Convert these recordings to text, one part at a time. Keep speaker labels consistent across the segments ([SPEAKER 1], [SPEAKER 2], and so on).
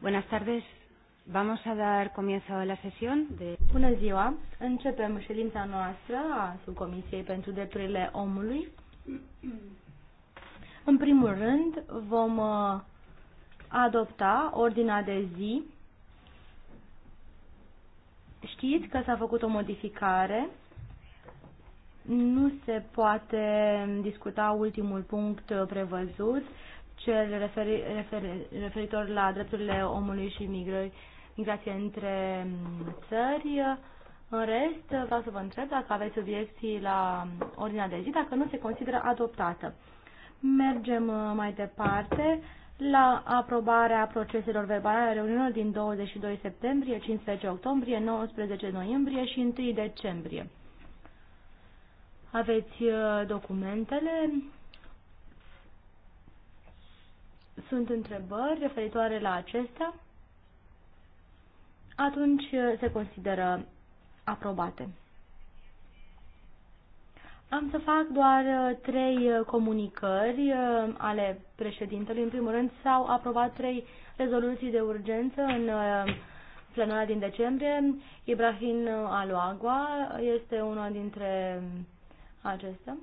[SPEAKER 1] Buenas tardes. Vamos a dar comienzo a la sesión de... Bună ziua! Începem ședința noastră a Subcomisiei pentru Drepturile Omului. În primul rând, vom uh, adopta ordinea de zi. Știți că s-a făcut o modificare. Nu se poate discuta ultimul punct uh, prevăzut cel referi, referi, referitor la drepturile omului și migrări, migrație între mm, țări. În rest, vreau să vă întreb dacă aveți obiecții la ordinea de zi, dacă nu se consideră adoptată. Mergem uh, mai departe la aprobarea proceselor verbale a reuniunilor din 22 septembrie, 15 octombrie, 19 noiembrie și 1 decembrie. Aveți uh, documentele sunt întrebări referitoare la acestea, atunci uh, se consideră aprobate. Am să fac doar uh, trei uh, comunicări ale președintelui. În primul rând, s-au aprobat trei rezoluții de urgență în plenarea din decembrie. Ibrahim Aluagua este una dintre acestea.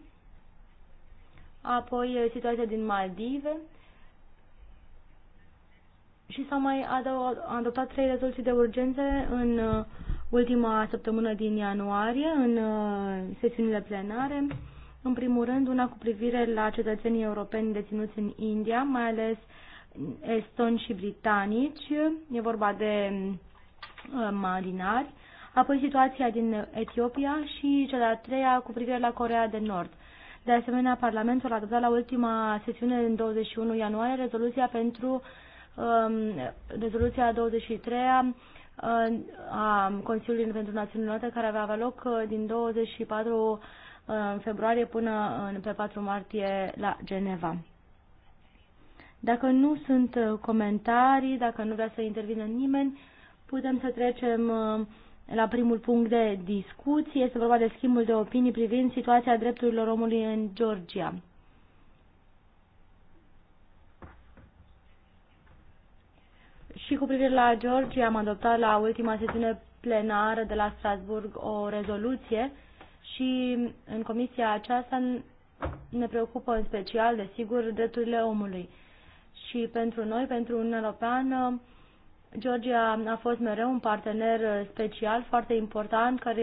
[SPEAKER 1] Apoi, situația din Maldive și s-au mai adoptat trei rezoluții de urgență în uh, ultima săptămână din ianuarie, în uh, sesiunile plenare. În primul rând, una cu privire la cetățenii europeni deținuți în India, mai ales estoni și britanici. E vorba de uh, marinari. Apoi situația din Etiopia și cea de-a treia cu privire la Corea de Nord. de asemenea, Parlamentul a adoptat la ultima sesiune în 21 ianuarie rezoluția pentru Um, rezoluția 23-a uh, a Consiliului pentru Națiunile Unite care avea loc uh, din 24 uh, februarie până pe 4 martie la Geneva. Dacă nu sunt comentarii, dacă nu vrea să intervină nimeni, putem să trecem la primul punct de discuție. Este vorba de schimbul de opinii privind situația drepturilor omului în Georgia. Și cu privire la Georgia, am adoptat la ultima sesiune plenară de la Strasburg o rezoluție și în comisia aceasta ne preocupă în special, desigur, drepturile omului. Și pentru noi, pentru Uniunea Europeană, Georgia a fost mereu un partener special, foarte important, care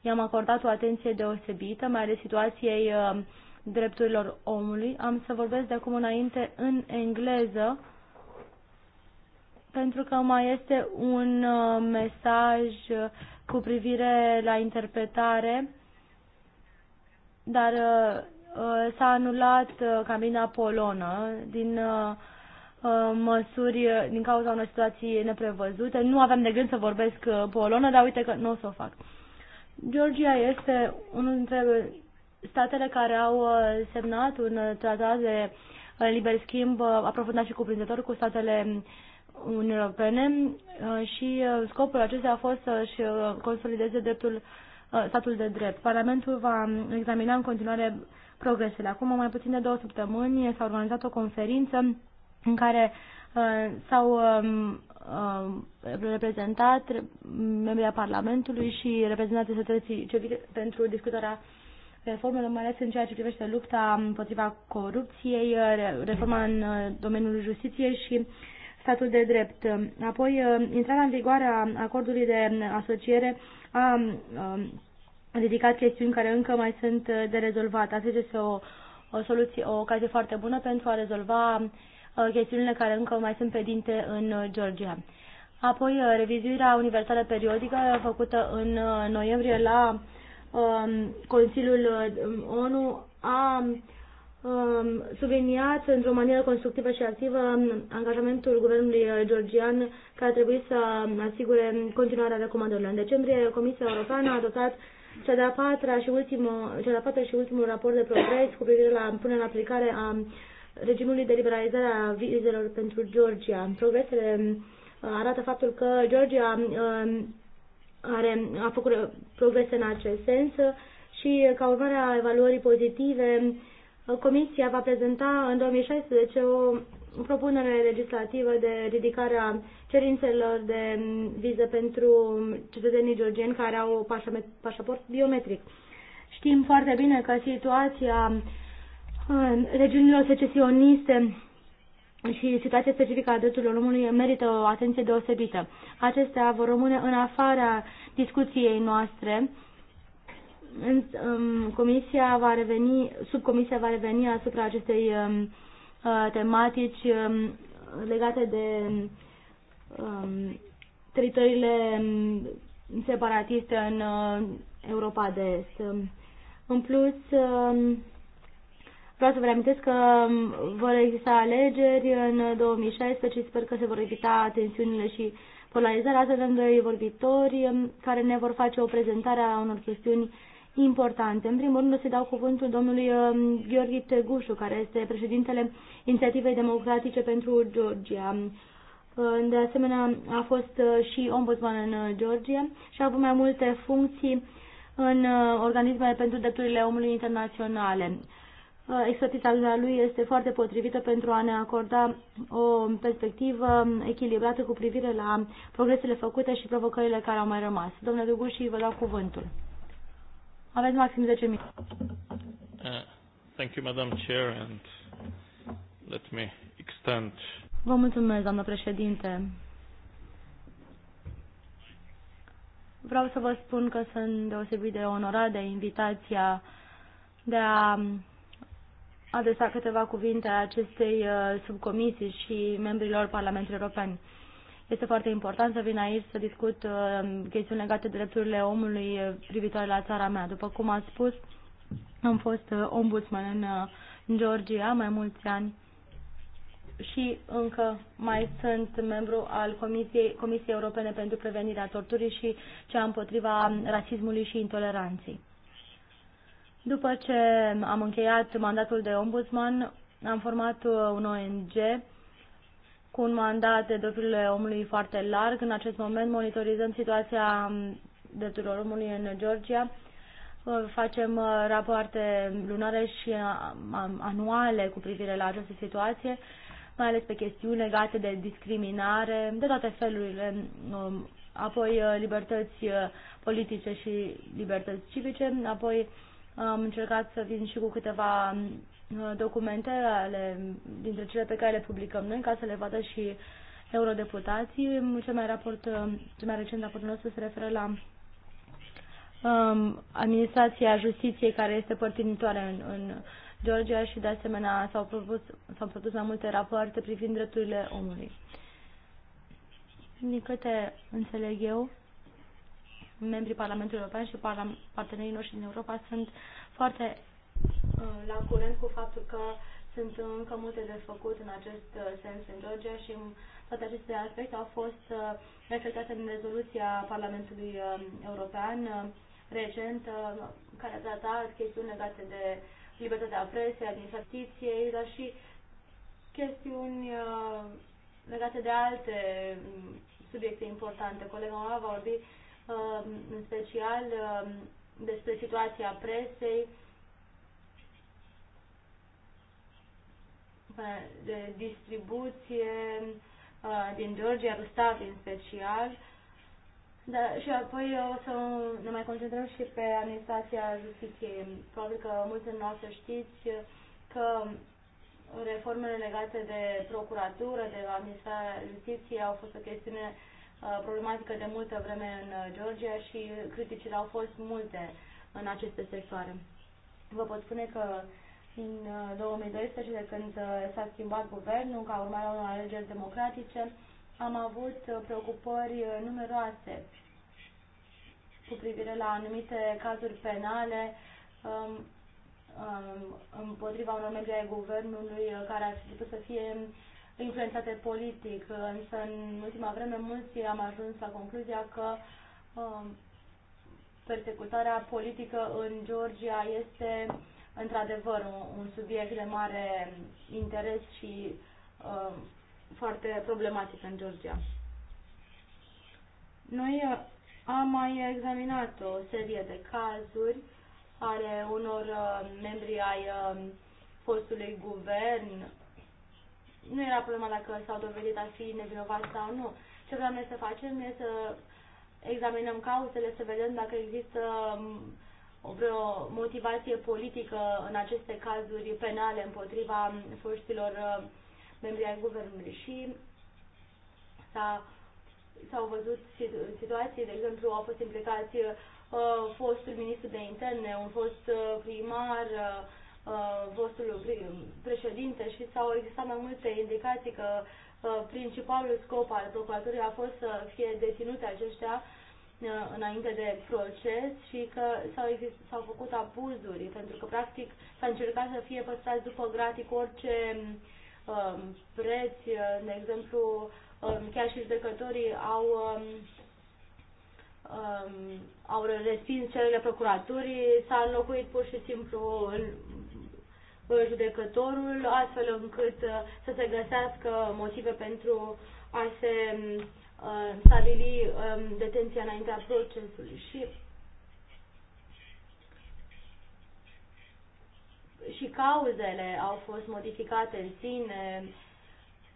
[SPEAKER 1] i-am acordat o atenție deosebită, mai ales situației uh, drepturilor omului. Am să vorbesc de acum înainte în engleză pentru că mai este un uh, mesaj uh, cu privire la interpretare, dar uh, s-a anulat cabina polonă din măsuri din cauza unei situații neprevăzute. Nu aveam de gând să vorbesc polonă, dar uite că nu o să o fac. Georgia este unul dintre statele care au semnat un tratat de liber schimb aprofundat și cuprinzător cu statele uh, Uniunii Europene uh, și uh, scopul acesta a fost să-și uh, consolideze dreptul, statul de drept. Parlamentul va um, examina în continuare progresele. Acum, mai puțin de două săptămâni, s-a organizat o conferință în care s-au um, reprezentat membrii Parlamentului și reprezentanții societății civile pentru discutarea reformelor, mai ales în ceea ce privește lupta împotriva corupției, reforma în domeniul justiției și statul de drept. Apoi, uh, intrarea în vigoare a acordului de asociere a um, ridicat chestiuni care încă mai sunt uh, de rezolvat. Asta este o, o soluție, o ocazie foarte bună pentru a rezolva uh, chestiunile care încă mai sunt pedinte în Georgia. Apoi, revizuirea universală periodică făcută în noiembrie la um, Consiliul ONU a Um, subliniat într-o manieră constructivă și activă um, angajamentul guvernului uh, georgian care trebuie să um, asigure continuarea recomandărilor. În decembrie, Comisia Europeană a adoptat cea de-a patra și, ultimul, cea de patra și ultimul raport de progres cu privire la punerea în aplicare a regimului de liberalizare a vizelor pentru Georgia. Progresele arată faptul că Georgia are, a făcut uh, progrese în acest sens și ca urmare a evaluării pozitive Comisia va prezenta în 2016 o propunere legislativă de ridicare a cerințelor de viză pentru cetățenii georgieni care au pașaport biometric. Știm foarte bine că situația regiunilor secesioniste și situația specifică a drepturilor omului merită o atenție deosebită. Acestea vor rămâne în afara discuției noastre comisia va reveni, subcomisia va reveni asupra acestei um, uh, tematici um, legate de um, teritoriile separatiste în uh, Europa de Est. În plus, vreau să vă reamintesc că vor exista alegeri în 2016 și sper că se vor evita tensiunile și polarizarea. Astăzi avem doi vorbitori care ne vor face o prezentare a unor chestiuni importante. În primul rând o să dau cuvântul domnului um, Gheorghe Tegușu, care este președintele Inițiativei Democratice pentru Georgia. Um, de asemenea, a fost uh, și ombudsman în uh, Georgia și a avut mai multe funcții în uh, organismele pentru drepturile omului internaționale. Expertiza lui este foarte potrivită pentru a ne acorda o perspectivă echilibrată cu privire la progresele făcute și provocările care au mai rămas. Domnule Duguș, vă dau cuvântul. Aveți maxim 10 minute.
[SPEAKER 2] Uh, thank you, Madam Chair, and let me extend.
[SPEAKER 1] Vă mulțumesc, doamnă președinte. Vreau să vă spun că sunt deosebit de onorat de invitația de a adresa câteva cuvinte acestei uh, subcomisii și membrilor Parlamentului European. Este foarte important să vin aici să discut uh, chestiuni legate de drepturile omului uh, privitoare la țara mea. După cum am spus, am fost uh, ombudsman în Georgia mai mulți ani și încă mai sunt membru al Comisiei, Comisiei Europene pentru Prevenirea Torturii și cea împotriva rasismului și intoleranței. După ce am încheiat mandatul de ombudsman, am format un ONG cu un mandat de drepturile omului foarte larg. În acest moment monitorizăm situația drepturilor omului în Georgia. Facem uh, rapoarte lunare și uh, anuale cu privire la această situație, mai ales pe chestiuni legate de discriminare, de toate felurile, um, apoi uh, libertăți politice și libertăți civice, apoi am încercat să vin și cu câteva Uh, documente ale, dintre cele pe care le publicăm noi, ca să le vadă și eurodeputații. Cel mai, raport, uh, cel mai recent raportul nostru se referă la um, administrația justiției care este părtinitoare în, în Georgia și de asemenea s-au produs, s-au produs mai multe rapoarte privind drepturile omului. Din câte înțeleg eu, membrii Parlamentului European și partenerii noștri din Europa sunt foarte Uh, la curent cu faptul că sunt încă multe de făcut în acest uh, sens în Georgia și um, toate aceste aspecte au fost uh, reflectate în rezoluția Parlamentului um, European recent, care a tratat chestiuni legate de libertatea presei, administrației, dar și chestiuni legate de alte um, subiecte importante. Colega mea va vorbi în special despre situația presei, de distribuție uh, din Georgia, Rustav în special. Da, și apoi o să ne mai concentrăm și pe administrația justiției. Probabil că mulți dintre noastre știți că reformele legate de procuratură, de administrarea justiției au fost o chestiune uh, problematică de multă vreme în Georgia și criticile au fost multe în aceste sectoare. Vă pot spune că din 2012, uh, de când uh, s-a schimbat guvernul, ca urmare a unor alegeri democratice, am avut uh, preocupări numeroase cu privire la anumite cazuri penale um, um, împotriva unor membri ai guvernului care ar fi putut să fie influențate politic. Însă, în ultima vreme, mulți am ajuns la concluzia că um, persecutarea politică în Georgia este într-adevăr un subiect de mare interes și uh, foarte problematic în Georgia. Noi uh, am mai examinat o serie de cazuri ale unor uh, membri ai uh, fostului guvern. Nu era problema dacă s-au dovedit a fi nevinovați sau nu. Ce vreau noi să facem este să examinăm cauzele, să vedem dacă există um, vreo motivație politică în aceste cazuri penale împotriva foștilor uh, membri ai guvernului și s-a, au văzut situații, de exemplu, au fost implicați uh, fostul ministru de interne, un fost uh, primar, uh, uh fostul președinte și s-au existat mai multe indicații că uh, principalul scop al procuratorii a fost să fie deținute aceștia Uh, înainte de proces și că s-au, făcut abuzuri, pentru că practic s-a încercat să fie păstrați după gratic orice um, preț, uh, de exemplu, um, chiar și judecătorii au, um, um au respins cererile procuraturii, s-a înlocuit pur și simplu în, uh, judecătorul, astfel încât să se găsească motive pentru a se um, Uh, stabili um, detenția înaintea procesului și și cauzele au fost modificate în sine,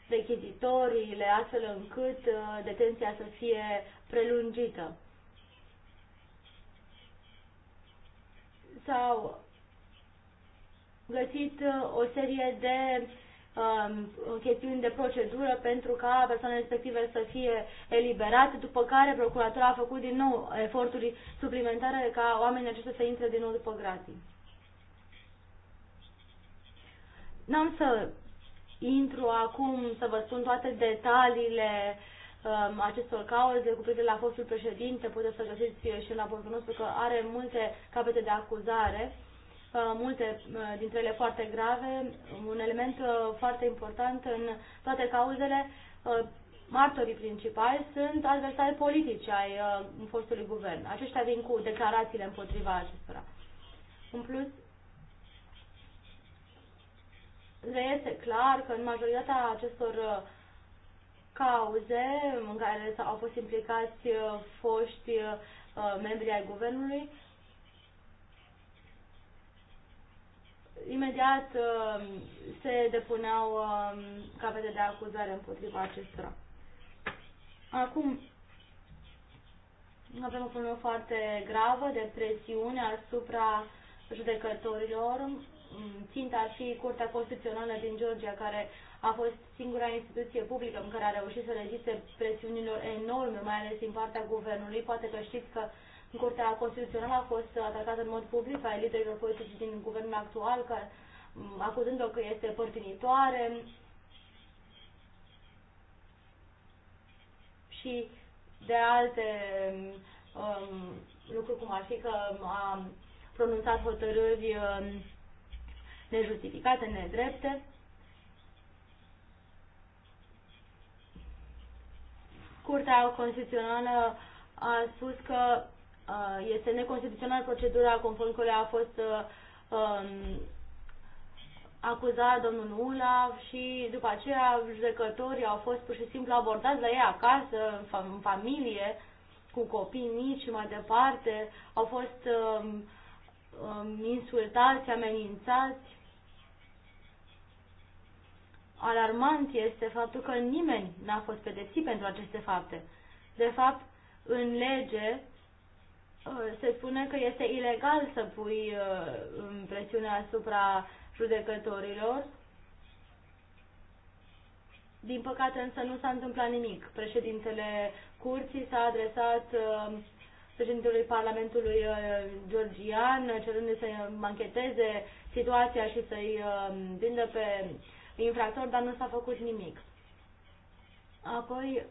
[SPEAKER 1] rechizitoriile, astfel încât uh, detenția să fie prelungită. S-au găsit uh, o serie de Um, chestiuni de procedură pentru ca persoanele respective să fie eliberate, după care procuratura a făcut din nou eforturi suplimentare ca oamenii aceștia să intre din nou după gratii. N-am să intru acum să vă spun toate detaliile um, acestor cauze cu privire la fostul președinte, puteți să găsiți și în raportul nostru că are multe capete de acuzare Uh, multe uh, dintre ele foarte grave. Un element uh, foarte important în toate cauzele, martorii principali sunt adversari politici ai fostului guvern. Aceștia vin cu declarațiile împotriva acestora. În plus, reiese clar că în majoritatea acestor cauze în care au fost implicați foști membri ai guvernului, imediat um, se depuneau um, capete de acuzare împotriva acestora. Acum, avem o problemă foarte gravă de presiune asupra judecătorilor. Mm, ținta ar fi Curtea Constituțională din Georgia, care a fost singura instituție publică în care a reușit să reziste presiunilor enorme, mai ales din partea guvernului. Poate că știți că uh, Curtea Constituțională a fost atacată în mod public a liderilor politici din guvernul actual, că mm, acuzând-o că este părtinitoare și de alte um, lucruri, cum ar fi că a pronunțat hotărâri um, nejustificate, nedrepte. Curtea Constituțională a spus că Uh, este neconstituțional procedura conform cărea a fost uh, um, acuzat domnul Ula și după aceea judecătorii au fost pur și simplu abordați la ei acasă, în familie, cu copii mici și mai departe, au fost um, um, insultați, amenințați. Alarmant este faptul că nimeni n-a fost pedepsit pentru aceste fapte. De fapt, în lege Uh, se spune că este ilegal să pui uh, presiune asupra judecătorilor. Din păcate însă nu s-a întâmplat nimic. Președintele curții s-a adresat uh, președintelui Parlamentului Georgian, cerându-i să mancheteze situația și să-i prindă pe infractor, dar nu s-a făcut nimic. Apoi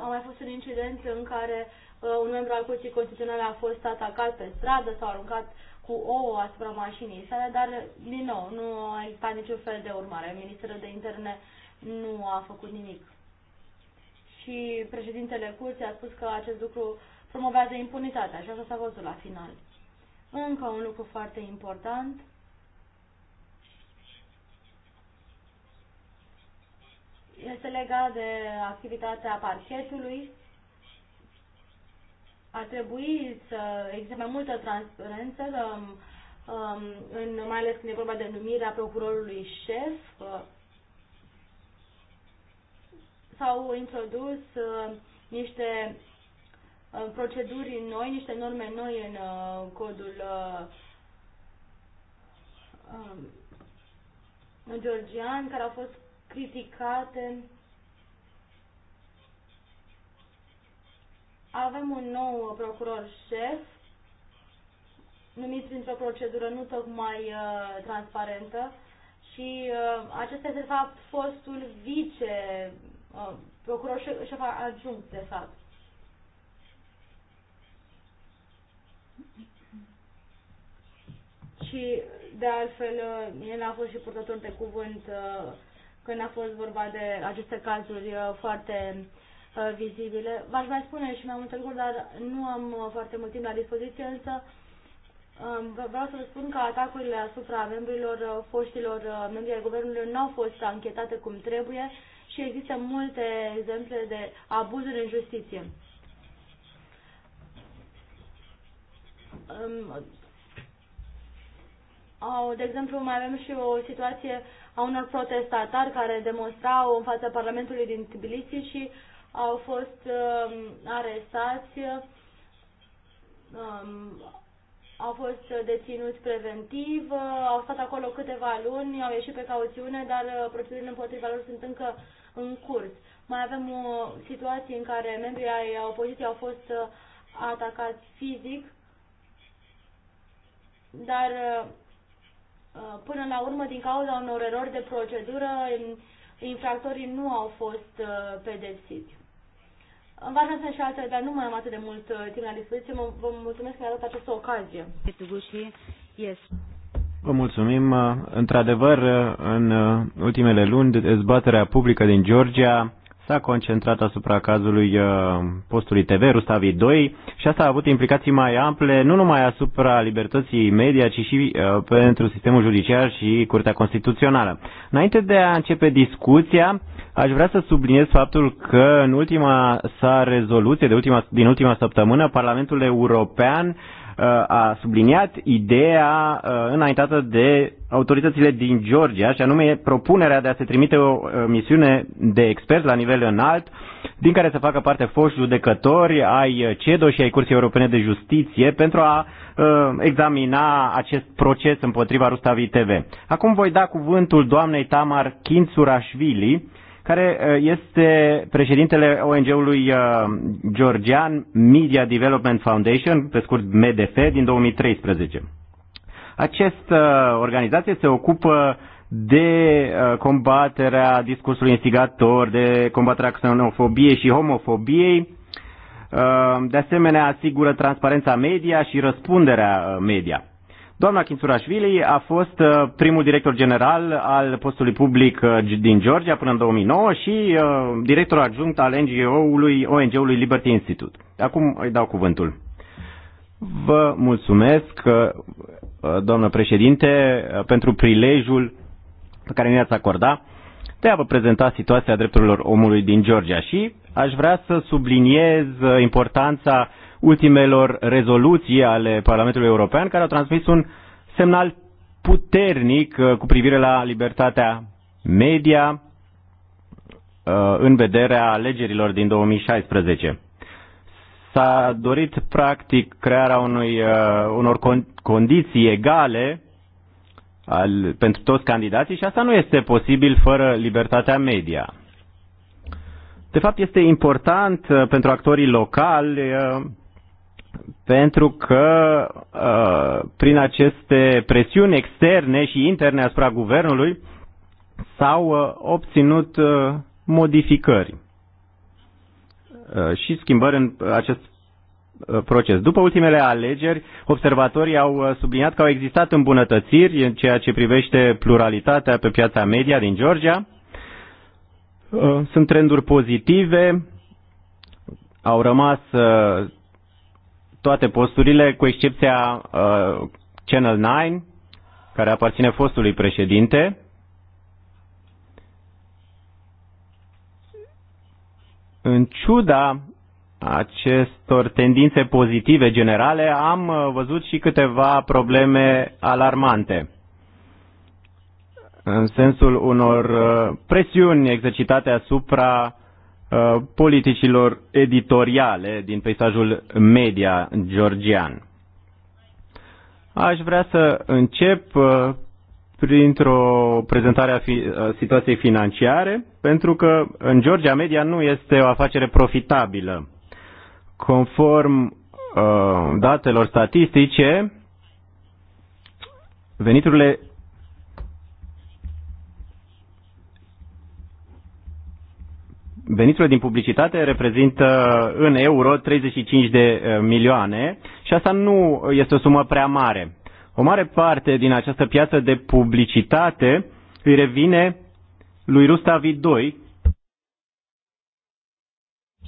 [SPEAKER 1] a mai fost un incident în care uh, Uh, un membru al Curții Constituționale a fost atacat pe stradă, s aruncat cu ouă asupra mașinii sale, dar, din nou, nu a existat niciun fel de urmare. Ministerul de Interne nu a făcut nimic. Și președintele Curții a spus că acest lucru promovează impunitatea și așa s-a văzut la final. Încă un lucru foarte important. Este legat de activitatea parchetului ar trebui să existe mai multă transparență, um, um, în, mai ales când e vorba de numirea procurorului șef. Uh, s-au introdus uh, niște uh, proceduri noi, niște norme noi în codul um, georgian, care au fost criticate Avem un nou procuror șef numit printr-o procedură nu tocmai uh, transparentă și uh, acesta este, de fapt, fostul vice uh, procuror șef, șef adjunct, de fapt. Și, de altfel, uh, el a fost și purtător de cuvânt uh, când a fost vorba de aceste cazuri uh, foarte Uh, vizibile. V-aș mai spune și mai multe lucruri, dar nu am uh, foarte mult timp la dispoziție, însă um, vreau să vă spun că atacurile asupra membrilor, uh, foștilor membri ai guvernului nu au fost anchetate cum trebuie și există multe exemple de abuzuri în justiție. Um, au, de exemplu, mai avem și o situație a unor protestatari care demonstrau în fața Parlamentului din Tbilisi și uh, au fost uh, arestați, uh, au fost deținuți preventiv, uh, au stat acolo câteva luni, au ieșit pe cauțiune, dar uh, procedurile împotriva lor sunt încă în curs. Mai avem o situație în care membrii ai opoziției au fost uh, atacați fizic, dar uh, uh până la urmă, din cauza unor erori de procedură, infractorii nu au fost uh, pedepsiți. Vă ajung și altele, dar nu mai am atât de mult uh, timp la dispoziție. vă mulțumesc că mi-a dat această ocazie. Yes.
[SPEAKER 2] Vă mulțumim. Uh, într-adevăr, uh, în ultimele luni, dezbaterea publică din Georgia s-a concentrat asupra cazului uh, postului TV Rustavi 2 și asta a avut implicații mai ample, nu numai asupra libertății media, ci și uh, pentru sistemul judiciar și Curtea Constituțională. Înainte de a începe discuția, aș vrea să subliniez faptul că în ultima sa rezoluție de ultima, din ultima săptămână, Parlamentul European Uh, a subliniat ideea uh, înaintată de autoritățile din Georgia, și anume propunerea de a se trimite o uh, misiune de experți la nivel înalt, din care să facă parte foști judecători ai CEDO și ai Curții Europene de Justiție pentru a examina acest proces împotriva Rustavi TV. Acum voi da cuvântul doamnei Tamar Kintsurașvili, care uh, este președintele ONG-ului uh, georgian Media Development Foundation, pe scurt MDF, din 2013. Această uh, organizație se ocupă de combaterea discursului instigator, de combaterea xenofobiei și homofobiei, de asemenea asigură transparența media și răspunderea media. Doamna Chințurașvili a fost uh, primul director general al postului public uh, din Georgia până în 2009 și uh, director adjunct al NGO-ului, ONG-ului Liberty Institute. Acum îi dau cuvântul. Vă mulțumesc, doamnă președinte, pentru prilejul pe care ne-ați acordat de a vă prezenta situația drepturilor omului din Georgia și aș vrea să subliniez importanța uh, ultimelor rezoluții ale Parlamentului European, care au transmis un semnal puternic uh, cu privire la libertatea media uh, în vederea alegerilor din 2016. S-a dorit, practic, crearea unui, uh, unor condiții egale al, pentru toți candidații și asta nu este posibil fără libertatea media. De fapt, este important pentru actorii locali pentru că uh, prin aceste presiuni externe și interne asupra guvernului s-au uh, obținut uh, modificări uh, și schimbări în acest uh, proces. După ultimele alegeri, observatorii au uh, subliniat că au existat îmbunătățiri în ceea ce privește pluralitatea pe piața media din Georgia. Uh, sunt trenduri pozitive, au rămas toate posturile, cu excepția uh, Channel 9, care aparține fostului președinte. În ciuda acestor tendințe pozitive generale, am uh, văzut și câteva probleme alarmante în sensul unor uh, presiuni exercitate asupra Uh, politicilor editoriale din peisajul media georgian. Aș vrea să încep uh, printr-o prezentare a uh, situației financiare, pentru că în Georgia media nu este o afacere profitabilă. Conform datelor statistice, veniturile veniturile din publicitate reprezintă în euro 35 de eh, milioane și asta nu este o sumă prea mare. O mare parte din această piață de publicitate îi revine lui Rustavi 2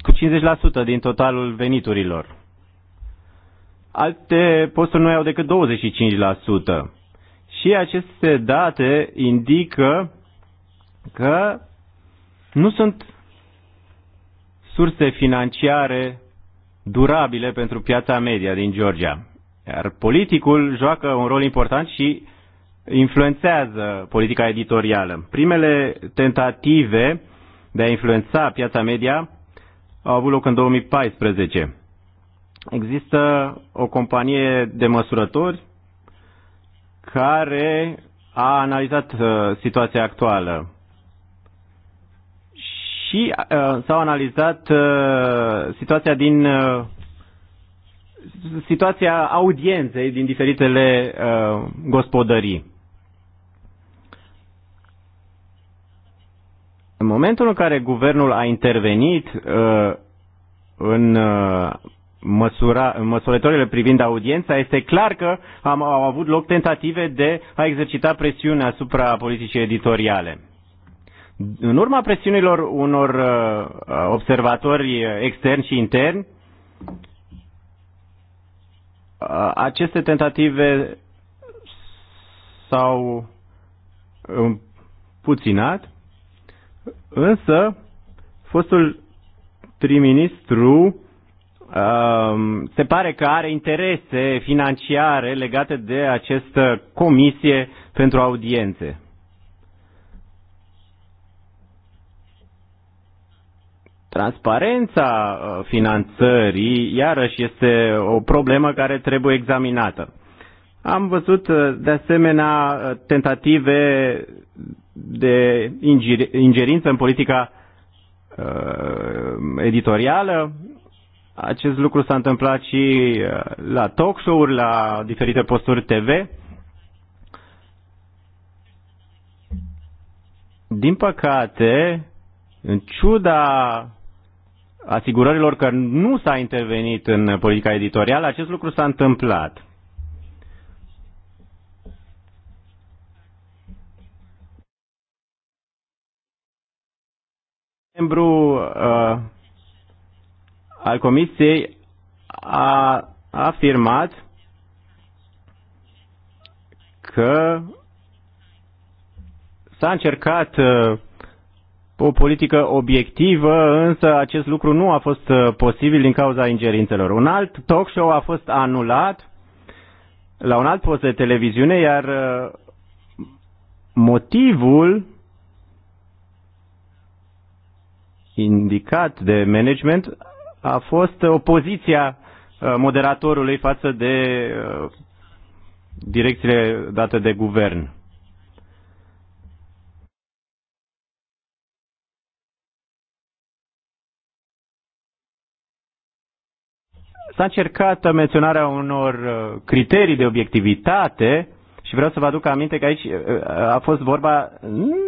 [SPEAKER 2] cu 50% din totalul veniturilor. Alte posturi nu au decât 25%. Și aceste date indică că nu sunt surse financiare durabile pentru piața media din Georgia. Iar politicul joacă un rol important și influențează politica editorială. Primele tentative de a influența piața media au avut loc în 2014. Există o companie de măsurători care a analizat uh, situația actuală și uh, s-au analizat uh, situația din uh, situația audienței din diferitele uh, gospodării. În momentul în care guvernul a intervenit uh, în uh, măsura, în măsurătorile privind audiența, este clar că am, au avut loc tentative de a exercita presiune asupra politicii editoriale. În urma presiunilor unor uh, uh, observatori uh, externi și interni, aceste tentative s-au puținat, însă fostul prim-ministru se pare că are interese financiare legate de această comisie pentru audiențe. Transparența uh, finanțării, iarăși, este o problemă care trebuie examinată. Am văzut, uh, de asemenea, uh, tentative de ingerință în politica editorială. Acest lucru s-a întâmplat și la talk show-uri, la diferite posturi TV. Din păcate, în ciuda asigurărilor că nu s-a intervenit în politica editorială, acest lucru s-a întâmplat. Membru uh, al Comisiei a afirmat că s-a încercat uh, o politică obiectivă, însă acest lucru nu a fost uh, posibil din cauza ingerințelor. Un alt talk show a fost anulat la un alt post de televiziune, iar uh, motivul indicat de management a fost opoziția uh, moderatorului față de direcțiile date de guvern. S-a încercat menționarea unor uh, criterii de obiectivitate și vreau să vă aduc aminte că aici uh, uh, a fost vorba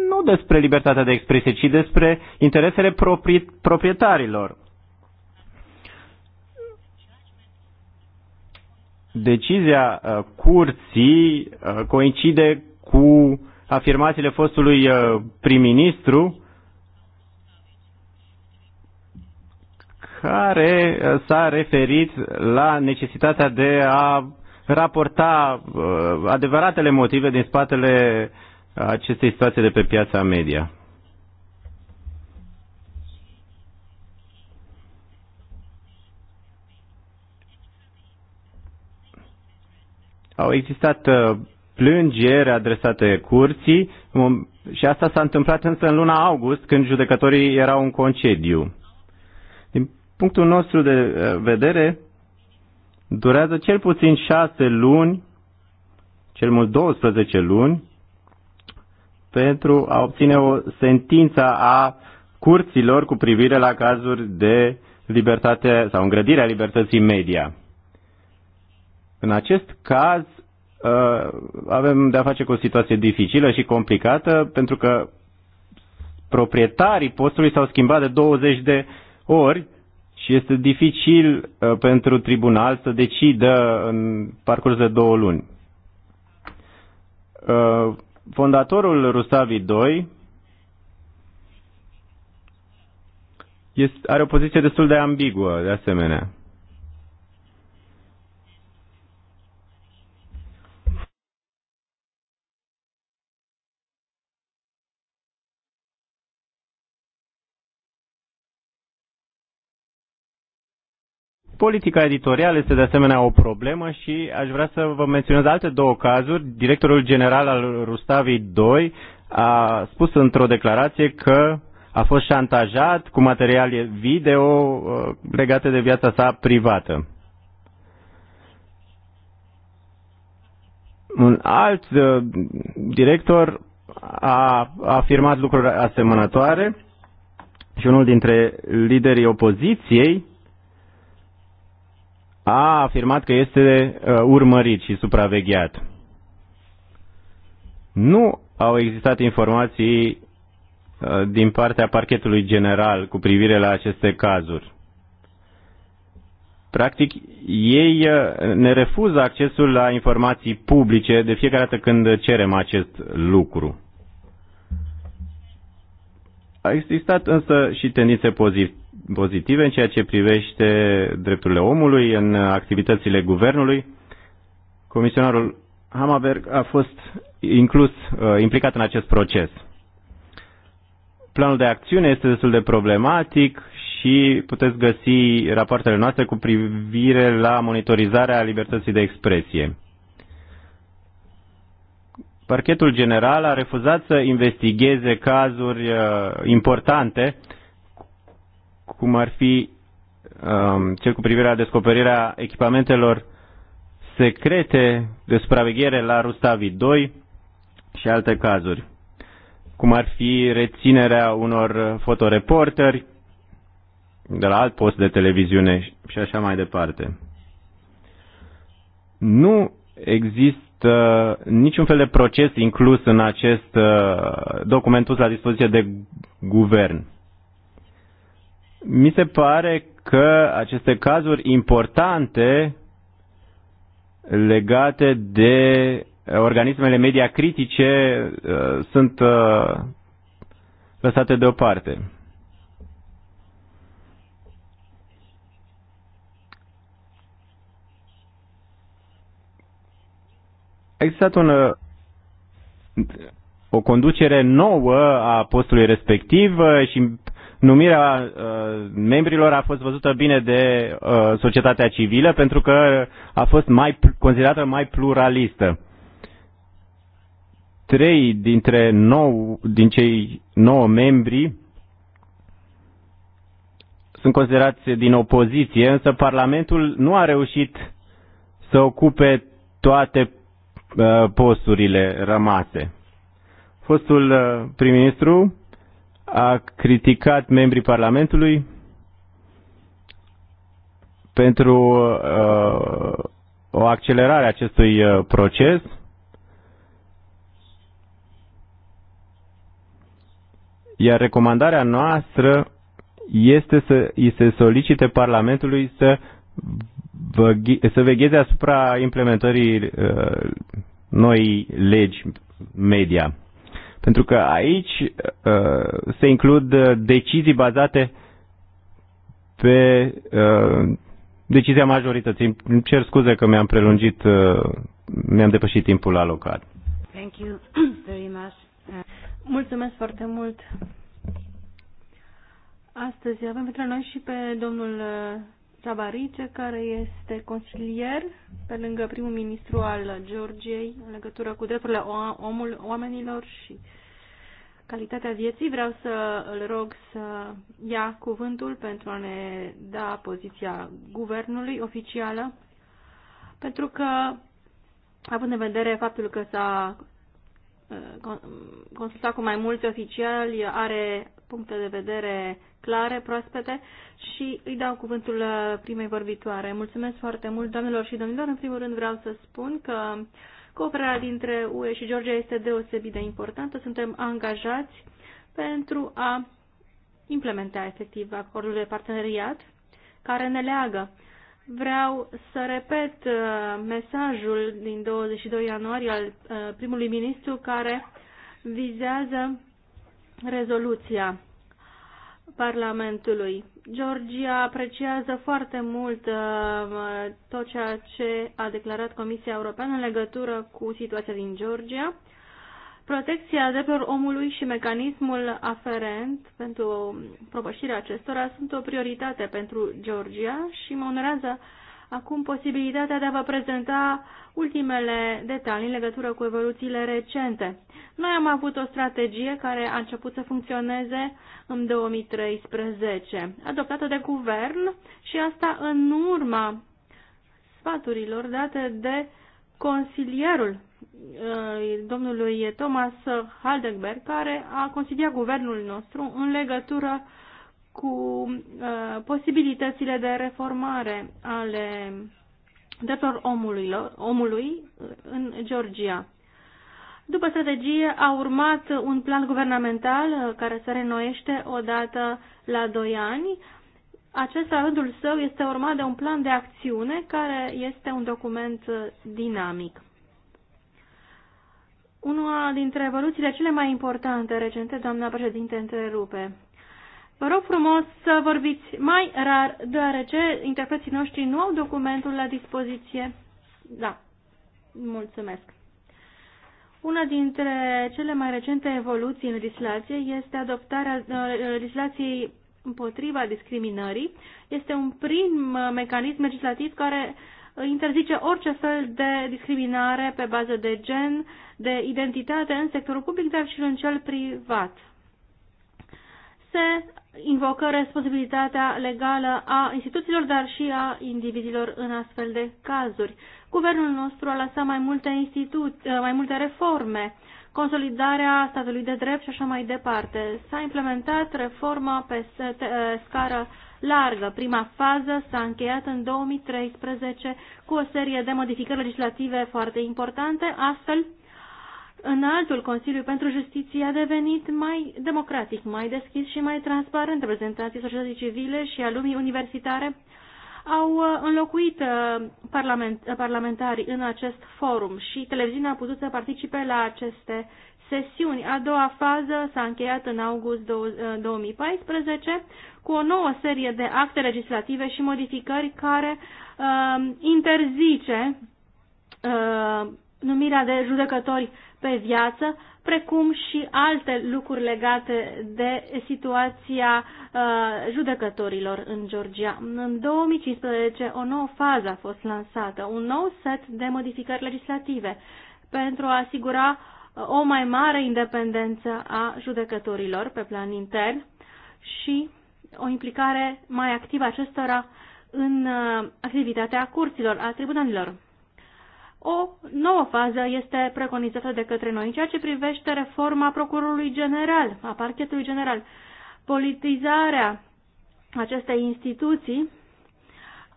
[SPEAKER 2] nu despre libertatea de expresie, ci despre interesele proprii proprietarilor. Decizia curții coincide cu afirmațiile fostului prim-ministru care uh, s-a referit la necesitatea de a raporta uh, adevăratele motive din spatele acestei situații de pe piața media. Au existat uh, plângeri adresate curții și asta s-a întâmplat însă în luna august, când judecătorii erau în concediu. Din punctul nostru de eh, vedere, durează cel puțin șase luni, cel mult 12 luni, pentru a obține o sentință a curților cu privire la cazuri de libertate sau îngrădirea libertății media. În acest caz eh, avem de-a face cu o situație dificilă și complicată pentru că proprietarii postului s-au schimbat de 20 de ori și este dificil uh, pentru tribunal să decidă în parcurs de două luni. Uh, fondatorul Rusavi II este, are o poziție destul de ambiguă, de asemenea. Politica editorială este de asemenea o problemă și aș vrea să vă menționez alte două cazuri. Directorul general al Rustavii 2 a spus într-o declarație că a fost șantajat cu materiale video uh, legate de viața sa privată. Un alt uh, director a afirmat lucruri asemănătoare și unul dintre liderii opoziției a afirmat că este uh, urmărit și supravegheat. Nu au existat informații uh, din partea parchetului general cu privire la aceste cazuri. Practic, ei uh, ne refuză accesul la informații publice de fiecare dată când cerem acest lucru. A existat însă și tendințe pozitive în ceea ce privește drepturile omului, în activitățile guvernului. Comisionarul Hamaberg a fost inclus, uh, implicat în acest proces. Planul de acțiune este destul de problematic și puteți găsi rapoartele noastre cu privire la monitorizarea libertății de expresie. Parchetul general a refuzat să investigheze cazuri uh, importante cum ar fi um, cel cu privire la descoperirea echipamentelor secrete de supraveghere la Rustavi 2 și alte cazuri, cum ar fi reținerea unor fotoreporteri de la alt post de televiziune și așa mai departe. Nu există niciun fel de proces inclus în acest uh, document pus la dispoziție de guvern. Mi se pare că aceste cazuri importante legate de uh, organismele media critice uh, sunt uh, lăsate deoparte. A existat un, o conducere nouă a postului respectiv și numirea uh, membrilor a fost văzută bine de uh, societatea civilă pentru că a fost mai, considerată mai pluralistă. Trei dintre nou, din cei nouă membri sunt considerați din opoziție, însă Parlamentul nu a reușit să ocupe toate uh, posturile rămase. Fostul prim-ministru a criticat membrii Parlamentului pentru uh, o accelerare a acestui uh, proces. Iar recomandarea noastră este să îi se solicite Parlamentului să, să vegheze asupra implementării uh, noi legi media. Pentru că aici uh, se includ uh, decizii bazate pe uh, decizia majorității. Îmi cer scuze că mi-am prelungit, mi-am depășit timpul alocat.
[SPEAKER 1] Thank you very much. Mulțumesc foarte mult. Astăzi avem pentru noi și pe domnul Savarice, care este consilier pe lângă primul ministru al Georgiei în legătură cu drepturile omul, oamenilor și calitatea vieții. Vreau să îl rog să ia cuvântul pentru a ne da poziția guvernului oficială, pentru că, având în vedere faptul că s-a uh, consultat cu mai mulți oficiali, are puncte de vedere clare, proaspete și îi dau cuvântul uh, primei vorbitoare. Mulțumesc foarte mult, doamnelor și domnilor. În primul rând vreau să spun că cooperarea dintre UE și Georgia este deosebit de importantă. Suntem angajați pentru a implementa efectiv acordul de parteneriat care ne leagă. Vreau să repet uh, mesajul din 22 ianuarie al uh, primului ministru care vizează rezoluția Parlamentului. Georgia apreciază foarte mult uh, tot ceea ce a declarat Comisia Europeană în legătură cu situația din Georgia, protecția drepturilor omului și mecanismul aferent pentru propășirea acestora sunt o prioritate pentru Georgia și mă onorează uh, acum posibilitatea de a vă prezenta ultimele detalii în legătură cu evoluțiile recente. Noi am avut o strategie care a început să funcționeze în 2013, adoptată de guvern și asta în urma sfaturilor date de consilierul uh, domnului Thomas Haldenberg, care a consiliat guvernul nostru în legătură cu uh, posibilitățile de reformare ale drepturilor omului, omului în Georgia. După strategie a urmat un plan guvernamental uh, care se renoiește odată la doi ani. Acesta, rândul său, este urmat de un plan de acțiune care este un document uh, dinamic. Una dintre evoluțiile cele mai importante recente, doamna președinte, întrerupe. Vă rog frumos să vorbiți mai rar, deoarece interpreții noștri nu au documentul la dispoziție. Da, mulțumesc. Una dintre cele mai recente evoluții în legislație este adoptarea uh, legislației împotriva discriminării. Este un prim uh, mecanism legislativ care interzice orice fel de discriminare pe bază de gen, de identitate în sectorul public, dar și în cel privat. Se invocă responsabilitatea legală a instituțiilor, dar și a indivizilor în astfel de cazuri. Guvernul nostru a lăsat mai multe, eh, mai multe reforme, consolidarea statului de drept și așa mai departe. S-a implementat reforma pe eh, scară largă. Prima fază s-a încheiat în 2013 cu o serie de modificări legislative foarte importante, astfel în altul Consiliu pentru Justiție a devenit mai democratic, mai deschis și mai transparent. Reprezentanții societății civile și a lumii universitare au uh, înlocuit uh, parlament, uh, parlamentari în acest forum și televiziunea a putut să participe la aceste sesiuni. A doua fază s-a încheiat în august 2014 cu o nouă serie de acte legislative și modificări care uh, interzice uh, numirea de judecători pe viață, precum și alte lucruri legate de situația uh, judecătorilor în Georgia. În 2015, o nouă fază a fost lansată, un nou set de modificări legislative pentru a asigura uh, o mai mare independență a judecătorilor pe plan intern și o implicare mai activă acestora în uh, activitatea curților, a tribunalilor. O nouă fază este preconizată de către noi în ceea ce privește reforma procurorului general, a parchetului general. Politizarea acestei instituții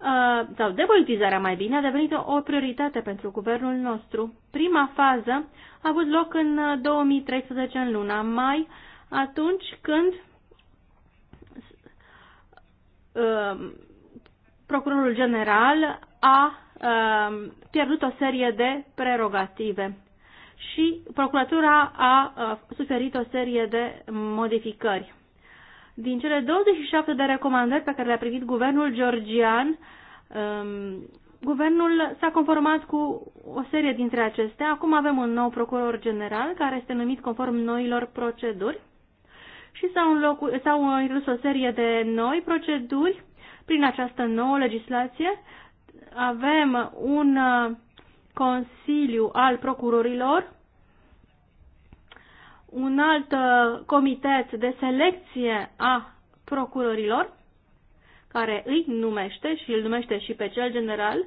[SPEAKER 1] uh, sau depolitizarea mai bine, a devenit o prioritate pentru guvernul nostru. Prima fază a avut loc în 2013, uh, în luna mai, atunci când uh, procurorul general a Um, pierdut o serie de prerogative și Procuratura a uh, suferit o serie de modificări. Din cele 27 de recomandări pe care le-a privit guvernul georgian, um, guvernul s-a conformat cu o serie dintre acestea. Acum avem un nou procuror general care este numit conform noilor proceduri și s-au inclus o serie de noi proceduri prin această nouă legislație avem un uh, Consiliu al Procurorilor, un alt uh, comitet de selecție a procurorilor, care îi numește și îl numește și pe cel general,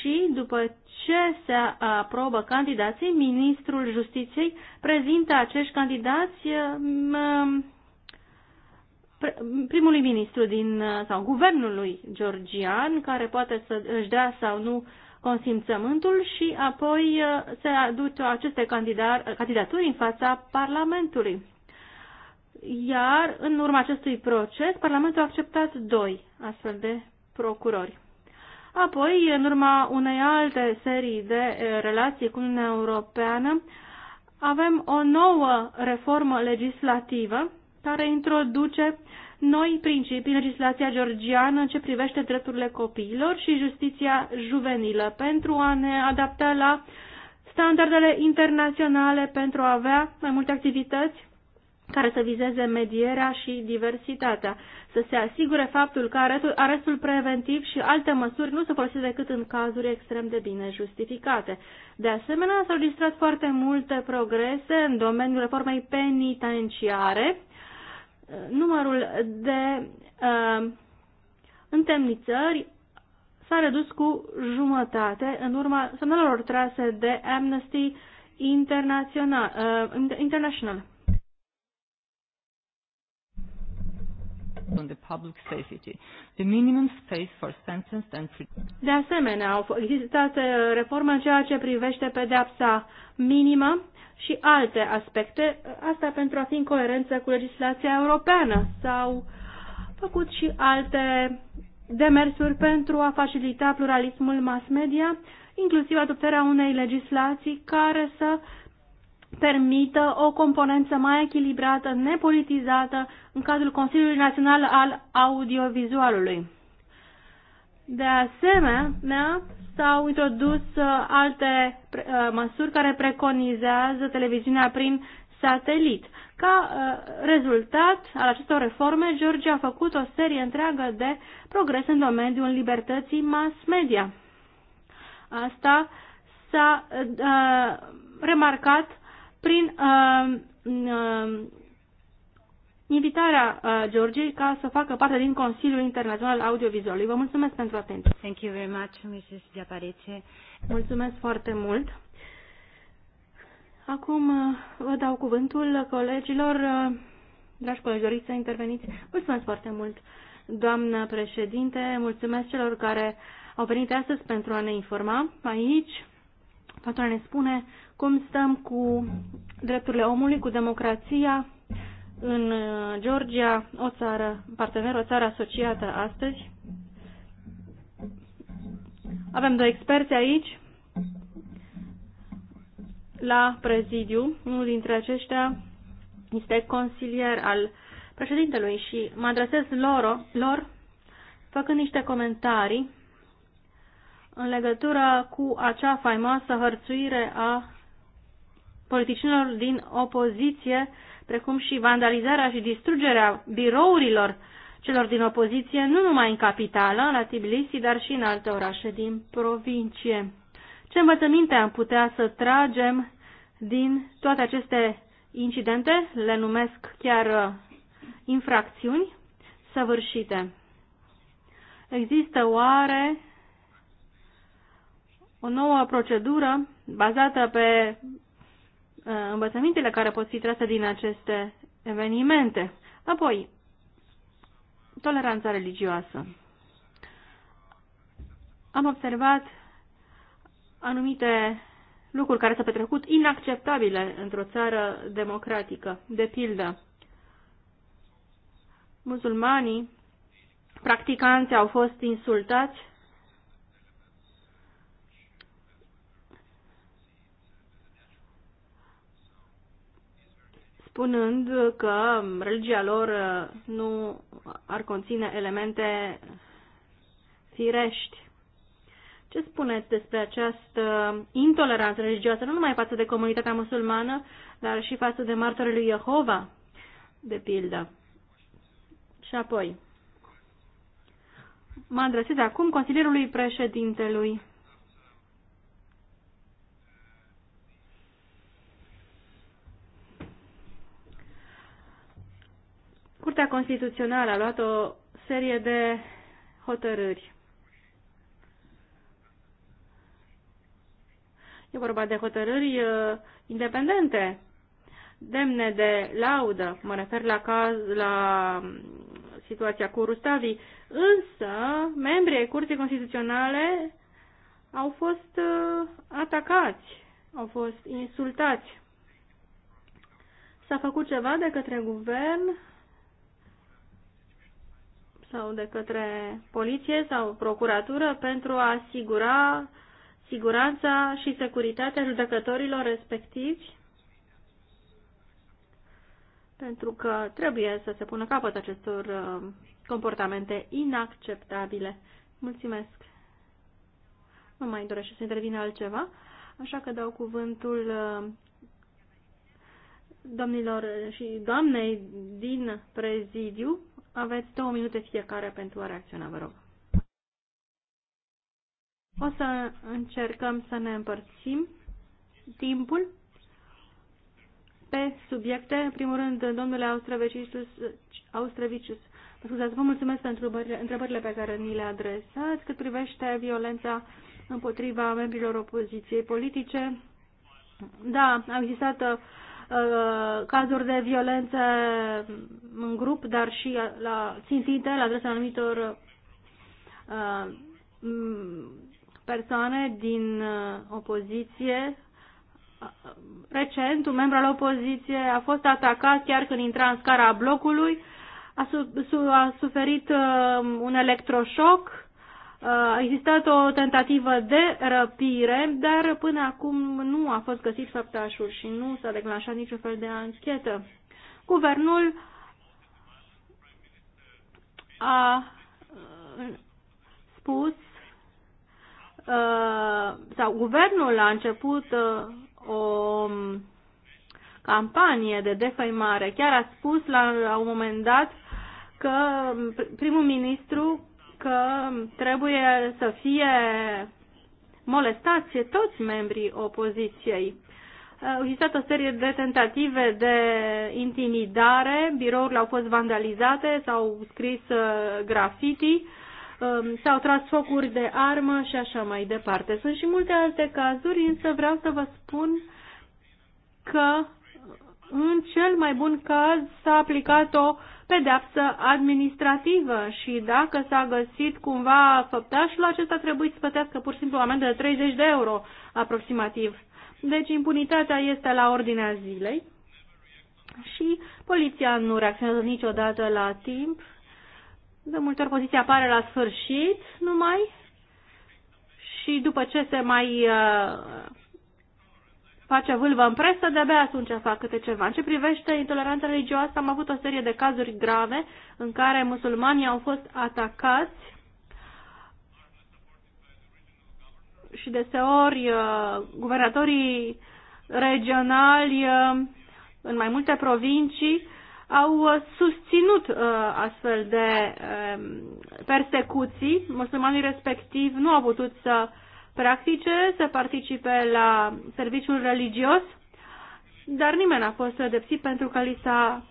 [SPEAKER 1] și după ce se aprobă candidații, Ministrul Justiției prezintă acești candidați um, primului ministru din, sau guvernului georgian, care poate să își dea sau nu consimțământul și apoi uh, se aduc aceste candidaturi în fața Parlamentului. Iar în urma acestui proces, Parlamentul a acceptat doi astfel de procurori. Apoi, în urma unei alte serii de uh, relații cu Uniunea Europeană, avem o nouă reformă legislativă care introduce noi principii în legislația georgiană în ce privește drepturile copiilor și justiția juvenilă pentru a ne adapta la standardele internaționale pentru a avea mai multe activități care să vizeze medierea și diversitatea, să se asigure faptul că arestul, arestul preventiv și alte măsuri nu se folosesc decât în cazuri extrem de bine justificate. De asemenea, s-au registrat foarte multe progrese în domeniul reformei penitenciare, numărul de uh, întemnițări s-a redus cu jumătate în urma semnalelor trase de Amnesty International. Uh, International. on the public safety. The minimum space for sentenced and De asemenea, au existat uh, reforme în ceea ce privește pedepsa minimă și alte aspecte, uh, asta pentru a fi în coerență cu legislația europeană. S-au făcut și alte demersuri pentru a facilita pluralismul mass media, inclusiv adoptarea unei legislații care să permită o componență mai echilibrată, nepolitizată, în cadrul Consiliului Național al Audiovizualului. De asemenea, s-au introdus uh, alte uh, măsuri care preconizează televiziunea prin satelit. Ca uh, rezultat al acestor reforme, Georgia a făcut o serie întreagă de progrese în domeniul libertății mass media. Asta s-a remarcat prin uh, uh, invitarea uh, Georgiei ca să facă parte din Consiliul Internațional Audiovizualului. Vă mulțumesc pentru atenție. Thank you very much, Mrs. Diaparice. Mulțumesc foarte mult. Acum uh, vă dau cuvântul colegilor. Uh, dragi colegi, doriți să interveniți? Mulțumesc foarte mult, doamnă președinte. Mulțumesc celor care au venit astăzi pentru a ne informa aici pentru a ne spune cum stăm cu drepturile omului, cu democrația în uh, Georgia, o țară, partener, o țară asociată astăzi. Avem doi experți aici la prezidiu. Unul dintre aceștia este consilier al președintelui și mă adresez lor, lor făcând niște comentarii în legătură cu acea faimoasă hărțuire a politicienilor din opoziție, precum și vandalizarea și distrugerea birourilor celor din opoziție, nu numai în capitală, la Tbilisi, dar și în alte orașe din provincie. Ce învățăminte am putea să tragem din toate aceste incidente, le numesc chiar uh, infracțiuni, săvârșite? Există oare o nouă procedură bazată pe uh, învățămintele care pot fi trase din aceste evenimente. Apoi, toleranța religioasă. Am observat anumite lucruri care s-au petrecut inacceptabile într-o țară democratică. De pildă, musulmanii, practicanții au fost insultați spunând că religia lor uh, nu ar conține elemente firești. Ce spuneți despre această intoleranță religioasă, nu numai față de comunitatea musulmană, dar și față de martorii lui Jehova, de pildă? Și apoi, mă adresez acum consilierului președintelui. Curtea Constituțională a luat o serie de hotărâri. E vorba de hotărâri uh, independente, demne de laudă, mă refer la, caz, la um, situația cu Rustavi, însă membrii Curții Constituționale au fost uh, atacați, au fost insultați. S-a făcut ceva de către guvern sau de către poliție sau procuratură pentru a asigura siguranța și securitatea judecătorilor respectivi, pentru că trebuie să se pună capăt acestor uh, comportamente inacceptabile. Mulțumesc! Nu mai dorește să intervine altceva, așa că dau cuvântul uh, domnilor și doamnei din prezidiu aveți două minute fiecare pentru a reacționa, vă rog. O să încercăm să ne împărțim timpul pe subiecte. În primul rând, domnule Austrevicius, scuzați, vă mulțumesc pentru întrebările pe care ni le adresați. Cât privește violența împotriva membrilor opoziției politice, da, au existat uh, Uh, cazuri de violență în grup, dar și la țintite, la adresa anumitor uh, persoane din uh, opoziție. Recent, un membru al opoziției a fost atacat chiar când intra în scara blocului, a, su a suferit un electroșoc, a existat o tentativă de răpire, dar până acum nu a fost găsit făptașul și nu s-a declanșat niciun fel de anchetă. Guvernul a uh, spus uh, sau guvernul a început uh, o campanie de defăimare. Chiar a spus la, la un moment dat că primul ministru că trebuie să fie molestați toți membrii opoziției. Au existat o serie de tentative de intimidare, birourile au fost vandalizate, s-au scris uh, grafiti, um, s-au tras focuri de armă și așa mai departe. Sunt și multe alte cazuri, însă vreau să vă spun că în cel mai bun caz s-a aplicat o pedeapsă administrativă și dacă s-a găsit cumva făptașul, acesta trebuie să plătească pur și simplu o amendă de 30 de euro aproximativ. Deci impunitatea este la ordinea zilei și poliția nu reacționează niciodată la timp. De multe ori poziția apare la sfârșit numai și după ce se mai uh, face vâlvă în presă, de-abia atunci fac câte ceva. În ce privește intoleranța religioasă, am avut o serie de cazuri grave în care musulmanii au fost atacați și deseori uh, guvernatorii regionali uh, în mai multe provincii au uh, susținut uh, astfel de uh, persecuții. Musulmanii respectiv nu au putut să uh, practice, să participe la serviciul religios, dar nimeni n-a fost pedepsit pentru că li s-a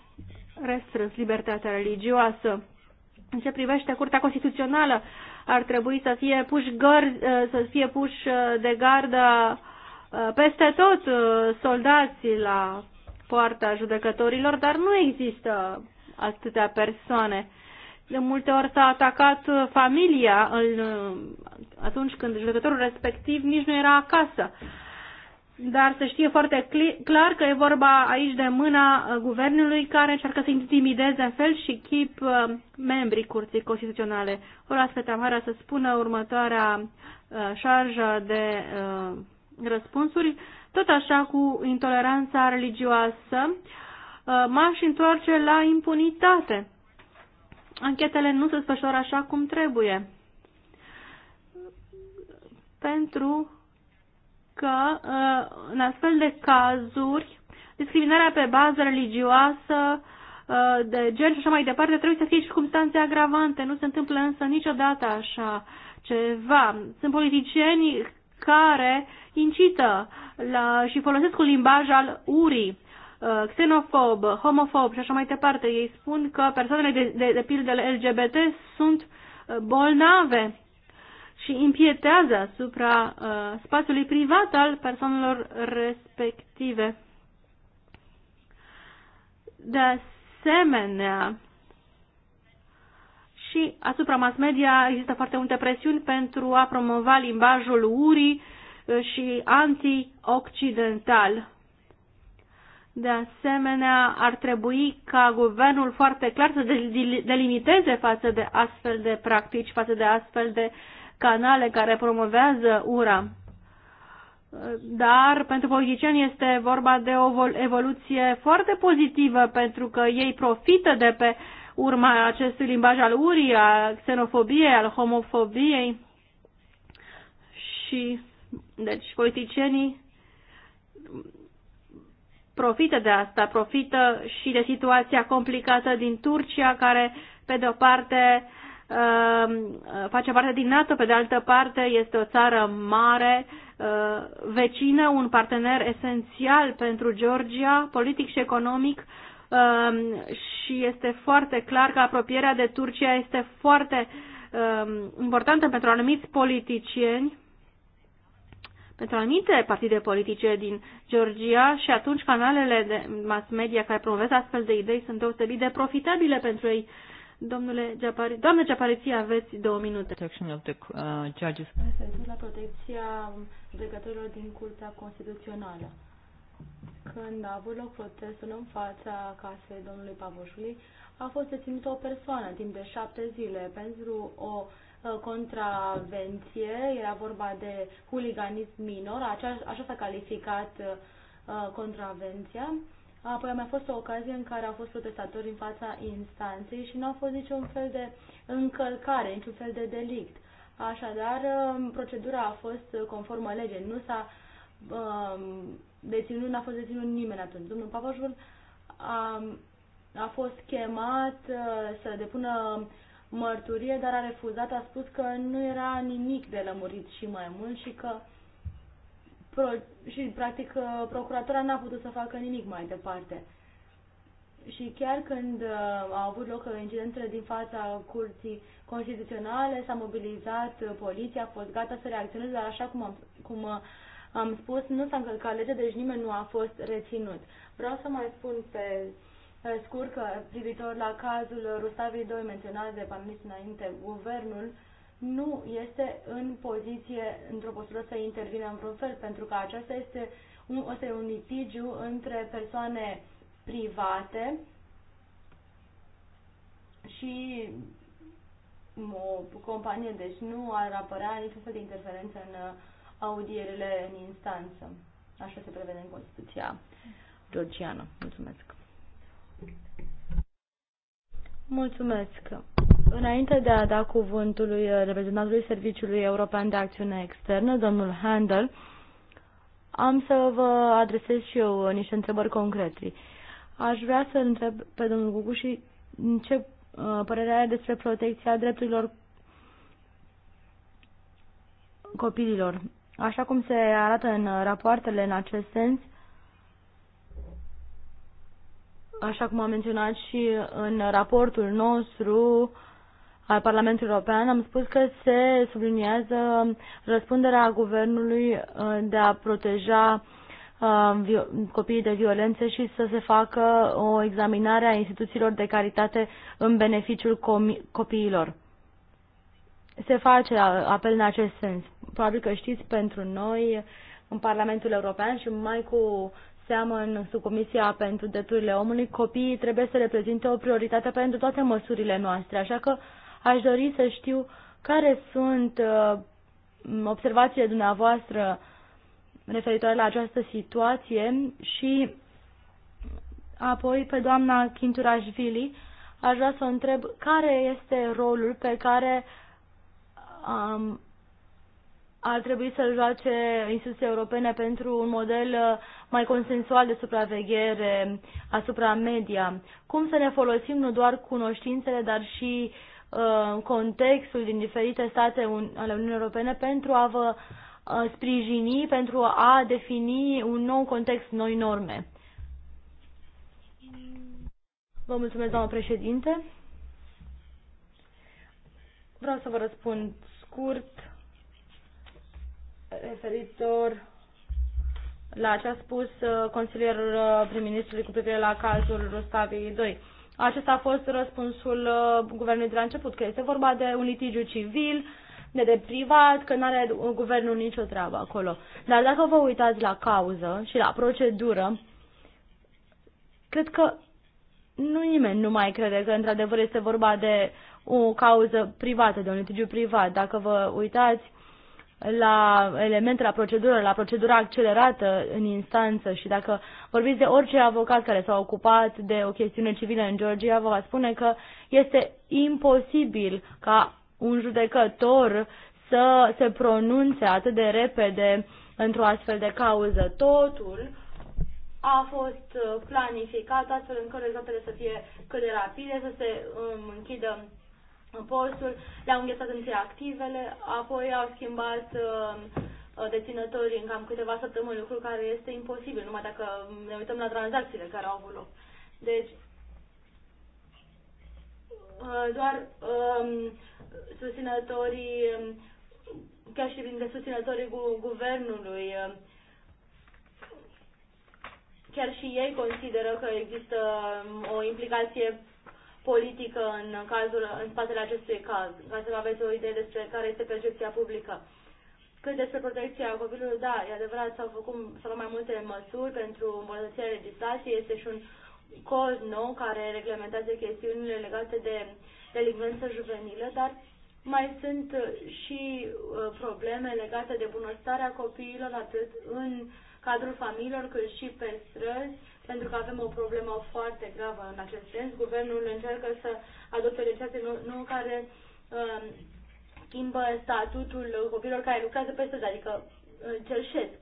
[SPEAKER 1] restrâns libertatea religioasă. În ce privește Curtea Constituțională, ar trebui să fie puși, găr, să fie puși de gardă uh, peste tot uh, soldații la poarta judecătorilor, dar nu există atâtea persoane. De multe ori s-a atacat familia în atunci când judecătorul respectiv nici nu era acasă. Dar se știe foarte clar că e vorba aici de mâna uh, guvernului care încearcă să intimideze în fel și chip uh, membrii Curții Constituționale. Horace Petamara să spună următoarea uh, șarjă de răspunsuri, tot așa cu intoleranța religioasă, m-aș întoarce la impunitate. Anchetele nu se desfășoară așa cum trebuie pentru că uh, în astfel de cazuri discriminarea pe bază religioasă, uh, de gen și așa mai departe trebuie să fie circunstanțe agravante. Nu se întâmplă însă niciodată așa ceva. Sunt politicieni care incită la, și folosesc un limbaj al urii uh, xenofob, homofob și așa mai departe. Ei spun că persoanele de, de, de pildă LGBT sunt bolnave și impietează asupra uh, spațiului privat al persoanelor respective. De asemenea, și asupra mass media există foarte multe presiuni pentru a promova limbajul urii uh, și anti-occidental. De asemenea, ar trebui ca guvernul foarte clar să delimiteze față de astfel de practici, față de astfel de uh, canale care promovează ura. Dar pentru politicieni este vorba de o evoluție foarte pozitivă pentru că ei profită de pe urma acestui limbaj al urii, al xenofobiei, al homofobiei. Și, deci, politicienii profită de asta, profită și de situația complicată din Turcia, care, pe de o parte, Ehm, face parte din NATO, pe de altă parte este o țară mare, eh, vecină, un partener esențial pentru Georgia, politic și economic, ehm, și este foarte clar că apropierea de Turcia este foarte ehm, importantă pentru anumiți politicieni, pentru anumite partide politice din Georgia și atunci canalele de mass media care promovează astfel de idei sunt deosebit de profitabile pentru ei. Uh, Domnule Giapari, doamnă Giapariție, aveți două minute. Protection of the uh, judges. Referitor la protecția judecătorilor din Curtea Constituțională. Când a avut loc protestul în fața casei domnului Pavoșului, a fost deținută o persoană timp de șapte zile pentru o uh, contravenție, era vorba de huliganism minor, așa, așa s-a calificat uh, contravenția Apoi a mai fost o ocazie în care au fost protestatori în fața instanței și nu a fost niciun fel de încălcare, niciun fel de delict. Așadar, um, procedura a fost conformă legei. Nu s-a um, deținut, n-a fost deținut nimeni atunci. Domnul Papajul a, a fost chemat uh, să depună mărturie, dar a refuzat, a spus că nu era nimic de lămurit și mai mult și că uh, și practic uh, procuratura n-a putut să facă nimic mai departe. Și chiar când uh, au avut loc incidentele din fața curții constituționale, s-a mobilizat uh, poliția, a fost gata să reacționeze, dar așa cum am, cum am spus, nu s-a încălcat legea, deci nimeni nu a fost reținut. Vreau să mai spun pe scurt că privitor la cazul Rustavii 2 menționat de Pamis înainte, guvernul uh, nu este în poziție, într-o postură să intervină în vreun fel, pentru că aceasta este un, o este un litigiu între persoane private și o companie, deci nu ar apărea niciun fel de interferență în uh, audierile în instanță. Așa se prevede în Constituția georgiană. Mulțumesc! Mulțumesc! Înainte de a da cuvântul uh, reprezentantului Serviciului European de Acțiune Externă, domnul Handel, am să vă adresez și eu uh, niște întrebări concrete. Aș vrea să întreb pe domnul Gugu și ce uh, părere are despre protecția drepturilor copiilor. Așa cum se arată în rapoartele în acest sens, așa cum am menționat și în raportul nostru, al Parlamentului European, am spus că se subliniază răspunderea guvernului uh, de a proteja uh, copiii de violențe și să se facă o examinare a instituțiilor de caritate în beneficiul copiilor. Se face apel în acest sens. Probabil că știți, pentru noi, în Parlamentul European și mai cu seamă în subcomisia pentru drepturile omului, copiii trebuie să reprezinte o prioritate pentru toate măsurile noastre, așa că Aș dori să știu care sunt uh, observațiile dumneavoastră referitoare la această situație și apoi pe doamna Chinturașvili aș vrea să o întreb care este rolul pe care um, ar trebui să-l joace instituții europene pentru un model uh, mai consensual de supraveghere asupra media. Cum să ne folosim nu doar cunoștințele, dar și Uh, contextul din diferite state ale Uniunii Europene pentru a vă uh, sprijini, pentru a defini un nou context, noi norme. Vă mulțumesc, doamnă președinte. Vreau să vă răspund scurt referitor la ce a spus uh, consilierul prim-ministrului cu privire la cazul Rostavii 2 acesta a fost răspunsul uh, guvernului de la început, că este vorba de un litigiu civil, de, de privat, că nu are guvernul nicio treabă acolo. Dar dacă vă uitați la cauză și la procedură, cred că nu nimeni nu mai crede că într-adevăr este vorba de o cauză privată, de un litigiu privat. Dacă vă uitați la elemente, la procedură, la procedura accelerată în instanță și dacă vorbiți de orice avocat care s-a ocupat de o chestiune civilă în Georgia, vă va spune că este imposibil ca un judecător să se pronunțe atât de repede într-o astfel de cauză. Totul a fost planificat astfel încât rezultatele să fie cât de rapide, să se um, închidă postul, le-au înghețat întâi activele, apoi au schimbat um, uh, deținătorii în cam câteva săptămâni, lucru care este imposibil, numai dacă ne uităm la tranzacțiile care au avut loc. Deci, uh, doar um, susținătorii, um, chiar și printre susținătorii guvernului, um, chiar și ei consideră că există o implicație politică în, cazul, în spatele acestui caz, ca să aveți o idee despre care este percepția publică. Cât despre protecția copilului, da, e adevărat, s-au făcut, s-au mai multe măsuri pentru îmbunătățirea legislației, este și un cod nou care reglementează chestiunile legate de delinvență juvenilă, dar mai sunt și uh, probleme legate de bunăstarea copiilor, atât în uh, cadrul familiilor, cât și pe străzi, pentru că avem o problemă foarte gravă în acest sens. Guvernul încearcă să adopte legislație nouă care um, schimbă statutul copiilor care lucrează pe străzi, adică uh, cerșesc.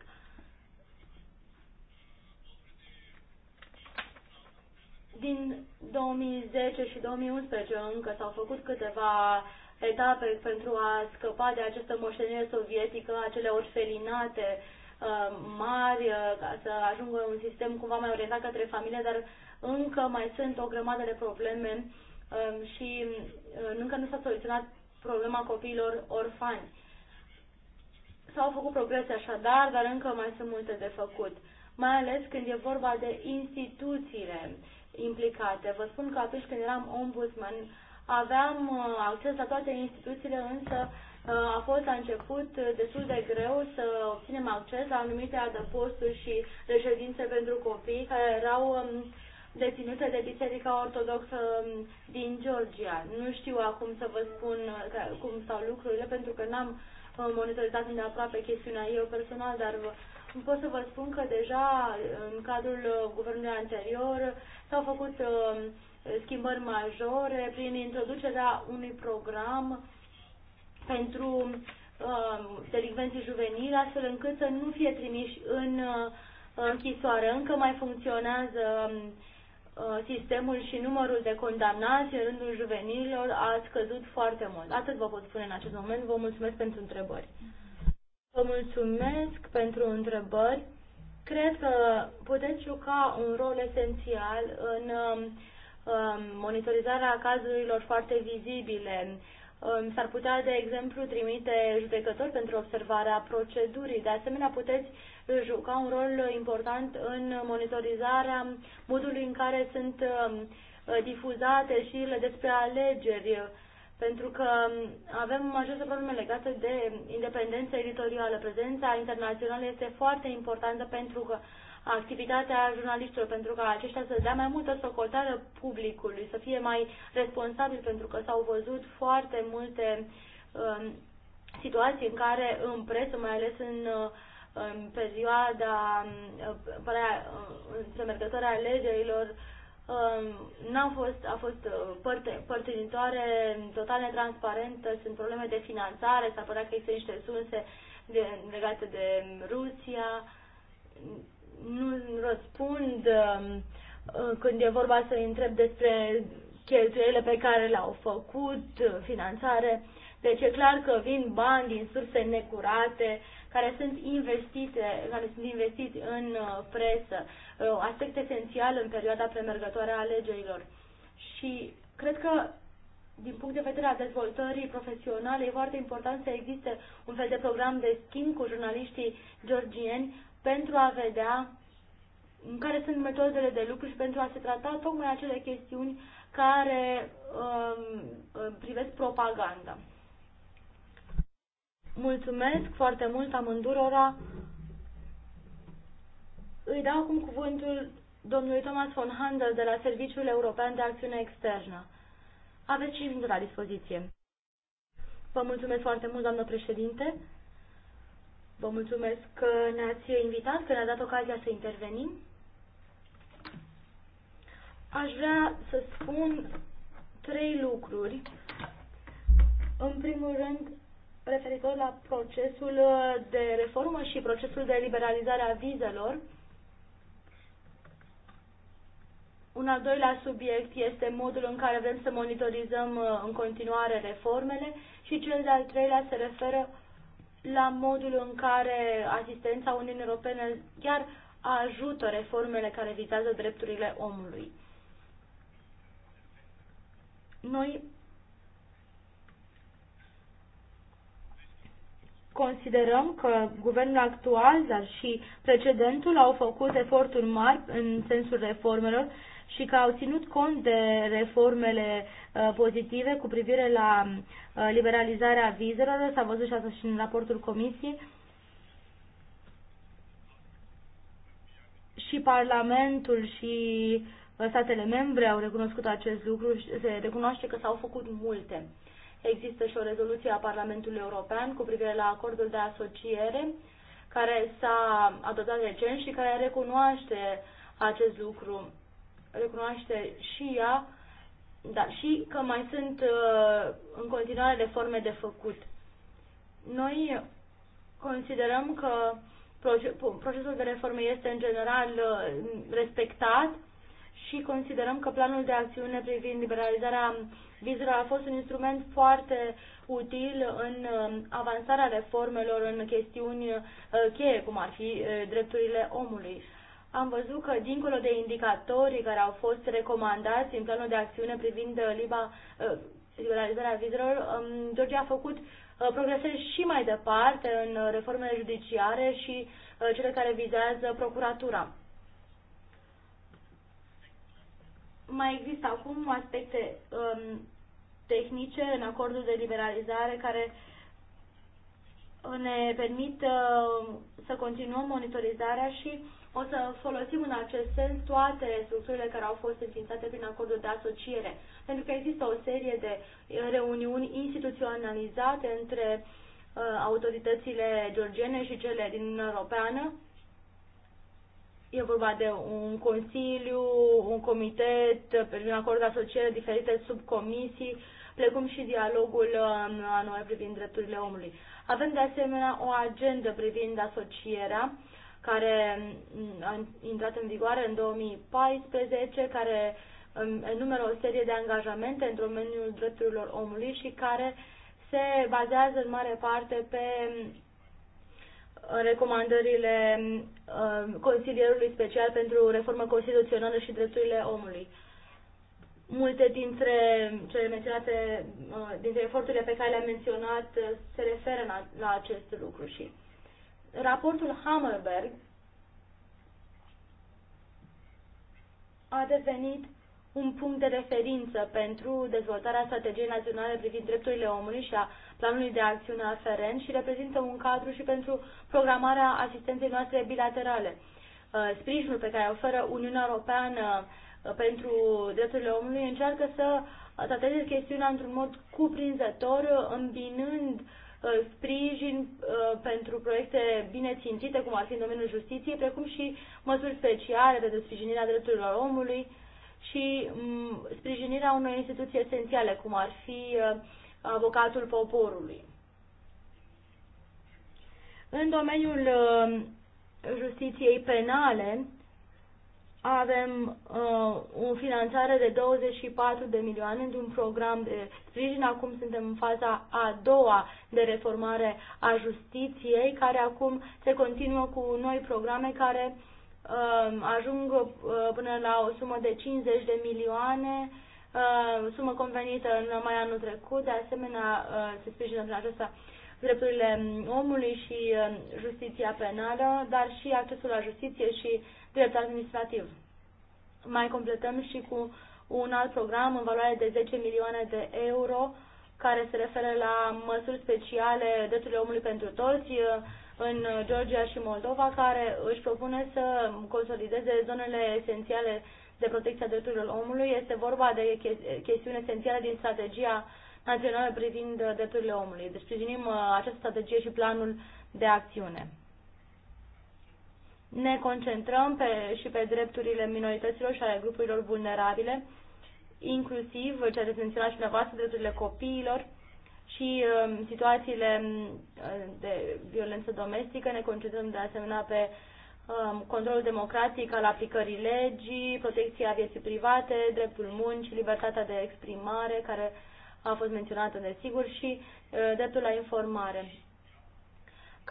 [SPEAKER 1] Din 2010 și 2011 încă s-au făcut câteva etape pentru a scăpa de această moștenire sovietică, acele orfelinate, uh, Uh, mari, uh, ca să ajungă un sistem cumva mai orientat către familie, dar încă mai sunt o grămadă de probleme um, și uh, încă nu s-a soluționat problema copiilor orfani. S-au făcut progrese așadar, dar încă mai sunt multe de făcut, mai ales când e vorba de instituțiile implicate. Vă spun că atunci când eram ombudsman aveam acces la toate instituțiile, însă Uh, a fost la început uh, destul de greu să obținem acces la anumite adăposturi și reședințe pentru copii care erau um, deținute de Biserica Ortodoxă um, din Georgia. Nu știu acum să vă spun uh, cum stau lucrurile, pentru că n-am monitorizat îndeaproape chestiunea eu personal, dar pot să vă spun că deja în cadrul guvernului anterior s-au făcut um, schimbări majore prin introducerea unui program pentru uh, delinvenții juvenili, astfel încât să nu fie trimiși în uh, închisoare. Încă mai funcționează um, uh, sistemul și numărul de condamnați în rândul juvenilor a scăzut foarte mult. Atât vă pot spune în acest moment. Vă mulțumesc pentru întrebări. Vă mulțumesc pentru întrebări. Cred că puteți juca un rol esențial în um, monitorizarea cazurilor foarte vizibile, S-ar putea, de exemplu, trimite judecători pentru observarea procedurii. De asemenea, puteți juca un rol important în monitorizarea modului în care sunt um, difuzate le despre alegeri, pentru că um, avem aceste probleme legate de independența editorială. Prezența internațională este foarte importantă pentru că activitatea jurnaliștilor, pentru ca aceștia să dea mai multă socoteală publicului, să fie mai responsabil, pentru că s-au văzut foarte multe um, situații în care în presă, mai ales în în um, perioada um, um, premergătoare a alegerilor n-a fost, a fost uh, părte, părtinitoare total netransparentă, sunt probleme de finanțare, s-a părea că există niște sunse de, legate de Rusia, nu răspund um, uh, când e vorba să întreb despre cheltuielile pe care le-au făcut, uh, finanțare. Deci e clar că vin bani din surse necurate care sunt investite, care sunt investiți în uh, presă, aspect esențial în perioada premergătoare a alegerilor. Și cred că din punct de vedere a dezvoltării profesionale, e foarte important să existe un fel de program de schimb cu jurnaliștii georgieni pentru a vedea în care sunt metodele de lucru și pentru a se trata tocmai acele chestiuni care um, um, privesc propaganda. Mulțumesc foarte mult amândurora. Îi dau acum cuvântul domnului Thomas von Handel de la Serviciul European de Acțiune Externă. Aveți 5 minute la dispoziție. Vă mulțumesc foarte mult, doamnă președinte. Vă mulțumesc că ne-ați invitat, că ne-a dat ocazia să intervenim. Aș vrea să spun trei lucruri. În primul rând, referitor la procesul de reformă și procesul de liberalizare a vizelor. Un al doilea subiect este modul în care vrem să monitorizăm uh, în continuare reformele și cel de-al treilea se referă la modul în care asistența Uniunii Europene chiar ajută reformele care vizează drepturile omului. Noi considerăm că guvernul actual, dar și precedentul, au făcut eforturi mari în sensul reformelor și că au ținut cont de reformele uh, pozitive cu privire la uh, liberalizarea vizelor, s-a văzut și asta și în raportul comisiei, și Parlamentul și uh, statele membre au recunoscut acest lucru și se recunoaște că s-au făcut multe. Există și o rezoluție a Parlamentului European cu privire la acordul de asociere care s-a adoptat recent și care recunoaște acest lucru recunoaște și ea, dar și că mai sunt uh, în continuare reforme de făcut. Noi considerăm că procesul de reformă este în general uh, respectat și considerăm că planul de acțiune privind liberalizarea vizelor a fost un instrument foarte util în um, avansarea reformelor în chestiuni uh, cheie, cum ar fi drepturile omului am văzut că, dincolo de indicatorii care au fost recomandați în planul de acțiune privind uh, liba, uh, liberalizarea vizelor, um, Georgia a făcut uh, progrese și mai departe în reformele judiciare și cele care vizează procuratura. Mai există acum aspecte um, tehnice în acordul de liberalizare care ne permit uh, să continuăm monitorizarea și o să folosim în acest sens toate structurile care au fost înființate prin acordul de asociere, pentru că există o serie de uh, reuniuni instituționalizate între uh, autoritățile georgiene și cele din Uniunea Europeană. E vorba de un consiliu, un comitet, uh, prin acord de asociere, diferite subcomisii, precum și dialogul uh, anual privind drepturile omului. Avem de asemenea o agendă privind asocierea, care mm, a intrat în vigoare în 2014, care mm, enumeră o serie de angajamente în domeniul drepturilor omului și care se bazează în mare parte pe mm, recomandările Consilierului Special pentru Reformă Constituțională și Drepturile Omului. Multe dintre cele menționate, dintre eforturile pe care le-am menționat, se referă la acest lucru și raportul Hammerberg a devenit un punct de referință pentru dezvoltarea strategiei naționale privind drepturile omului și a planului de acțiune aferent și reprezintă un cadru și pentru programarea asistenței noastre bilaterale. Uh, sprijinul pe care oferă Uniunea Europeană uh, pentru drepturile omului încearcă să trateze chestiunea într-un mod cuprinzător, uh, îmbinând uh, Uh, sprijin uh, pentru proiecte bine țintite, cum ar fi în domeniul justiției, precum și măsuri speciale pentru sprijinirea drepturilor omului și mm, sprijinirea unor instituții esențiale, cum ar fi uh, avocatul poporului. În domeniul justiției penale, avem uh, o finanțare de 24 de milioane din un program de sprijin. Acum suntem în faza a doua de reformare a justiției, care acum se continuă cu noi programe care uh, ajung uh, până la o sumă de 50 de milioane, uh, sumă convenită în mai anul trecut. De asemenea, uh, se sprijină prin acesta drepturile omului și uh, justiția penală, dar și accesul la justiție și drept administrativ. Mai completăm și cu un alt program în valoare de 10 milioane de euro care se referă la măsuri speciale drepturile omului pentru toți uh, în Georgia și Moldova, care își propune să consolideze zonele esențiale de protecție a drepturilor omului. Este vorba de chestiuni esențiale din strategia națională privind drepturile omului. Deci sprijinim uh, această strategie și planul de acțiune ne concentrăm pe, și pe drepturile minorităților și ale grupurilor vulnerabile, inclusiv ceea ce menționat și dumneavoastră, drepturile copiilor și uh, situațiile um, de violență domestică. Ne concentrăm de asemenea pe uh, controlul democratic al aplicării legii, protecția vieții private, dreptul muncii, libertatea de exprimare, care a fost menționată desigur, și uh, dreptul la informare.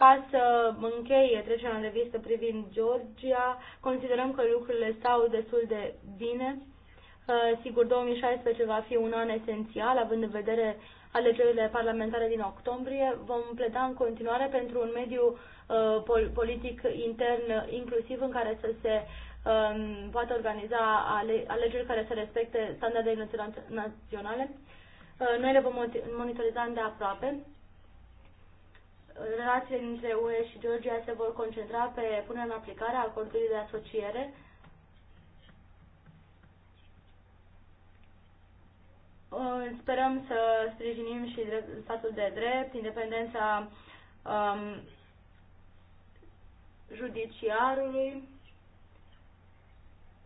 [SPEAKER 1] Ca să încheie trecerea în revistă privind Georgia, considerăm că lucrurile stau destul de bine. Uh, sigur, 2016 va fi un an esențial, având în vedere alegerile parlamentare din octombrie. Vom pleda în continuare pentru un mediu uh, politic intern inclusiv în care să se um, poată organiza alegeri care să respecte standardele naționale. Uh, noi le vom monitoriza îndeaproape relațiile dintre UE și Georgia se vor concentra pe punerea în aplicare a acordului de asociere. Uh, sperăm să sprijinim și statul de drept, independența um, judiciarului.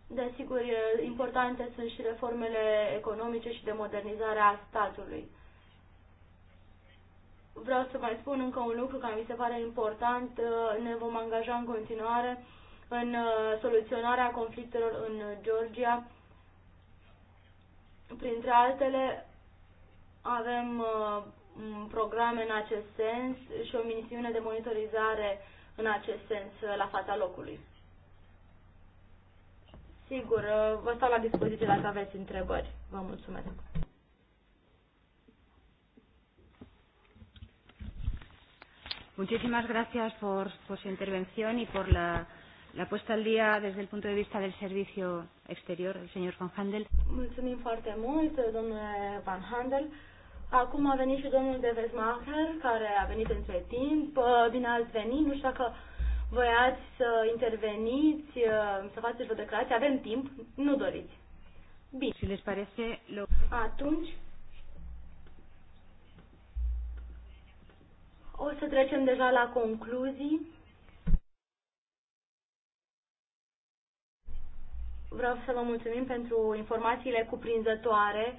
[SPEAKER 1] Desigur, importante sunt și reformele economice și de modernizare a statului. Vreau să mai spun încă un lucru care mi se pare important. Uh, ne vom angaja în continuare în uh, soluționarea conflictelor în Georgia. Printre altele, avem uh, programe în acest sens și o misiune de monitorizare în acest sens la fața locului. Sigur, vă stau la dispoziție dacă aveți întrebări. Vă mulțumesc. Muchísimas gracias por, por su intervención y por la, la puesta al día desde el punto de vista del servicio exterior, el señor Van Handel. Mulțumim foarte mult, domnule Van Handel. Acum a venit și domnul de Vesmacher, care a venit între timp. Bine uh, ați venit, nu știu dacă voiați să interveniți, uh, să faceți o declarație, avem timp, nu doriți. Bine. Și les parece... Atunci, O să trecem deja la concluzii. Vreau să vă mulțumim pentru informațiile cuprinzătoare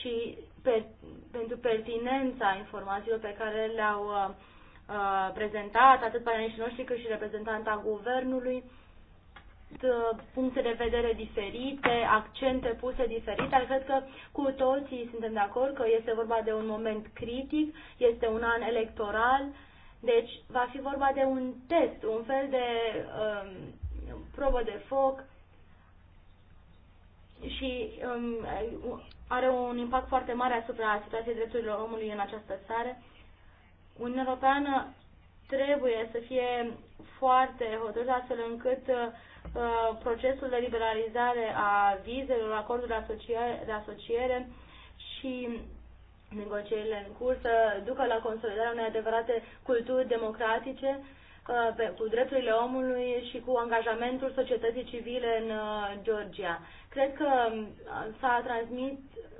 [SPEAKER 1] și per, pentru pertinența informațiilor pe care le-au uh, uh prezentat atât paneliștii noștri cât și reprezentanta guvernului Uh, puncte de vedere diferite, accente puse diferite, dar cred că cu toții suntem de acord că este vorba de un moment critic, este un an electoral, deci va fi vorba de un test, un fel de um, probă de foc și um, are un impact foarte mare asupra situației drepturilor omului în această țară. Uniunea Europeană trebuie să fie foarte hotărâtă astfel încât uh, Uh, procesul de liberalizare a vizelor, acordul de asociere, de asociere și negocierile în curs să uh, ducă la consolidarea unei adevărate culturi democratice uh, cu drepturile omului și cu angajamentul societății civile în Georgia. Cred că s-a transmis,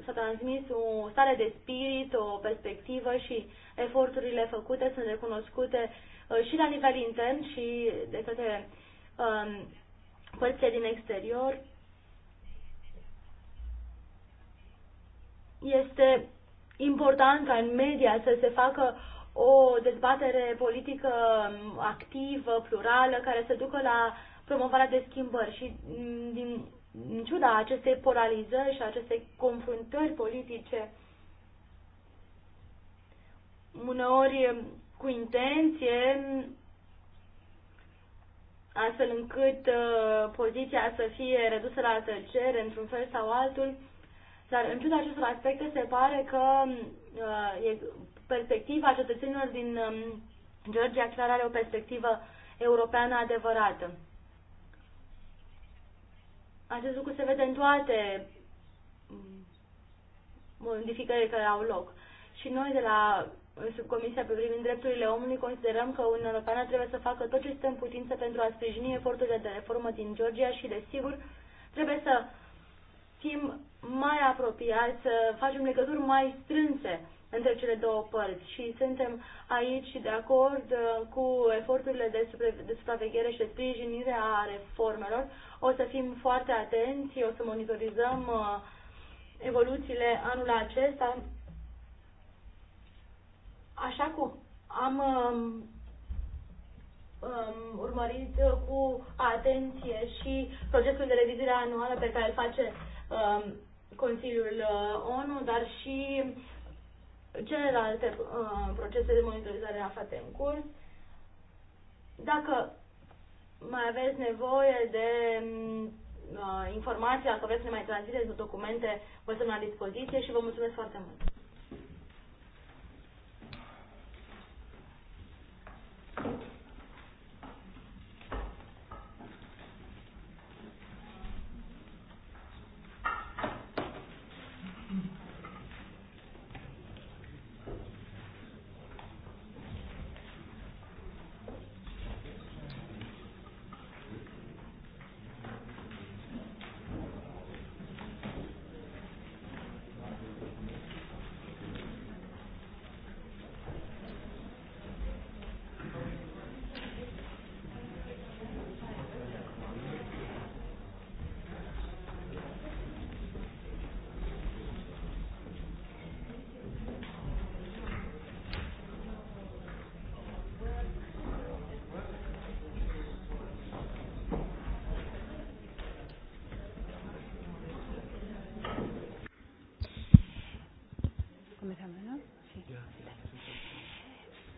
[SPEAKER 1] s-a transmis o stare de spirit, o perspectivă și eforturile făcute sunt recunoscute și la nivel intern și de către um, părțile din exterior este important ca în media să se facă o dezbatere politică um, activă, plurală, care să ducă la promovarea de schimbări și mm, din în ciuda acestei polarizări și acestei confruntări politice, uneori um, cu intenție, astfel încât uh, poziția să fie redusă la tăcere într-un fel sau altul. Dar în ciuda acestor aspecte se pare că uh, e perspectiva cetățenilor din um, Georgia clar are o perspectivă europeană adevărată. Acest lucru se vede în toate mm, modificările care au loc. Și noi de la subcomisia privind drepturile omului, considerăm că Uniunea Europeană trebuie să facă tot ce este în putință pentru a sprijini eforturile de reformă din Georgia și, desigur, trebuie să fim mai apropiați, să facem legături mai strânse între cele două părți și suntem aici de acord uh, cu eforturile de, de supraveghere și de sprijinire a reformelor. O să fim foarte atenți, o să monitorizăm uh, evoluțiile anul acesta Așa cum am um, um, urmărit uh, cu atenție și procesul de revizire anuală pe care îl face um, Consiliul uh, ONU, dar și celelalte uh, procese de monitorizare aflate în curs. Dacă mai aveți nevoie de um, uh, informații, dacă vreți să ne mai transmiteți documente, vă sunt la dispoziție și vă mulțumesc foarte mult.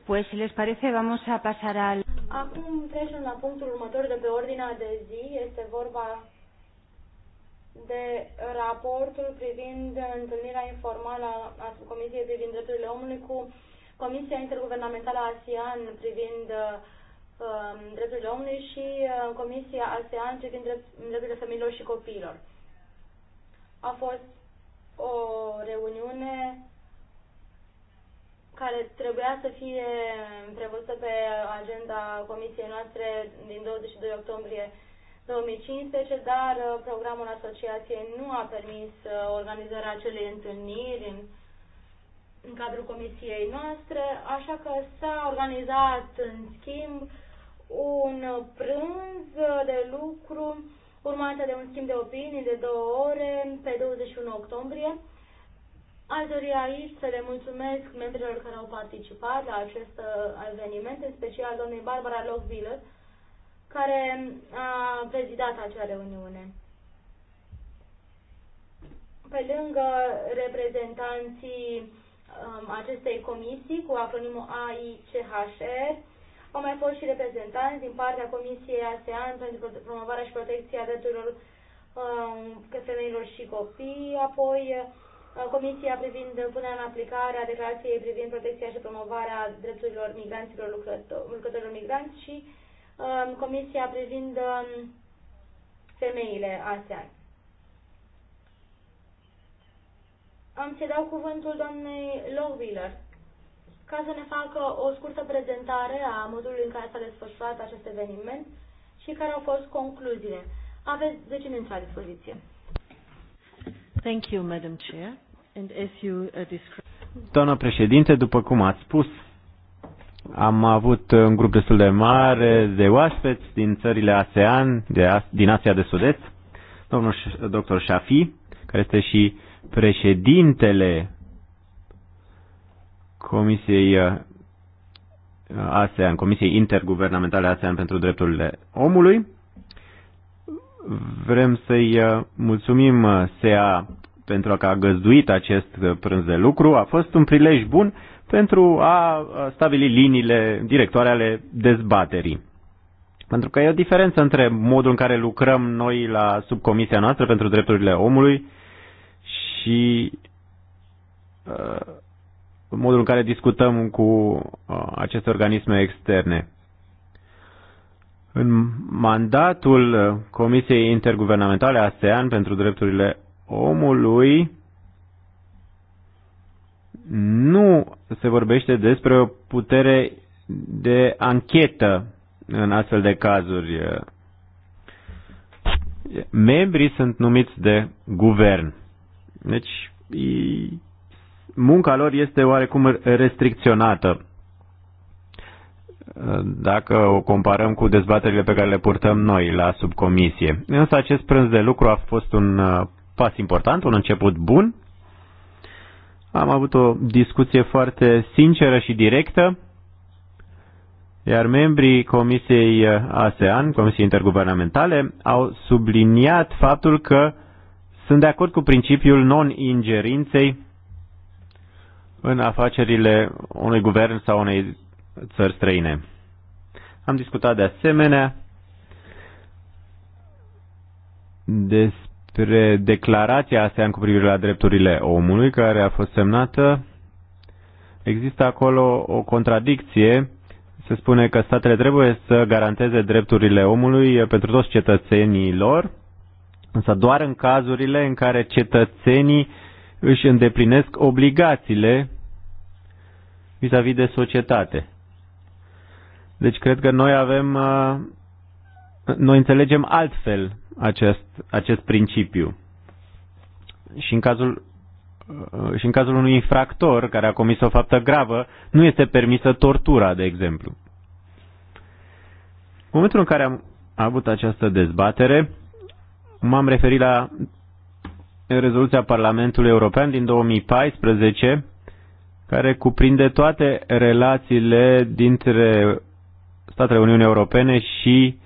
[SPEAKER 1] Pues si les parece vamos a pasar al... Acum trecem la punctul următor de pe ordinea de zi. Este vorba de raportul privind întâlnirea informală a Comisiei privind drepturile omului cu Comisia Interguvernamentală ASEAN privind uh, drepturile omului și uh, Comisia ASEAN privind drepturile femeilor și copiilor. A fost o reuniune care trebuia să fie um, prevăzută pe agenda comisiei noastre din 22 octombrie 2015, dar uh, programul asociației nu a permis uh, organizarea acelei întâlniri în, în cadrul comisiei noastre, așa că s-a organizat, în schimb, un prânz de lucru urmată de un schimb de opinii de două ore pe 21 octombrie Aș dori aici să le mulțumesc membrilor care au participat la acest uh, eveniment, în special doamnei Barbara Lockviller, care uh, a prezidat acea reuniune. Pe lângă reprezentanții um, acestei comisii cu acronimul AICHR, au mai fost și reprezentanți din partea Comisiei ASEAN pentru promovarea și protecția drepturilor um, femeilor și copii, apoi Uh, Comisia privind punerea în aplicare a declarației privind protecția și promovarea drepturilor migranților lucrătorilor migranți și um, Comisia privind um, femeile ASEAN. Am să dau cuvântul doamnei Lowwheeler ca să ne facă o scurtă prezentare a modului în care s-a desfășurat acest eveniment și care au fost concluziile. Aveți 10 minute la dispoziție. Thank you, Madam Chair. Uh,
[SPEAKER 2] Doamna președinte, după cum ați spus, am avut un grup destul de mare de oaspeți din țările ASEAN, de, din Asia de Sud-Est, domnul dr. Shafi, care este și președintele Comisiei uh, ASEAN, Comisiei Interguvernamentale ASEAN pentru Drepturile Omului. Vrem să-i uh, mulțumim SEA pentru că a găzduit acest uh, prânz de lucru, a fost un prilej bun pentru a stabili liniile directoare ale dezbaterii. Pentru că e o diferență între modul în care lucrăm noi la subcomisia noastră pentru drepturile omului și uh, modul în care discutăm cu uh, aceste organisme externe. În mandatul uh, Comisiei Interguvernamentale ASEAN pentru drepturile omului nu se vorbește despre o putere de anchetă în astfel de cazuri. Membrii sunt numiți de guvern. Deci munca lor este oarecum restricționată. Dacă o comparăm cu dezbaterile pe care le purtăm noi la subcomisie. Însă acest prânz de lucru a fost un pas important, un început bun. Am avut o discuție foarte sinceră și directă, iar membrii Comisiei ASEAN, Comisiei Interguvernamentale, au subliniat faptul că sunt de acord cu principiul non-ingerinței în afacerile unui guvern sau unei țări străine. Am discutat de asemenea despre despre declarația asta, cu privire la drepturile omului, care a fost semnată, există acolo o contradicție. Se spune că statele trebuie să garanteze drepturile omului pentru toți cetățenii lor, însă doar în cazurile în care cetățenii își îndeplinesc obligațiile vis-a-vis -vis de societate. Deci cred că noi avem, uh, noi înțelegem altfel acest, acest principiu. Și în cazul uh, și în cazul unui infractor care a comis o faptă gravă, nu este permisă tortura, de exemplu. În momentul în care am avut această dezbatere, m-am referit la rezoluția Parlamentului European din 2014, care cuprinde toate relațiile dintre statele Uniunii Europene și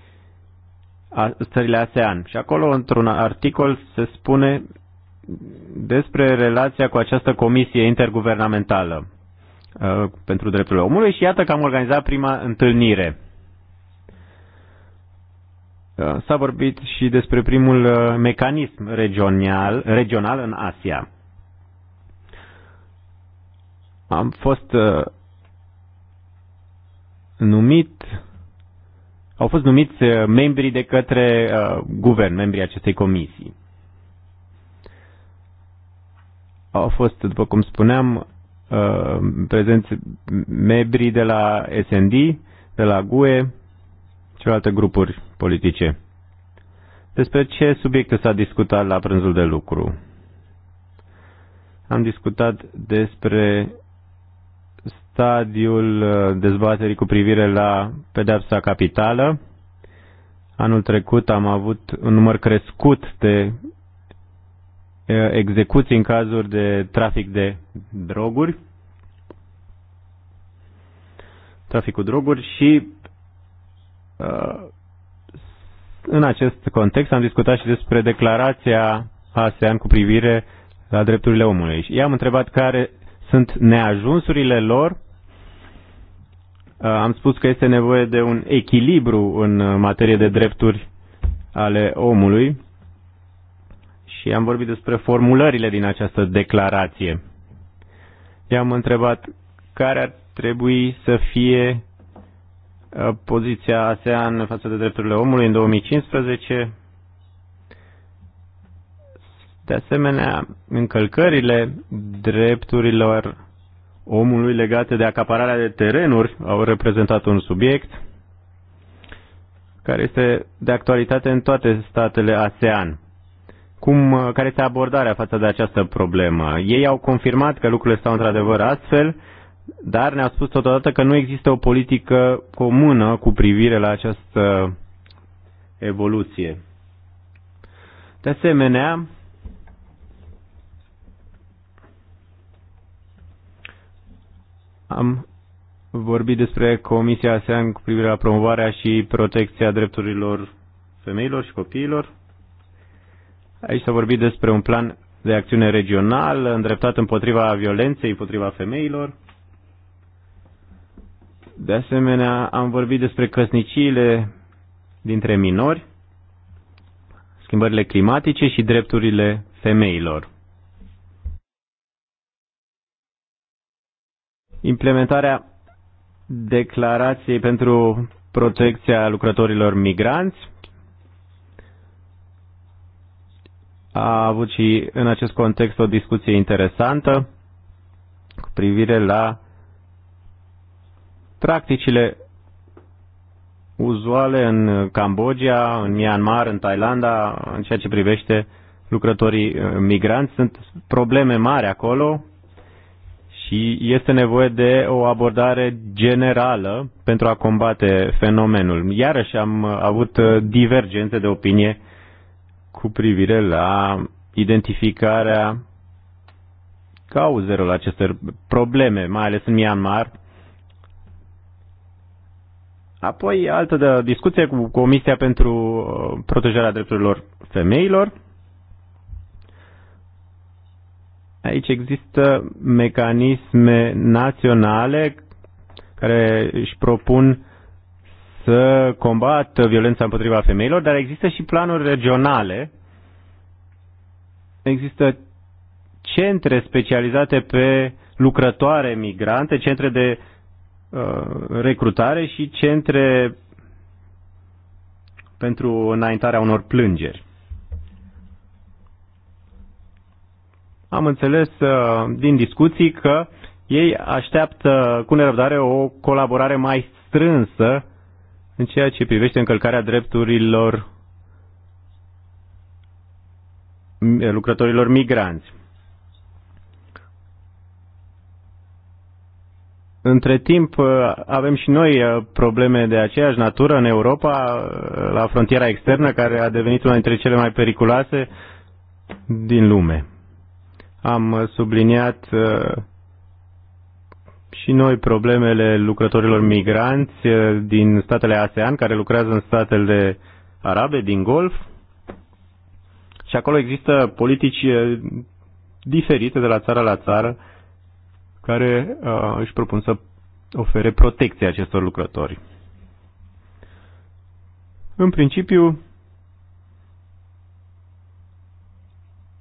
[SPEAKER 2] țările ASEAN. Și acolo, într-un articol, se spune despre relația cu această comisie interguvernamentală pentru drepturile omului și iată că am organizat prima întâlnire. S-a vorbit și despre primul mecanism regional, regional în Asia. Am fost numit au fost numiți uh, membrii de către uh, guvern, membrii acestei comisii. Au fost, după cum spuneam, uh, prezenți membrii de la SND, de la GUE, celelalte grupuri politice. Despre ce subiecte s-a discutat la prânzul de lucru? Am discutat despre stadiul uh, dezbaterii cu privire la pedepsa capitală. Anul trecut am avut un număr crescut de uh, execuții în cazuri de trafic de droguri, traficul droguri și uh, în acest context am discutat și despre declarația ASEAN cu privire la drepturile omului. I-am întrebat care sunt neajunsurile lor Uh, am spus că este nevoie de un echilibru în uh, materie de drepturi ale omului și am vorbit despre formulările din această declarație. I-am întrebat care ar trebui să fie uh, poziția ASEAN față de drepturile omului în 2015. De asemenea, încălcările drepturilor omului legate de acapararea de terenuri au reprezentat un subiect care este de actualitate în toate statele ASEAN. Cum, uh, care este abordarea față de această problemă? Ei au confirmat că lucrurile stau într-adevăr astfel, dar ne-au spus totodată că nu există o politică comună cu privire la această evoluție. De asemenea, Am vorbit despre Comisia ASEAN cu privire la promovarea și protecția drepturilor femeilor și copiilor. Aici s-a vorbit despre un plan de acțiune regional îndreptat împotriva violenței, împotriva femeilor. De asemenea, am vorbit despre căsniciile dintre minori, schimbările climatice și drepturile femeilor. implementarea declarației pentru protecția lucrătorilor migranți a avut și în acest context o discuție interesantă cu privire la practicile uzuale în Cambodgia, în Myanmar, în Thailanda, în ceea ce privește lucrătorii eh, migranți. Sunt probleme mari acolo, și este nevoie de o abordare generală pentru a combate fenomenul. Iarăși am avut uh, divergențe de opinie cu privire la identificarea cauzelor acestor probleme, mai ales în Myanmar. Apoi, altă de discuție cu Comisia pentru uh, Protejarea Drepturilor Femeilor, Aici există mecanisme naționale care își propun să combată violența împotriva femeilor, dar există și planuri regionale. Există centre specializate pe lucrătoare migrante, centre de uh, recrutare și centre pentru înaintarea unor plângeri. am înțeles uh, din discuții că ei așteaptă cu nerăbdare o colaborare mai strânsă în ceea ce privește încălcarea drepturilor lucrătorilor migranți. Între timp uh, avem și noi uh, probleme de aceeași natură în Europa, la frontiera externă, care a devenit una dintre cele mai periculoase din lume am uh, subliniat uh, și noi problemele lucrătorilor migranți uh, din statele ASEAN care lucrează în statele arabe, din Golf. Și acolo există politici diferite de la țară la țară care uh, își propun să ofere protecție acestor lucrători. În principiu,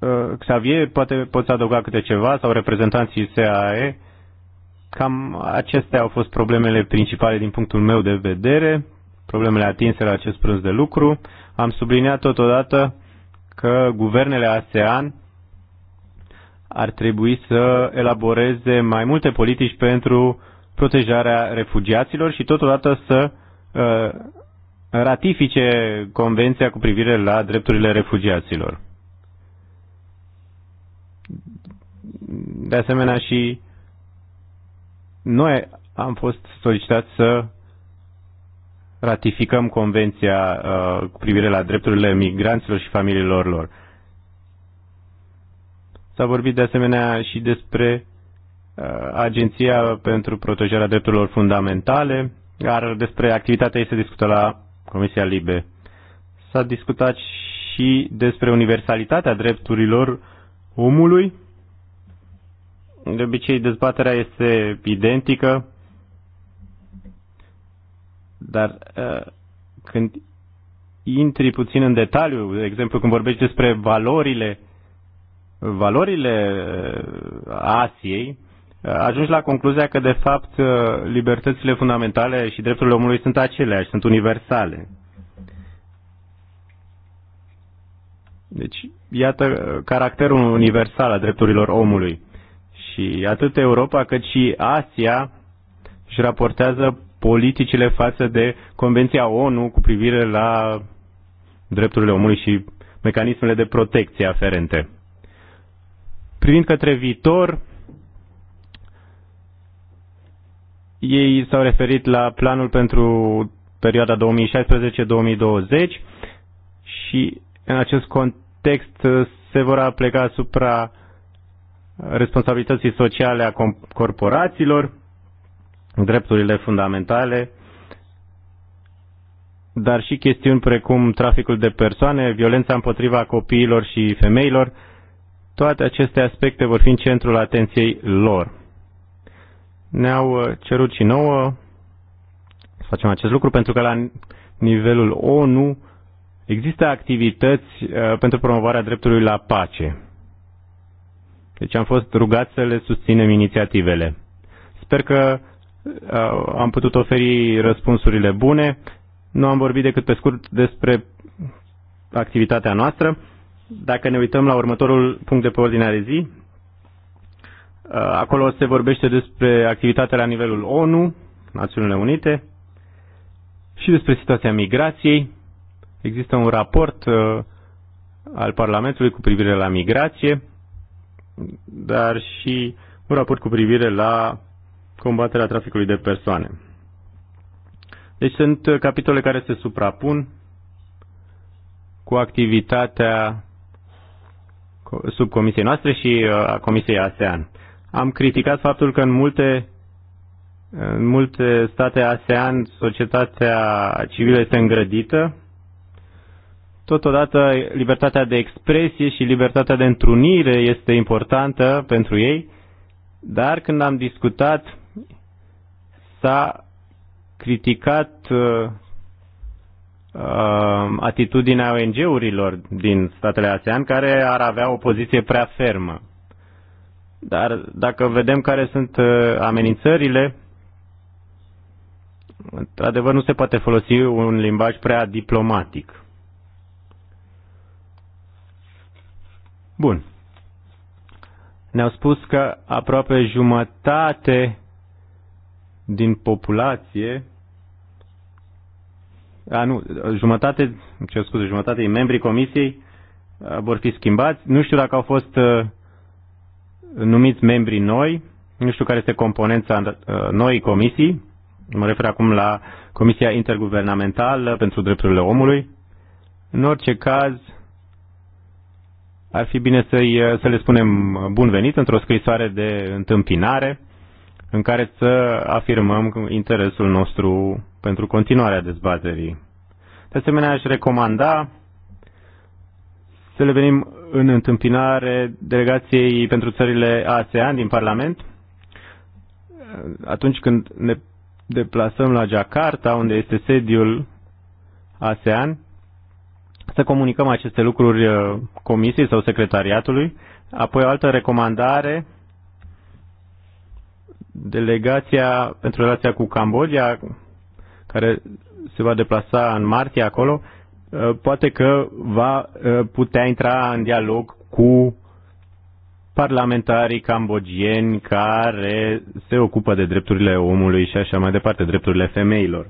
[SPEAKER 2] Uh, Xavier, poate poți adăuga câte ceva, sau reprezentanții SAE. Cam acestea au fost problemele principale din punctul meu de vedere, problemele atinse la acest prânz de lucru. Am subliniat totodată că guvernele ASEAN ar trebui să elaboreze mai multe politici pentru protejarea refugiaților și totodată să uh, ratifice convenția cu privire la drepturile refugiaților. De asemenea și noi am fost solicitați să ratificăm convenția uh, cu privire la drepturile migranților și familiilor lor. S-a vorbit de asemenea și despre uh, Agenția pentru Protejarea Drepturilor Fundamentale, iar despre activitatea ei se discută la Comisia Libe. S-a discutat și despre universalitatea drepturilor omului. De obicei, dezbaterea este identică, dar uh, când intri puțin în detaliu, de exemplu, când vorbești despre valorile, valorile uh, Asiei, uh, ajungi la concluzia că, de fapt, uh, libertățile fundamentale și drepturile omului sunt aceleași, sunt universale. Deci, iată uh, caracterul universal a drepturilor omului. Și atât Europa cât și Asia își raportează politicile față de Convenția ONU cu privire la drepturile omului și mecanismele de protecție aferente. Privind către viitor, ei s-au referit la planul pentru perioada 2016-2020 și în acest context text uh, se vor apleca asupra responsabilității sociale a corporațiilor, drepturile fundamentale, dar și chestiuni precum traficul de persoane, violența împotriva copiilor și femeilor, toate aceste aspecte vor fi în centrul atenției lor. Ne-au uh, cerut și nouă să facem acest lucru pentru că la nivelul ONU Există activități uh, pentru promovarea dreptului la pace. Deci am fost rugați să le susținem inițiativele. Sper că uh, am putut oferi răspunsurile bune. Nu am vorbit decât pe scurt despre activitatea noastră. Dacă ne uităm la următorul punct de pe ordinea de zi, uh, acolo se vorbește despre activitatea la nivelul ONU, Națiunile Unite, și despre situația migrației, Există un raport uh, al Parlamentului cu privire la migrație, dar și un raport cu privire la combaterea traficului de persoane. Deci sunt uh, capitole care se suprapun cu activitatea sub comisiei noastre și uh, a Comisiei ASEAN. Am criticat faptul că în multe, în multe state ASEAN societatea civilă este îngrădită Totodată, libertatea de expresie și libertatea de întrunire este importantă pentru ei, dar când am discutat, s-a criticat uh, uh atitudinea ONG-urilor din statele ASEAN care ar avea o poziție prea fermă. Dar dacă vedem care sunt uh, amenințările, într-adevăr nu se poate folosi un limbaj prea diplomatic. Bun. Ne-au spus că aproape jumătate din populație a, nu, jumătate, ce scuze, jumătate din membrii comisiei vor fi schimbați. Nu știu dacă au fost numiți membrii noi, nu știu care este componența noii comisii, mă refer acum la Comisia Interguvernamentală pentru Drepturile Omului. În orice caz, ar fi bine să, să le spunem bun venit într-o scrisoare de întâmpinare în care să afirmăm interesul nostru pentru continuarea dezbaterii. De asemenea, aș recomanda să le venim în întâmpinare delegației pentru țările ASEAN din Parlament atunci când ne deplasăm la Jakarta, unde este sediul ASEAN, să comunicăm aceste lucruri uh, comisiei sau secretariatului. Apoi o altă recomandare, delegația pentru relația cu Cambodgia, care se va deplasa în martie acolo, uh, poate că va uh, putea intra în dialog cu parlamentarii cambogieni care se ocupă de drepturile omului și așa mai departe, drepturile femeilor.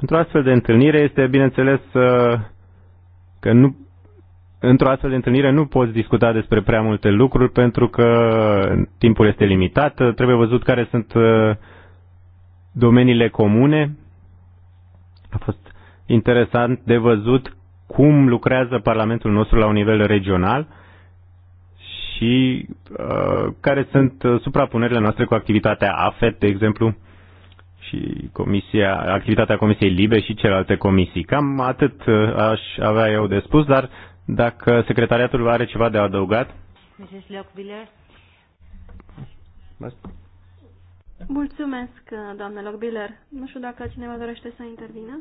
[SPEAKER 2] Pentru astfel de întâlnire este, bineînțeles, uh, că nu, într-o astfel de întâlnire nu poți discuta despre prea multe lucruri pentru că timpul este limitat. Trebuie văzut care sunt uh, domeniile comune. A fost interesant de văzut cum lucrează Parlamentul nostru la un nivel regional și uh, care sunt uh, suprapunerile noastre cu activitatea AFET, de exemplu și comisia, activitatea Comisiei Libe și celelalte comisii. Cam atât uh, aș avea eu de spus, dar dacă secretariatul are ceva de adăugat.
[SPEAKER 1] Mulțumesc, uh, doamnă Lockbiller. Nu știu dacă cineva dorește să intervină.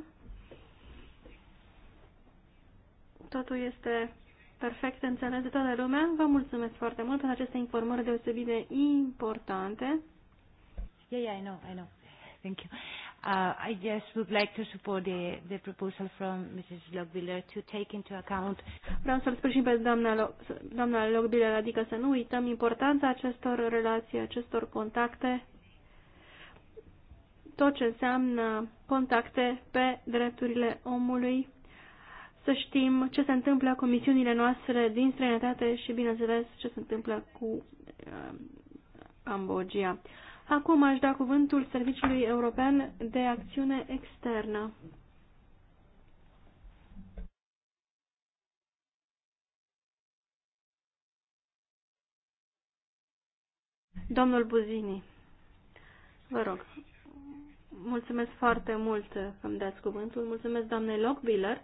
[SPEAKER 1] Totul este perfect înțeles de toată lumea. Vă mulțumesc foarte mult pentru aceste informări deosebit de importante. Yeah, yeah, I know, I know. Thank you. Uh, I just would like to support the, the proposal from Mrs. Lockbiller to take into account. Vreau să-l sprijin pe doamna, Lo Lockbiller, adică să nu uităm importanța acestor relații, acestor contacte, tot ce înseamnă contacte pe drepturile omului, să știm ce se întâmplă cu misiunile noastre din străinătate și, bineînțeles, ce se întâmplă cu uh, Cambogia. Uh, Acum aș da cuvântul Serviciului European de Acțiune Externă. Domnul Buzini, vă rog, mulțumesc foarte mult că îmi dați cuvântul. Mulțumesc doamnei Lockbiller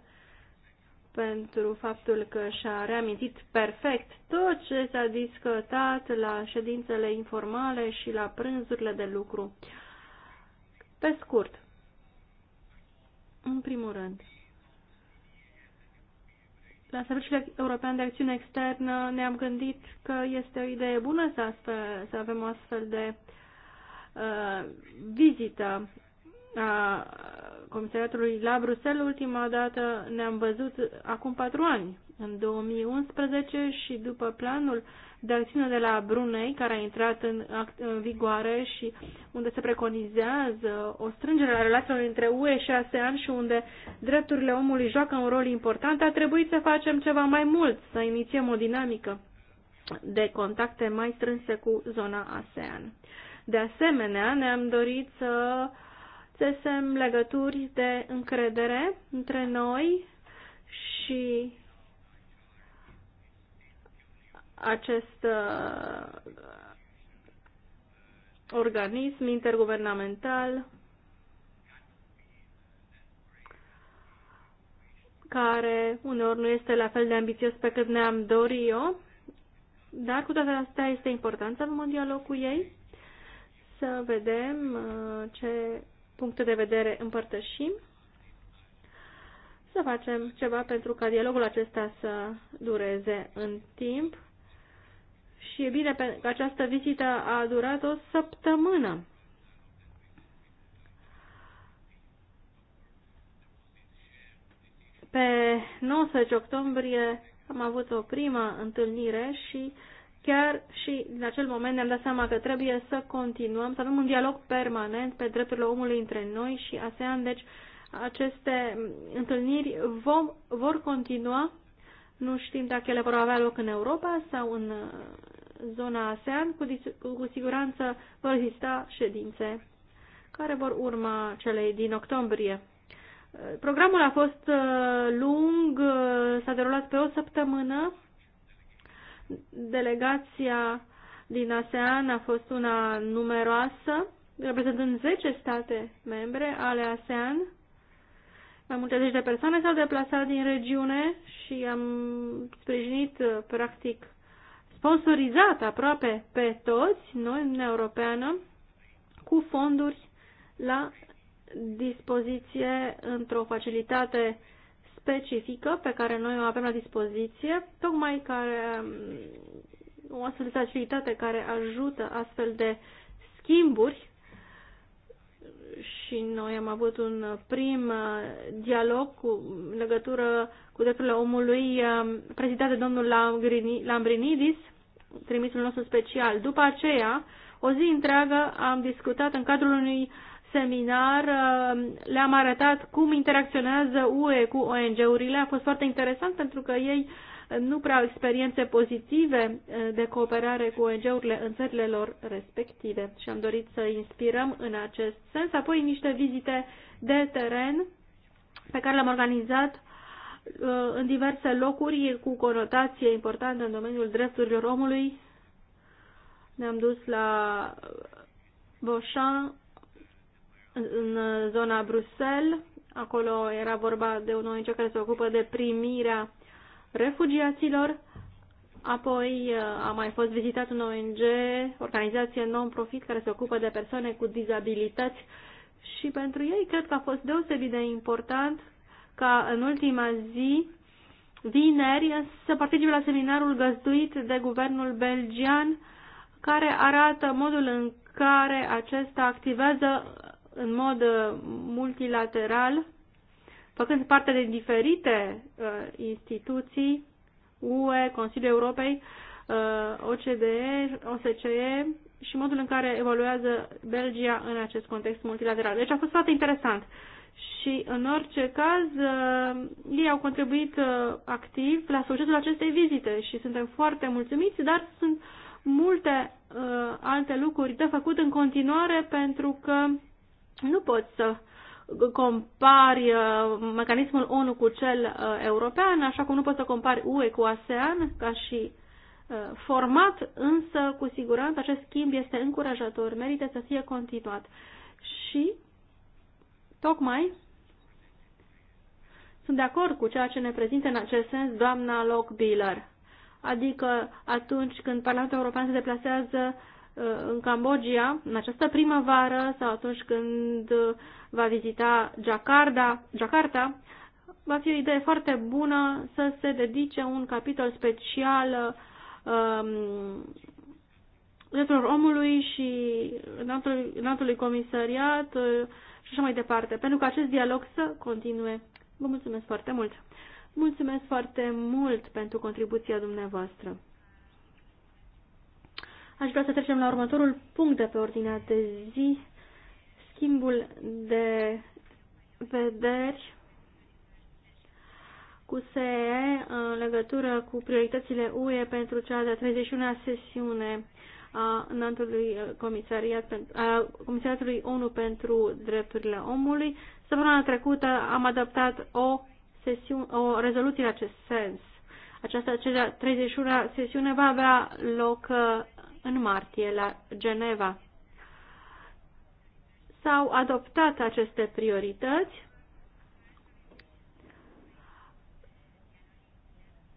[SPEAKER 1] pentru faptul că și-a reamintit perfect tot ce s-a discutat la ședințele informale și la prânzurile de lucru. Pe scurt, în primul rând, la Serviciul European de Acțiune Externă ne-am gândit că este o idee bună să, astfel, să avem o astfel de uh, vizită a Comisariatului la Bruxelles. Ultima dată ne-am văzut acum patru ani, în 2011 și după planul de acțiune de la Brunei, care a intrat în, în vigoare și unde se preconizează o strângere a relațiilor între UE și ASEAN și unde drepturile omului joacă un rol important, a trebuit să facem ceva mai mult, să inițiem o dinamică de contacte mai strânse cu zona ASEAN. De asemenea, ne-am dorit să uh, țesem legături de încredere între noi și acest uh, organism interguvernamental care uneori nu este la fel de ambițios pe cât ne-am dorit, eu, dar cu toate astea este important să avem un dialog cu ei, să vedem uh, ce puncte de vedere împărtășim, să facem ceva pentru ca dialogul acesta să dureze în timp. Și e bine că această vizită a durat o săptămână. Pe 19 octombrie am avut o primă întâlnire și uh, Chiar și din acel moment ne-am dat seama că trebuie să continuăm, să avem un dialog permanent pe drepturile omului între noi și ASEAN, deci aceste întâlniri vom, vor continua. Nu știm dacă ele vor avea loc în Europa sau în uh, zona ASEAN, cu, cu siguranță vor exista ședințe care vor urma celei din octombrie. Uh, programul a fost uh, lung, s-a derulat pe o săptămână, Delegația din ASEAN a fost una numeroasă, reprezentând 10 state membre ale ASEAN. Mai multe zeci de persoane s-au deplasat din regiune și am sprijinit, practic, sponsorizat aproape pe toți, noi, Uniunea Europeană, cu fonduri la dispoziție într-o facilitate specifică pe care noi o avem la dispoziție, tocmai care um, o astfel de facilitate care ajută astfel de schimburi și noi am avut un prim uh, dialog cu legătură cu drepturile omului um, prezidat de domnul Lambrinidis, trimisul nostru special. După aceea, o zi întreagă am discutat în cadrul unui seminar uh, le-am arătat cum interacționează UE cu ONG-urile. A fost foarte interesant pentru că ei uh, nu prea au experiențe pozitive uh, de cooperare cu ONG-urile în țările lor respective și am dorit să inspirăm în acest sens. Apoi niște vizite de teren pe care le-am organizat în diverse locuri cu conotație importantă în domeniul drepturilor omului. Ne-am dus la Beauchamp, în zona Bruxelles. Acolo era vorba de un ONG care se ocupă de primirea refugiaților. Apoi uh, a mai fost vizitat un ONG, organizație non-profit care se ocupă de persoane cu dizabilități și pentru ei cred că a fost deosebit de important ca în ultima zi, vineri, să participe la seminarul găzduit de guvernul belgian care arată modul în care acesta activează în mod uh, multilateral, făcând parte de diferite uh, instituții, UE, Consiliul Europei, uh, OCDE, OSCE și modul în care evoluează Belgia în acest context multilateral. Deci a fost foarte interesant. Și în orice caz, uh, ei au contribuit uh, activ la succesul acestei vizite și suntem foarte mulțumiți, dar sunt multe uh, alte lucruri de făcut în continuare pentru că nu poți să compari uh, mecanismul ONU cu cel uh, european, așa cum nu poți să compari UE cu ASEAN ca și uh, format, însă cu siguranță acest schimb este încurajator, merită să fie continuat. Și tocmai sunt de acord cu ceea ce ne prezintă în acest sens doamna Lockbiller, adică atunci când Parlamentul European se deplasează uh, Uh, în Cambodgia în această primăvară sau atunci când uh, va vizita Jakarta, Jakarta va fi o idee foarte bună să se dedice un capitol special um, drepturilor omului și înaltului, înaltului comisariat uh, și așa mai departe, pentru că acest dialog să continue. Vă mulțumesc foarte mult! Mulțumesc foarte mult pentru contribuția dumneavoastră! Aș vrea să trecem la următorul punct de pe ordinea de zi, schimbul de vederi cu SE în legătură cu prioritățile UE pentru cea de-a 31-a sesiune a înaltului comisariat, a Comisariatului ONU pentru Drepturile Omului. Săptămâna trecută am adoptat o, sesiune, o rezoluție în acest sens. Această cea 31-a sesiune va avea loc uh, în martie la Geneva. S-au adoptat aceste priorități,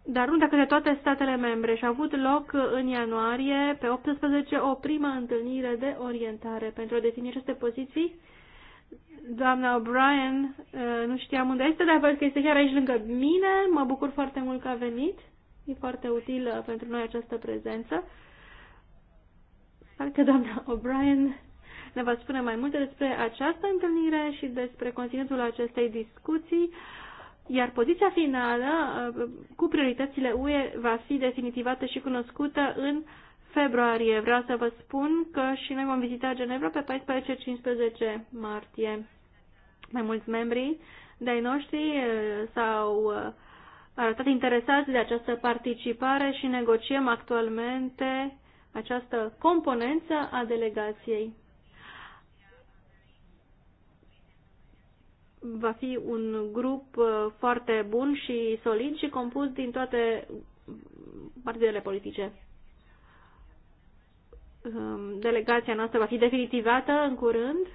[SPEAKER 1] dar nu dacă de toate statele membre și a avut loc în ianuarie, pe 18, o primă întâlnire de orientare pentru a defini aceste poziții. Doamna O'Brien, uh, nu știam unde este, dar văd că este chiar aici lângă mine. Mă bucur foarte mult că a venit. E foarte utilă pentru noi această prezență. Parcă doamna O'Brien ne va spune mai multe despre această întâlnire și despre conținutul acestei discuții, iar poziția finală uh, cu prioritățile UE va fi definitivată și cunoscută în februarie. Vreau să vă spun că și noi vom vizita Genevra pe 14-15 martie. Mai mulți membri de-ai noștri uh, s-au uh, arătat interesați de această participare și negociem actualmente această componență a delegației. Va fi un grup uh, foarte bun și solid și compus din toate partidele politice. Um, delegația noastră va fi definitivată în curând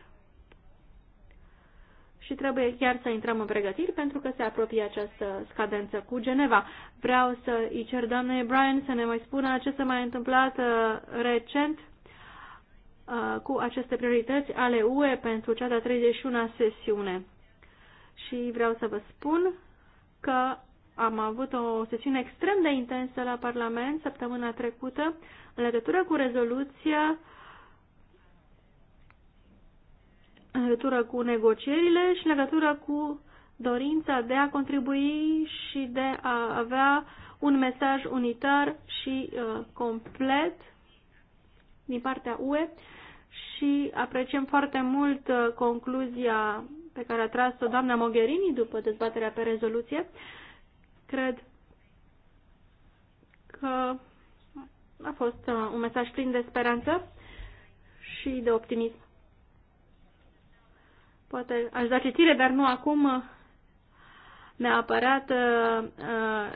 [SPEAKER 1] și trebuie chiar să intrăm în pregătiri pentru că se apropie această scadență cu Geneva. Vreau să îi cer doamnei Brian să ne mai spună ce s-a mai întâmplat uh, recent uh, cu aceste priorități ale UE pentru cea de-a 31-a sesiune. Și vreau să vă spun că am avut o sesiune extrem de intensă la Parlament săptămâna trecută în legătură cu rezoluția uh, în legătură cu negocierile și în legătură cu dorința de a contribui și de a avea un mesaj unitar și uh, complet din partea UE și apreciem foarte mult uh, concluzia pe care a tras-o doamna Mogherini după dezbaterea pe rezoluție. Cred că a fost uh, un mesaj plin de speranță și de optimism. Poate aș da citire, dar nu acum neapărat uh, uh,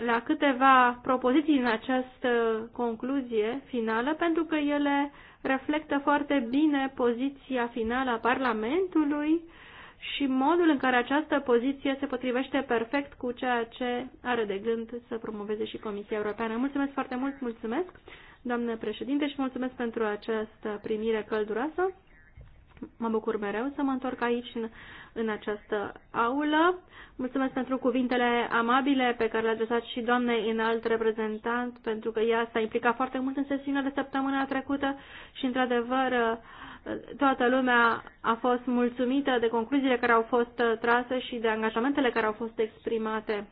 [SPEAKER 1] la câteva propoziții în această concluzie finală, pentru că ele reflectă foarte bine poziția finală a Parlamentului și modul în care această poziție se potrivește perfect cu ceea ce are de gând să promoveze și Comisia Europeană. Mulțumesc foarte mult, mulțumesc, doamnă președinte, și mulțumesc pentru această primire călduroasă. Mă bucur mereu să mă întorc aici în, în această aulă. Mulțumesc pentru cuvintele amabile pe care le-a adresat și doamnei înalt reprezentant, pentru că ea s-a implicat foarte mult în sesiunea de săptămâna trecută și, într-adevăr, toată lumea a fost mulțumită de concluziile care au fost trase și de angajamentele care au fost exprimate.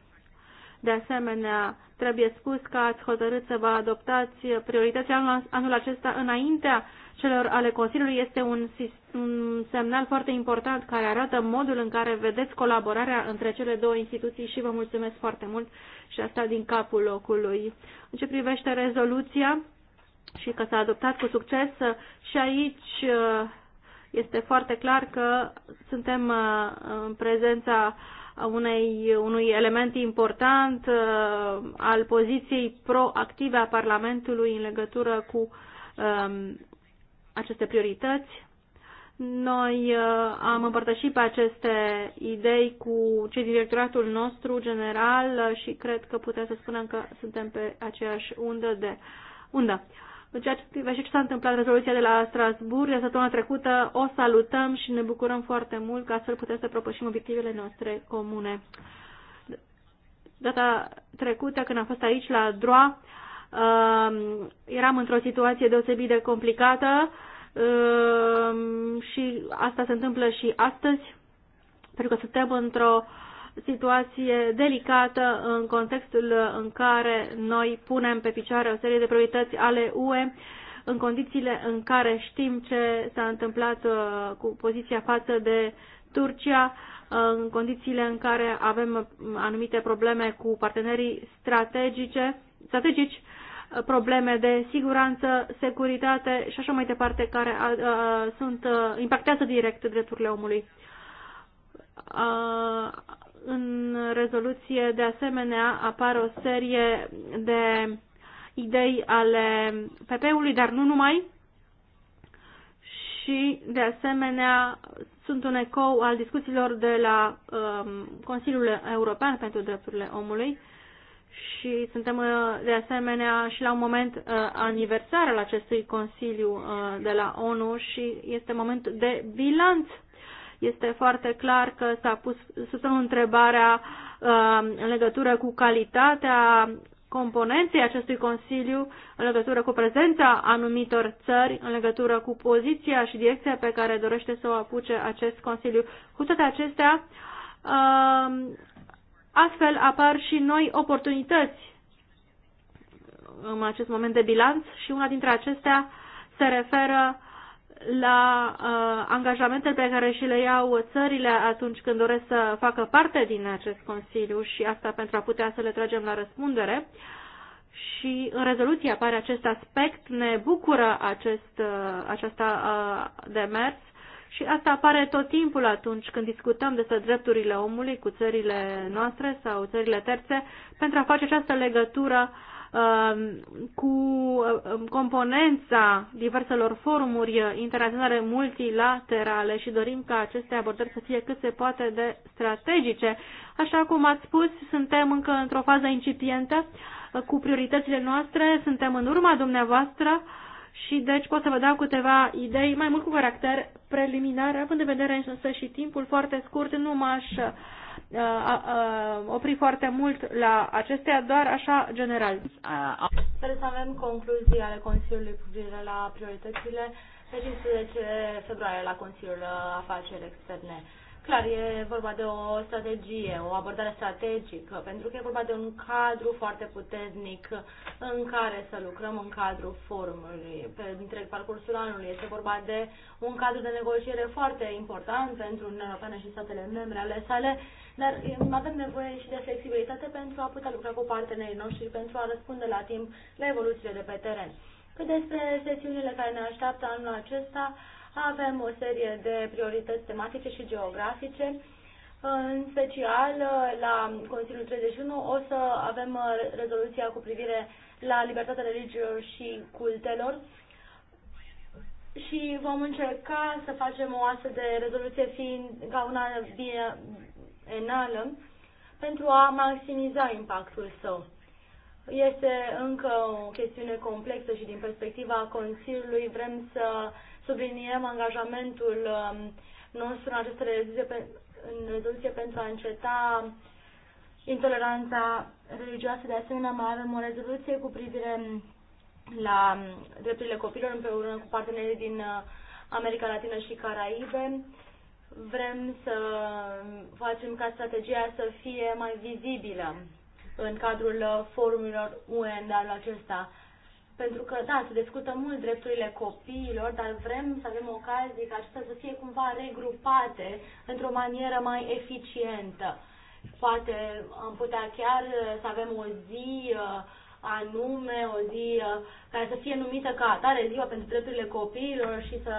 [SPEAKER 1] De asemenea, trebuie spus că ați hotărât să vă adoptați prioritățile anul, anul acesta înaintea celor ale Consiliului este un, un semnal foarte important care arată modul în care vedeți colaborarea între cele două instituții și vă mulțumesc foarte mult și asta din capul locului. În ce privește rezoluția și că s-a adoptat cu succes și aici uh, este foarte clar că suntem uh, în prezența unei, unui element important uh, al poziției proactive a Parlamentului în legătură cu um, aceste priorități. Noi uh, am împărtășit pe aceste idei cu cei directoratul nostru general uh, și cred că putem să spunem că suntem pe aceeași undă de undă. În ceea ce privește ce s-a întâmplat rezoluția de la Strasburg de săptămâna trecută, o salutăm și ne bucurăm foarte mult că astfel putem să propășim obiectivele noastre comune. Data trecută, când am fost aici la DROA, uh, eram într-o situație deosebit de complicată Ehm, și asta se întâmplă și astăzi, pentru că suntem într-o situație delicată în contextul în care noi punem pe picioare o serie de priorități ale UE, în condițiile în care știm ce s-a întâmplat uh, cu poziția față de Turcia, uh, în condițiile în care avem anumite probleme cu partenerii strategice, strategici, probleme de siguranță, securitate și așa mai departe, care uh, sunt, uh, impactează direct drepturile omului. Uh, în rezoluție, de asemenea, apare o serie de idei ale PP-ului, dar nu numai, și, de asemenea, sunt un ecou al discuțiilor de la um, Consiliul European pentru Drepturile Omului, și suntem uh, de asemenea și la un moment uh, aniversar al acestui Consiliu uh, de la ONU și este moment de bilanț. Este foarte clar că s-a pus sub semnul întrebarea în legătură cu calitatea componenței acestui Consiliu, în legătură cu prezența anumitor țări, în legătură cu poziția și direcția pe care dorește să o apuce acest Consiliu. Cu toate acestea, Astfel apar și noi oportunități în acest moment de bilanț și una dintre acestea se referă la uh, angajamentele pe care și le iau țările atunci când doresc să facă parte din acest Consiliu și asta pentru a putea să le tragem la răspundere. Și în rezoluție apare acest aspect, ne bucură acest, uh, acesta uh, demers și asta apare tot timpul atunci când discutăm despre drepturile omului cu țările noastre sau țările terțe, pentru a face această legătură uh, cu um, componența diverselor forumuri internaționale multilaterale și dorim ca aceste abordări să fie cât se poate de strategice. Așa cum ați spus, suntem încă într-o fază incipientă cu prioritățile noastre, suntem în urma dumneavoastră uh, și deci pot să vă dau câteva idei mai mult cu caracter preliminar, având în vedere însă și timpul foarte scurt, nu m-aș uh, uh, opri foarte mult la acestea, doar așa general. Sper să avem concluzii ale Consiliului cu privire la prioritățile pe 15 februarie la Consiliul Afaceri Externe. Clar, e vorba de o strategie, o abordare strategică, pentru că e vorba de un cadru foarte puternic în care să lucrăm în cadrul forumului, pe întreg parcursul anului. Este vorba de un cadru de negociere foarte important pentru Uniunea Europeană și statele membre ale sale, dar avem nevoie și de flexibilitate pentru a putea lucra cu partenerii noștri, pentru a răspunde la timp la evoluțiile de pe teren. Cât despre sesiunile care ne așteaptă anul acesta, avem o serie de priorități tematice și geografice. În special, la Consiliul 31 o să avem uh, rezoluția cu privire la libertatea religiilor și cultelor și vom încerca să facem o astfel de rezoluție fiind ca una bienală pentru a maximiza impactul său. Este încă o chestiune complexă și din perspectiva Consiliului vrem să subliniem angajamentul um, nostru în aceste rezoluție, în rezoluție pentru a înceta intoleranța religioasă. De asemenea, mai avem o rezoluție cu privire la um, drepturile copilor împreună cu partenerii din uh, America Latină și Caraibe. Vrem să facem ca strategia să fie mai vizibilă în cadrul uh, forumurilor UN de anul acesta. Pentru că, da, se discută mult drepturile copiilor, dar vrem să avem ocazie ca acestea să fie cumva regrupate într-o manieră mai eficientă. Poate am putea chiar uh, să avem o zi uh, anume, o zi uh, care să fie numită ca atare ziua pentru drepturile copiilor și să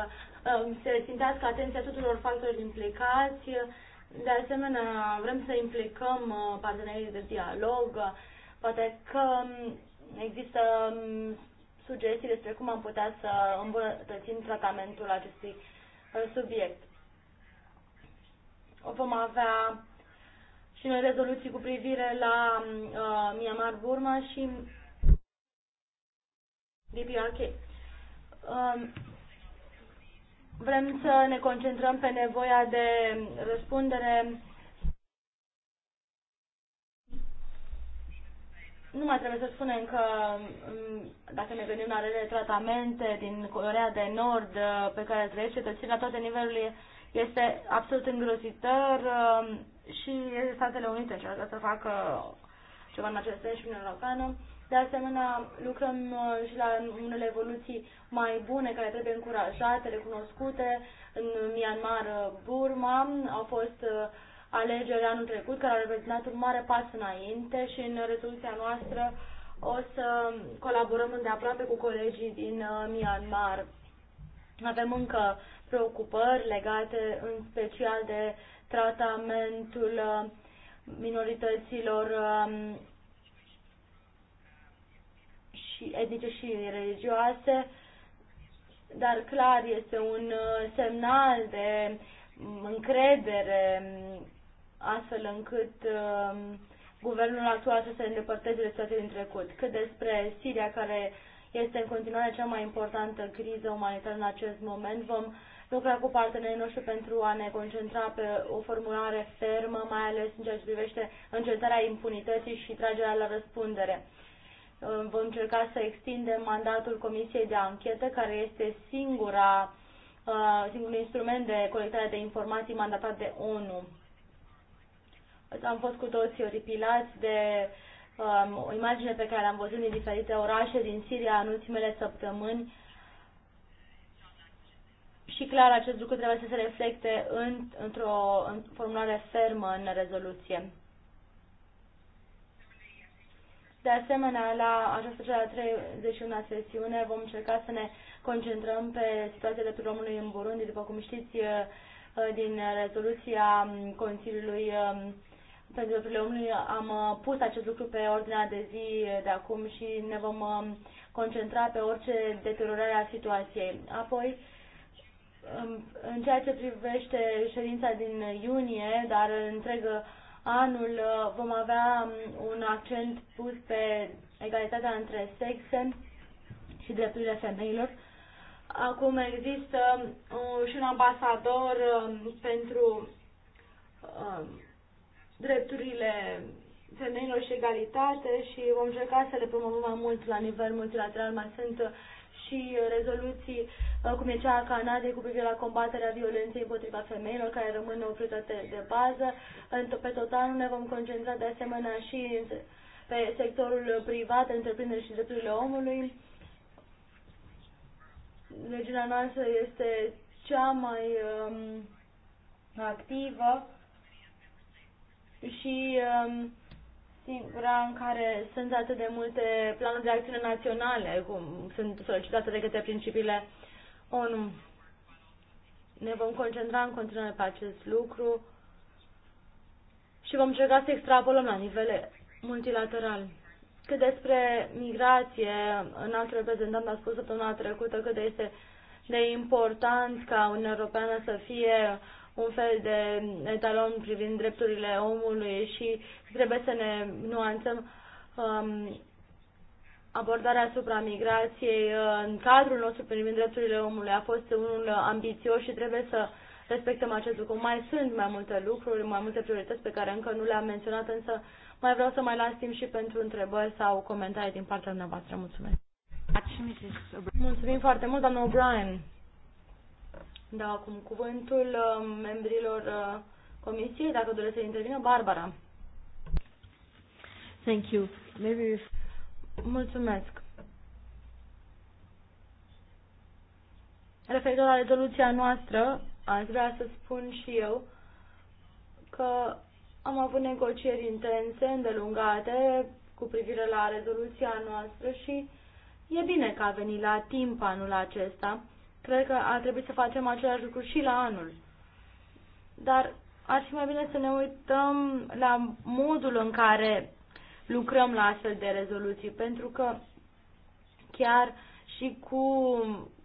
[SPEAKER 1] se simtească atenția tuturor factorilor implicați. De asemenea, vrem să implicăm partenerii de dialog. Poate că um, Există mm, sugestii despre cum am putea să îmbunătățim tratamentul acestui uh, subiect. Vom avea și noi rezoluții cu privire la mm, uh, Myanmar Burma și DPRK. Uh, um, vrem să ne concentrăm pe nevoia de răspundere Nu mai trebuie să spunem că mm, dacă ne gândim la rele tratamente din Corea de Nord uh, pe care trăiesc cetățenii la toate nivelurile, este absolut îngrozitor um, și Statele Unite încearcă să facă ceva în acest sens și în Europeană. De asemenea, lucrăm uh, și la unele evoluții mai bune care trebuie încurajate, recunoscute. În Myanmar, uh, Burma au fost uh, alegeri anul trecut, care au reprezentat un mare pas înainte și în rezoluția noastră o să colaborăm îndeaproape cu colegii din uh, Myanmar. Avem încă preocupări legate în special de tratamentul uh, minorităților um, și etnice și religioase, dar clar este un uh, semnal de încredere astfel încât uh, guvernul actual să se îndepărteze de situația din trecut. Cât despre Siria, care este în continuare cea mai importantă criză umanitară în acest moment, vom lucra cu partenerii noștri pentru a ne concentra pe o formulare fermă, mai ales în ceea ce privește încetarea impunității și tragerea la răspundere. Um, vom încerca să extindem mandatul Comisiei de Anchetă, care este singura, uh, singurul instrument de colectare de informații mandatat de ONU am fost cu toți oripilați de um, o imagine pe care am văzut din diferite orașe din Siria în ultimele săptămâni și clar acest lucru trebuie să se reflecte în, într-o în formulare fermă în rezoluție. De asemenea, la această cea de-a 31-a sesiune vom încerca să ne concentrăm pe situația drepturilor omului în Burundi. După cum știți, uh, din rezoluția Consiliului um, pe drepturile omului am uh, pus acest lucru pe ordinea de zi de acum și ne vom um, concentra pe orice deteriorare a situației. Apoi, um, în ceea ce privește ședința din iunie, dar întreg anul, uh, vom avea um, un accent pus pe egalitatea între sexe și drepturile femeilor. Acum există și un ambasador pentru drepturile femeilor și egalitate și vom încerca să le promovăm mai mult la nivel multilateral. Mai sunt uh, și rezoluții, uh, cum e cea a Canadei cu privire la combaterea violenței împotriva femeilor, care rămâne o prioritate de bază. Pe total ne vom concentra de asemenea și pe sectorul privat, întreprinderi și drepturile omului. Legea noastră este cea mai um, activă și um, singura în care sunt atât de multe planuri de acțiune naționale, cum sunt solicitate de către principiile ONU. Ne vom concentra în continuare pe acest lucru și vom încerca să extrapolăm la nivel multilateral. Cât despre migrație, în alt reprezentant a spus săptămâna trecută cât de este de important ca Uniunea Europeană să fie un fel de etalon privind drepturile omului și trebuie să ne nuanțăm um, abordarea asupra migrației uh, în cadrul nostru privind drepturile omului a fost unul ambițios și trebuie să respectăm acest lucru. Mai sunt mai multe lucruri, mai multe priorități pe care încă nu le-am menționat, însă mai vreau să mai las timp și pentru întrebări sau comentarii din partea dumneavoastră. Mulțumesc! Mulțumim foarte mult, doamna O'Brien! da acum cuvântul uh, membrilor uh, comisiei, dacă doresc să intervină, Barbara. Thank you. Maybe if... Mulțumesc. Referitor la rezoluția noastră, aș vrea să spun și eu că am avut negocieri intense, îndelungate, cu privire la rezoluția noastră și e bine că a venit la timp anul acesta Cred că ar trebui să facem același lucru și la anul. Dar ar fi mai bine să ne uităm la modul în care lucrăm la astfel de rezoluții, pentru că chiar și cu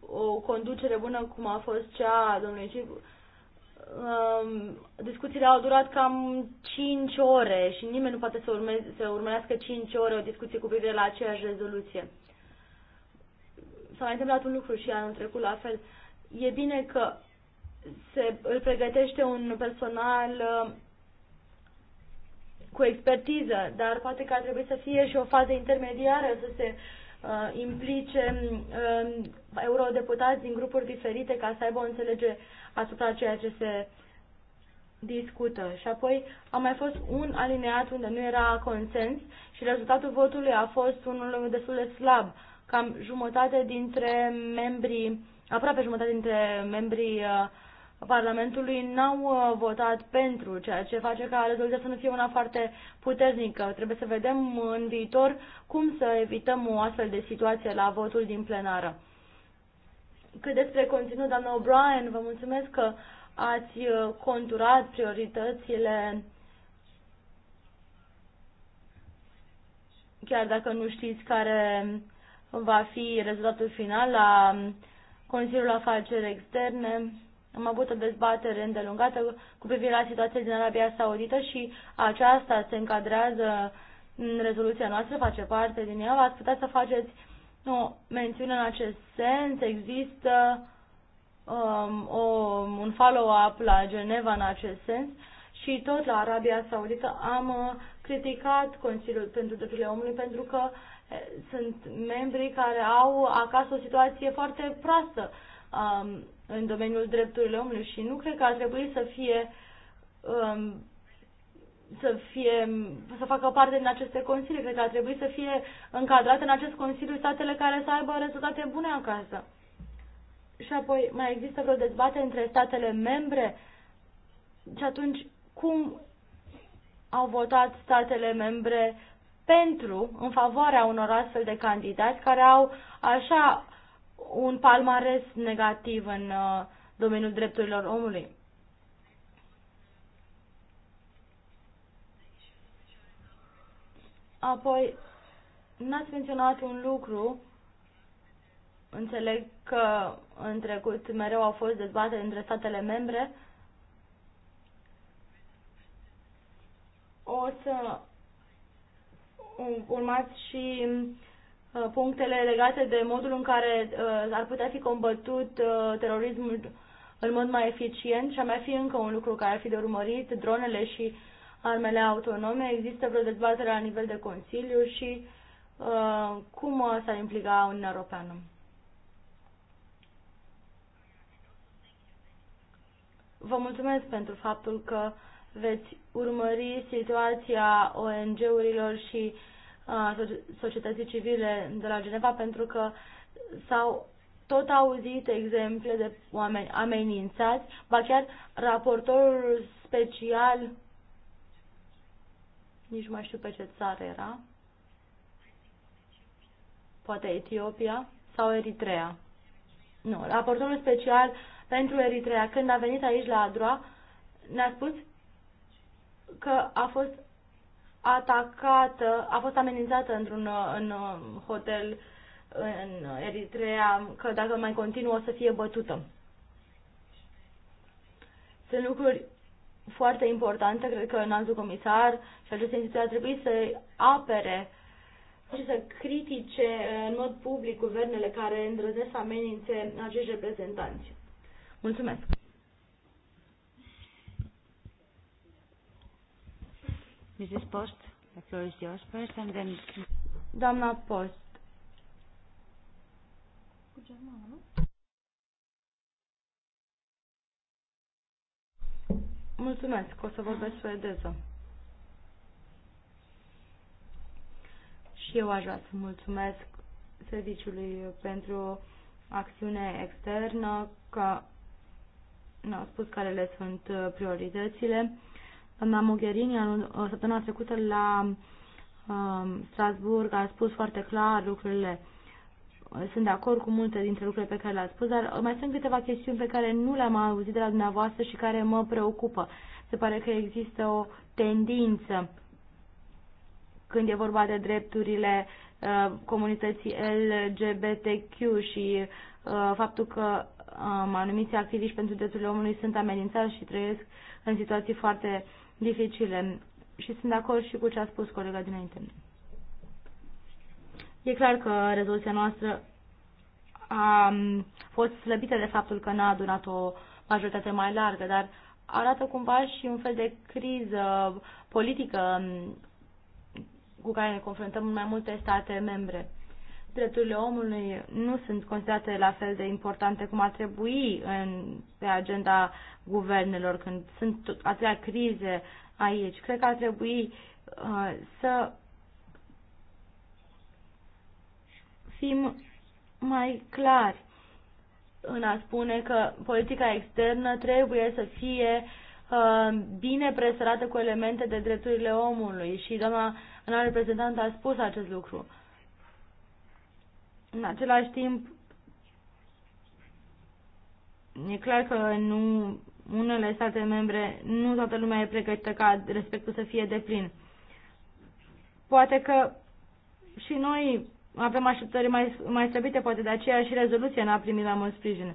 [SPEAKER 1] o conducere bună cum a fost cea a domnului Cicu, um, discuțiile au durat cam 5 ore și nimeni nu poate să, urme, să urmească 5 ore o discuție cu privire la aceeași rezoluție s-a mai întâmplat un lucru și anul trecut la fel. E bine că se îl pregătește un personal uh, cu expertiză, dar poate că ar trebui să fie și o fază intermediară, să se uh, implice uh, eurodeputați din grupuri diferite ca să aibă o înțelege asupra ceea ce se discută. Și apoi a mai fost un alineat unde nu era consens și rezultatul votului a fost unul destul de slab. Uh, cam jumătate dintre membrii, aproape jumătate dintre membrii uh, Parlamentului n-au uh, votat pentru, ceea ce face ca rezoluția să nu fie una foarte puternică. Trebuie să vedem în viitor cum să evităm o astfel de situație la votul din plenară. Cât despre conținut, doamna O'Brien, vă mulțumesc că ați uh, conturat prioritățile chiar dacă nu știți care va fi rezultatul final la Consiliul Afaceri Externe. Am avut o dezbatere îndelungată cu privire la situația din Arabia Saudită și aceasta se încadrează în rezoluția noastră, face parte din ea. ați putea să faceți o mențiune în acest sens? Există um, o, un follow-up la Geneva în acest sens? Și tot la Arabia Saudită am uh, criticat Consiliul pentru Drepturile Omului pentru că sunt membri care au acasă o situație foarte proastă um, în domeniul drepturilor omului și nu cred că ar trebui să fie um, să fie să facă parte din aceste consilii. Cred că ar trebui să fie încadrate în acest consiliu statele care să aibă rezultate bune acasă. Și apoi mai există vreo dezbatere între statele membre și atunci cum au votat statele membre pentru, în favoarea unor astfel de candidați care au așa un palmares negativ în uh, domeniul drepturilor omului. Apoi, n-ați menționat un lucru, înțeleg că în trecut mereu au fost dezbateri între statele membre. O să urmat și uh, punctele legate de modul în care uh, ar putea fi combătut uh, terorismul în mod mai eficient și ar mai fi încă un lucru care ar fi de urmărit, dronele și armele autonome. Există vreo dezbatere la nivel de Consiliu și uh, cum s-ar implica Uniunea Europeană? Vă mulțumesc pentru faptul că veți urmări situația ONG-urilor și a uh, societății civile de la Geneva pentru că s-au tot auzit exemple de oameni amenințați, ba chiar raportorul special, nici nu mai știu pe ce țară era, poate Etiopia sau Eritrea. Nu, raportorul special pentru Eritrea, când a venit aici la Adroa, ne-a spus că a fost atacată, a fost amenințată într-un în uh, hotel în Eritrea, că dacă mai continuă o să fie bătută. Sunt lucruri foarte importante, cred că înaltul comisar și aceste instituții ar trebui să apere și să critique în mod public guvernele care îndrăznesc să amenințe acești reprezentanți. Mulțumesc! Mrs. Post, the floor is yours first, and then... Doamna Post. Mulțumesc, o să vorbesc suedeză. Și eu aș vrea să mulțumesc serviciului pentru acțiune externă, că ne-au spus care le sunt prioritățile Doamna Mogherini, în uh, săptămâna trecută la um, Strasburg, a spus foarte clar lucrurile. Sunt de acord cu multe dintre lucrurile pe care le a spus, dar uh, mai sunt câteva chestiuni pe care nu le-am auzit de la dumneavoastră și care mă preocupă. Se pare că există o tendință când e vorba de drepturile uh, comunității LGBTQ și uh, faptul că um, anumiți activiști pentru drepturile omului sunt amenințați și trăiesc în situații foarte dificile și sunt de acord și cu ce a spus colega dinainte. E clar că rezoluția noastră a fost slăbită de faptul că n-a adunat o majoritate mai largă, dar arată cumva și un fel de criză politică cu care ne confruntăm în mai multe state membre drepturile omului nu sunt considerate la fel de importante cum ar trebui în, pe agenda guvernelor când sunt atâtea crize aici. Cred că ar trebui uh, să fim mai clari în a spune că politica externă trebuie să fie uh, bine presărată cu elemente de drepturile omului și doamna în reprezentant a spus acest lucru. Uh, în același timp, e clar că nu, unele state membre, nu toată lumea e pregătită ca respectul să fie deplin. Poate că și noi avem așteptări mai, mai slăbite, poate de aceea și rezoluția n-a primit la mult sprijin.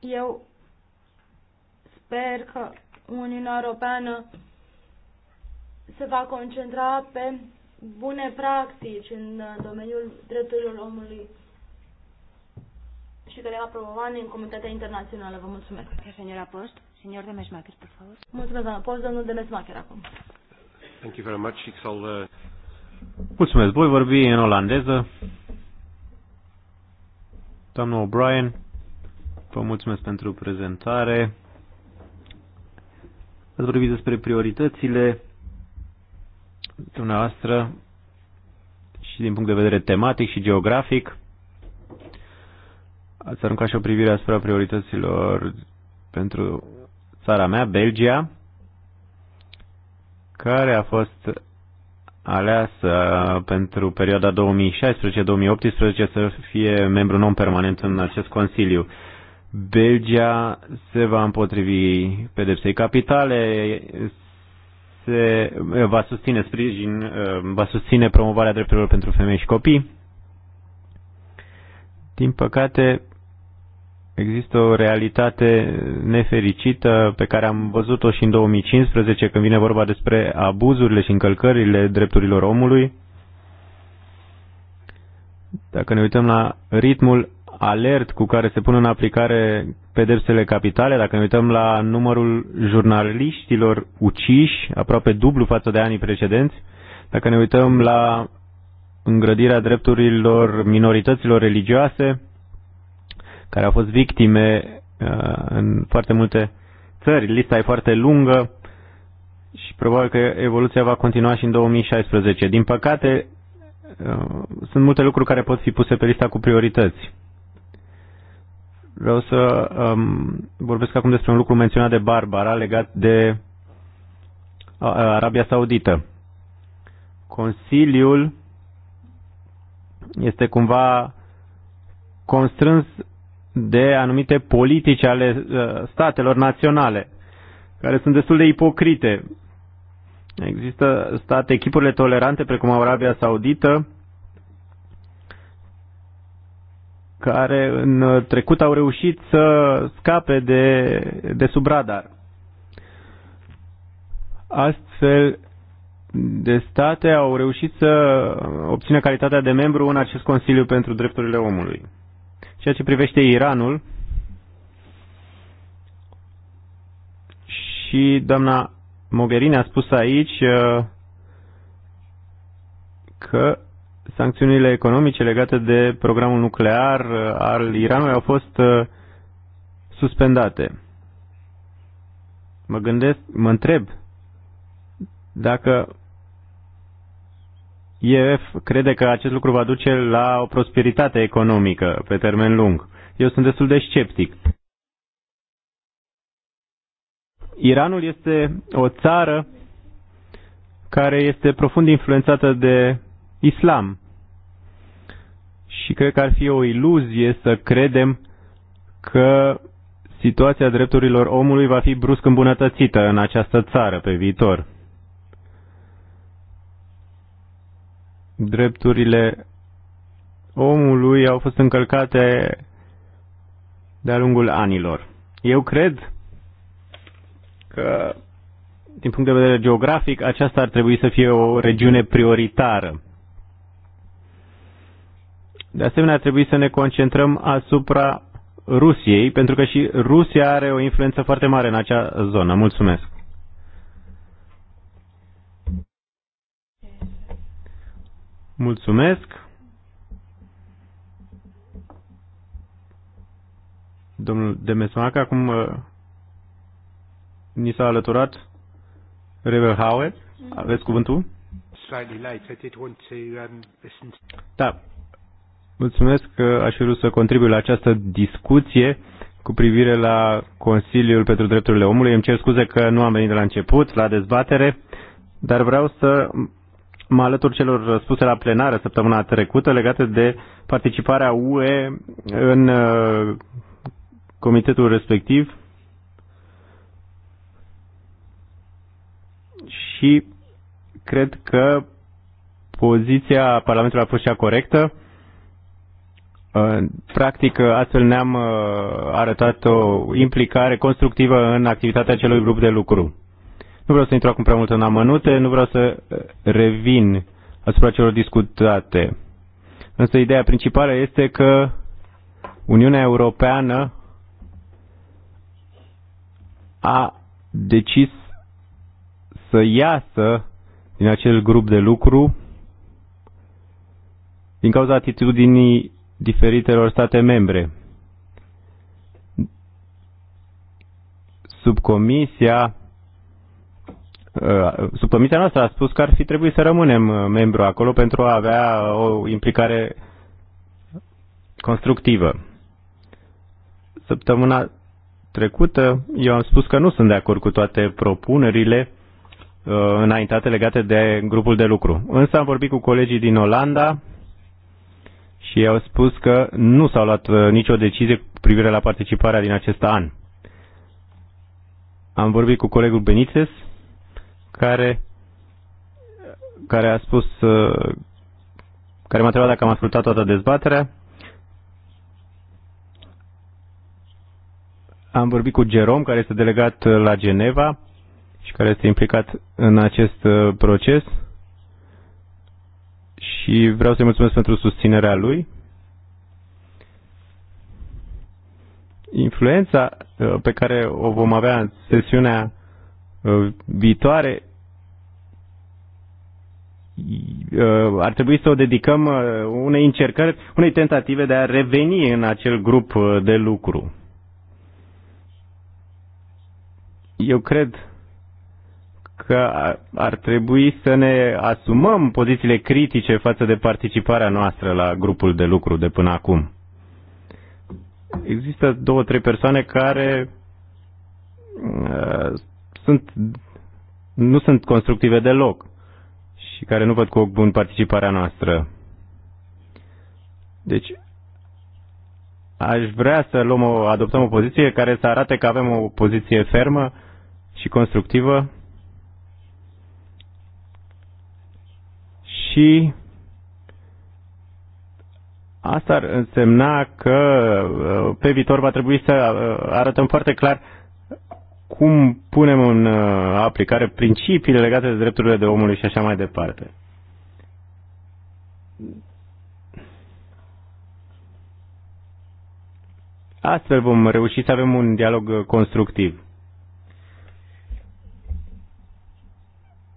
[SPEAKER 1] Eu sper că Uniunea Europeană se va concentra pe bune practici în uh, domeniul drepturilor omului și care va promova în comunitatea internațională. Vă mulțumesc. Señora Post, señor de Mesmacher, por favor. Mulțumesc, doamna Post, domnul de Mesmacher acum.
[SPEAKER 2] Thank you very much. uh... Mulțumesc. Voi vorbi în olandeză. Doamna O'Brien, vă mulțumesc pentru prezentare. Ați vorbit despre prioritățile dumneavoastră și din punct de vedere tematic și geografic. Ați aruncat și o privire asupra priorităților pentru țara mea, Belgia, care a fost aleasă pentru perioada 2016-2018 să fie membru non-permanent în acest Consiliu. Belgia se va împotrivi pedepsei capitale, se eh, va susține sprijin, eh, va susține promovarea drepturilor pentru femei și copii. Din păcate, există o realitate nefericită pe care am văzut-o și în 2015 când vine vorba despre abuzurile și încălcările drepturilor omului. Dacă ne uităm la ritmul alert cu care se pun în aplicare pedepsele capitale, dacă ne uităm la numărul jurnaliștilor uciși, aproape dublu față de anii precedenți, dacă ne uităm la îngrădirea drepturilor minorităților religioase, care au fost victime uh, în foarte multe țări. Lista e foarte lungă și probabil că evoluția va continua și în 2016. Din păcate, uh, sunt multe lucruri care pot fi puse pe lista cu priorități. Vreau să um, vorbesc acum despre un lucru menționat de Barbara legat de Arabia Saudită. Consiliul este cumva constrâns de anumite politici ale uh, statelor naționale, care sunt destul de ipocrite. Există state, echipurile tolerante, precum Arabia Saudită, care în trecut au reușit să scape de, de sub radar. Astfel de state au reușit să obțină calitatea de membru în acest Consiliu pentru Drepturile Omului. Ceea ce privește Iranul, și doamna Mogherini a spus aici uh, că sancțiunile economice legate de programul nuclear al Iranului au fost uh, suspendate. Mă gândesc, mă întreb dacă IEF crede că acest lucru va duce la o prosperitate economică pe termen lung. Eu sunt destul de sceptic. Iranul este o țară care este profund influențată de islam. Și cred că ar fi o iluzie să credem că situația drepturilor omului va fi brusc îmbunătățită în această țară pe viitor. Drepturile omului au fost încălcate de-a lungul anilor. Eu cred că, din punct de vedere geografic, aceasta ar trebui să fie o regiune prioritară. De asemenea, ar trebui să ne concentrăm asupra Rusiei, pentru că și Rusia are o influență foarte mare în acea zonă. Mulțumesc! Mulțumesc! Domnul Demesonac, acum uh, ni s-a alăturat Howard. Aveți cuvântul? Um, da, Mulțumesc că aș vrea să contribui la această discuție cu privire la Consiliul pentru Drepturile Omului. Îmi cer scuze că nu am venit de la început, la dezbatere, dar vreau să mă alătur celor spuse la plenară săptămâna trecută legate de participarea UE în uh, comitetul respectiv și cred că poziția Parlamentului a fost cea corectă Practic, astfel ne-am uh, arătat o implicare constructivă în activitatea acelui grup de lucru. Nu vreau să intru acum prea mult în amănunte, nu vreau să uh, revin asupra celor discutate. Însă ideea principală este că Uniunea Europeană a decis să iasă din acel grup de lucru din cauza atitudinii diferitelor state membre. Subcomisia uh, subcomisia noastră a spus că ar fi trebuit să rămânem uh, membru acolo pentru a avea uh, o implicare constructivă. Săptămâna trecută eu am spus că nu sunt de acord cu toate propunerile înaintate legate de grupul de lucru. Însă am vorbit cu colegii din Olanda și ei au spus că nu s-au luat uh, nicio decizie cu privire la participarea din acest an. Am vorbit cu colegul Benites, care, care a spus, uh, care m-a întrebat dacă am ascultat toată dezbaterea. Am vorbit cu Jerome, care este delegat uh, la Geneva și care este implicat în acest proces și vreau să-i mulțumesc pentru susținerea lui. Influența uh, pe care o vom avea în sesiunea uh, viitoare uh, ar trebui să o dedicăm unei încercări, unei tentative de a reveni în acel grup de lucru. Eu cred că ar trebui să ne asumăm pozițiile critice față de participarea noastră la grupul de lucru de până acum. Există două, trei persoane care uh, sunt, nu sunt constructive deloc și care nu văd cu ochi bun participarea noastră. Deci, aș vrea să luăm o, adoptăm o poziție care să arate că avem o poziție fermă și constructivă și asta ar însemna că uh, pe viitor va trebui să uh, arătăm foarte clar cum punem în uh, aplicare principiile legate de drepturile de omului și așa mai departe. Astfel vom reuși să avem un dialog constructiv.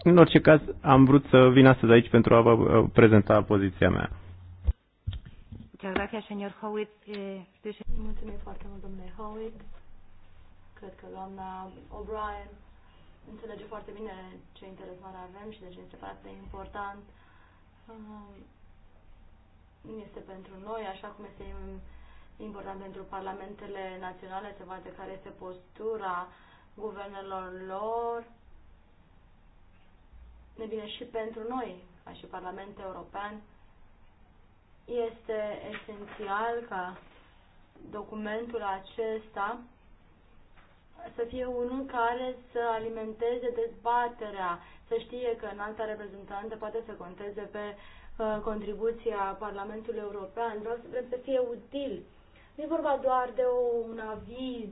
[SPEAKER 2] În orice caz, am vrut să vin astăzi aici pentru a vă uh, prezenta poziția mea.
[SPEAKER 1] Howitt. Eh, mulțumesc foarte mult, domnule Howitt. Cred că doamna O'Brien înțelege foarte bine ce interesare avem și de ce este foarte important. Um, este pentru noi, așa cum este important pentru parlamentele naționale se vadă care este postura guvernelor lor ne bine și pentru noi, ca și Parlament European, este esențial ca documentul acesta să fie unul care să alimenteze dezbaterea, să știe că în alta reprezentantă poate să conteze pe uh, contribuția Parlamentului European, vreau să, vreau să fie util. Nu e vorba doar de un aviz,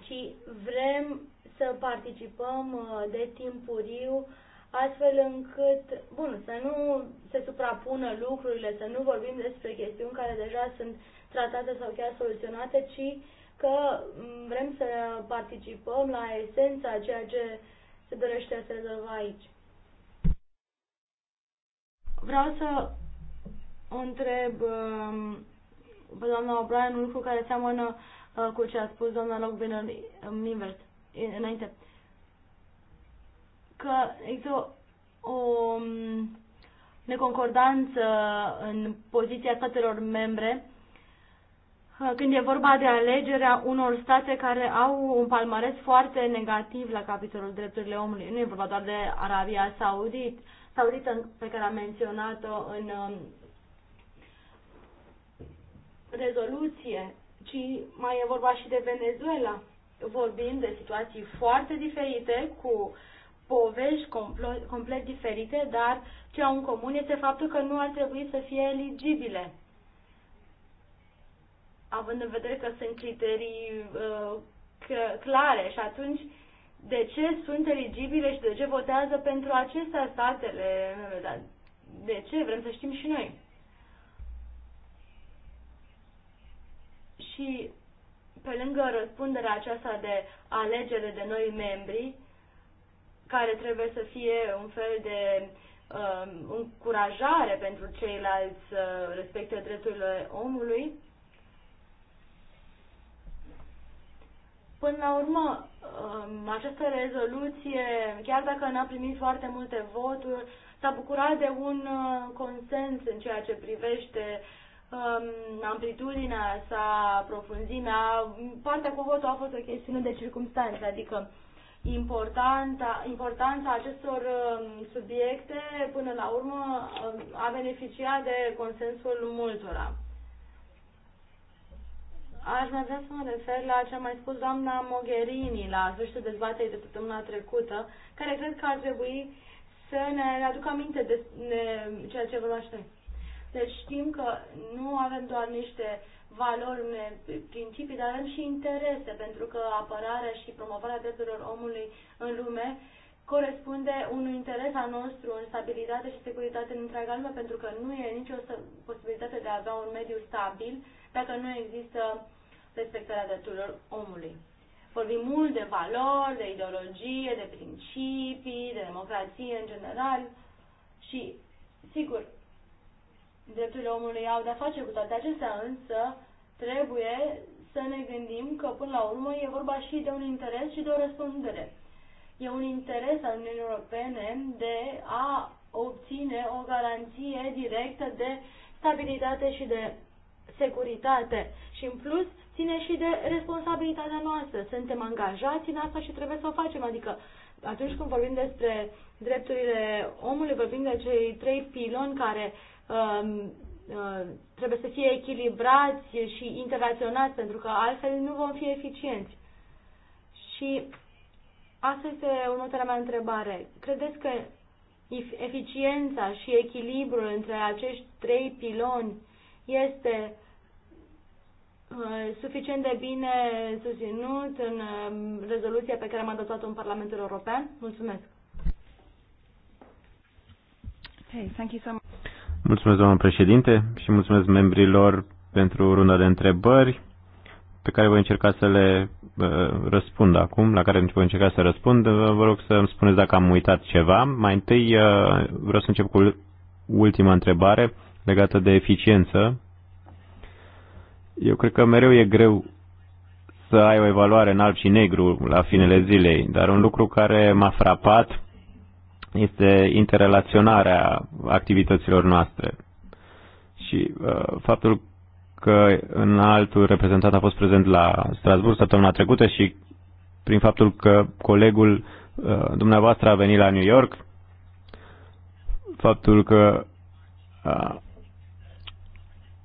[SPEAKER 1] ci vrem să participăm uh, de timpuriu astfel încât, bun, să nu se suprapună lucrurile, să nu vorbim despre chestiuni care deja sunt tratate sau chiar soluționate, ci că mm, vrem să participăm la esența ceea ce se dorește să se rezolva aici. Vreau să o întreb um, pe doamna O'Brien un lucru care seamănă uh, cu ce a spus doamna Logbin în invers înainte că există o, o um, neconcordanță în poziția statelor membre uh, când e vorba de alegerea unor state care au un palmares foarte negativ la capitolul drepturile omului. Nu e vorba doar de Arabia Saudit, Saudită pe care am menționat-o în um, rezoluție, ci mai e vorba și de Venezuela vorbim de situații foarte diferite, cu povești complet diferite, dar ce au în comun este faptul că nu ar trebui să fie eligibile. Având în vedere că sunt criterii uh, clare și atunci de ce sunt eligibile și de ce votează pentru acestea statele? De ce? Vrem să știm și noi. Și pe lângă răspunderea aceasta de alegere de noi membri, care trebuie să fie un fel de uh, încurajare pentru ceilalți uh, respecte drepturile omului, Până la urmă, uh, această rezoluție, chiar dacă n-a primit foarte multe voturi, s-a bucurat de un uh, consens în ceea ce privește uh, amplitudinea sa, profunzimea, partea cu votul a fost o chestiune de circunstanță, adică importanța, importanța acestor um, subiecte până la urmă um, a beneficiat de consensul multora. Aș mai vrea să mă refer la ce a mai spus doamna Mogherini la sfârșitul dezbaterii de săptămâna trecută, care cred că ar trebui să ne aducă aminte de ceea ce vorbim noi să știm că nu avem doar niște valori, principii, dar avem și interese, pentru că apărarea și promovarea drepturilor omului în lume corespunde unui interes al nostru în stabilitate și securitate în întreaga lume, pentru că nu e nicio posibilitate de a avea un mediu stabil dacă nu există respectarea drepturilor omului. Vorbim mult de valori, de ideologie, de principii, de democrație în general și, sigur, drepturile omului au de-a face cu toate acestea, însă trebuie să ne gândim că până la urmă e vorba și de un interes și de o răspundere. E un interes al Uniunii Europene de a obține o garanție directă de stabilitate și de securitate și în plus ține și de responsabilitatea noastră. Suntem angajați în asta și trebuie să o facem, adică atunci când vorbim despre drepturile omului, vorbim de cei trei piloni care uh, Um, uh, trebuie să fie echilibrați și interacționați, pentru că altfel nu vom fi eficienți. Și asta este următoarea mea întrebare. Credeți că eficiența și echilibrul între acești trei piloni este uh, suficient de bine susținut în um, rezoluția pe care am adoptat-o în Parlamentul European? Mulțumesc! Hey, thank you so much.
[SPEAKER 2] Mulțumesc, domnul președinte, și mulțumesc membrilor pentru runda de întrebări pe care voi încerca să le uh, răspund acum, la care voi încerca să răspund. Vă rog să îmi spuneți dacă am uitat ceva. Mai întâi uh, vreau să încep cu ultima întrebare legată de eficiență. Eu cred că mereu e greu să ai o evaluare în alb și negru la finele zilei, dar un lucru care m-a frapat este interrelaționarea activităților noastre. Și uh, faptul că în altul reprezentant a fost prezent la Strasburg săptămâna trecută și prin faptul că colegul uh, dumneavoastră a venit la New York, faptul că uh,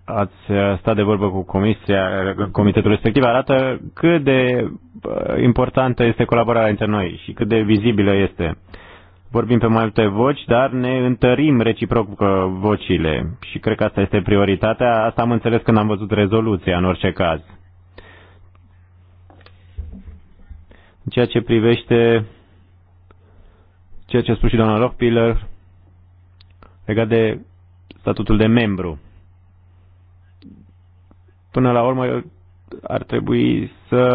[SPEAKER 2] ați stat de vorbă cu comisia, comitetul respectiv, arată cât de uh, importantă este colaborarea între noi și cât de vizibilă este. Uh, vorbim pe mai multe voci, dar ne întărim reciproc uh, vocile și cred că asta este prioritatea. Asta am înțeles când am văzut rezoluția în orice caz. În ceea ce privește ceea ce a spus și doamna Rockpiller legat de statutul de membru. Până la urmă ar trebui să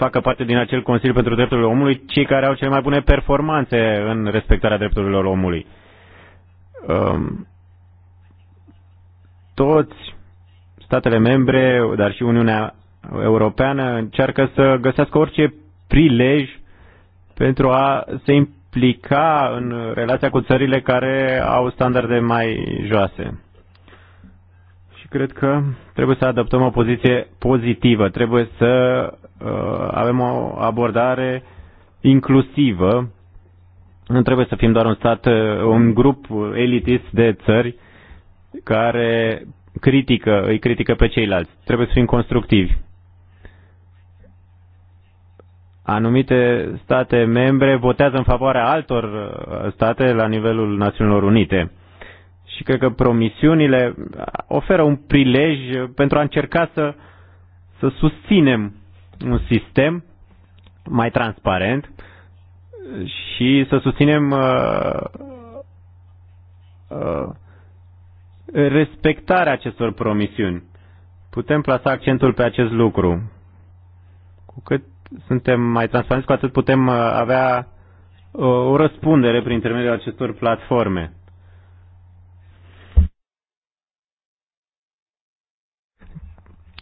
[SPEAKER 2] facă parte din acel Consiliu pentru Drepturile Omului cei care au cele mai bune performanțe în respectarea drepturilor omului. Um, toți statele membre, dar și Uniunea Europeană încearcă să găsească orice prilej pentru a se implica în relația cu țările care au standarde mai joase cred că trebuie să adoptăm o poziție pozitivă, trebuie să uh, avem o abordare inclusivă, nu trebuie să fim doar un stat, uh, un grup elitist de țări care critică, îi critică pe ceilalți. Trebuie să fim constructivi. Anumite state membre votează în favoarea altor uh, state la nivelul Națiunilor Unite și cred că promisiunile oferă un prilej pentru a încerca să, să susținem un sistem mai transparent și să susținem uh, uh, respectarea acestor promisiuni. Putem plasa accentul pe acest lucru. Cu cât suntem mai transparenți, cu atât putem uh, avea uh, o răspundere prin intermediul acestor platforme.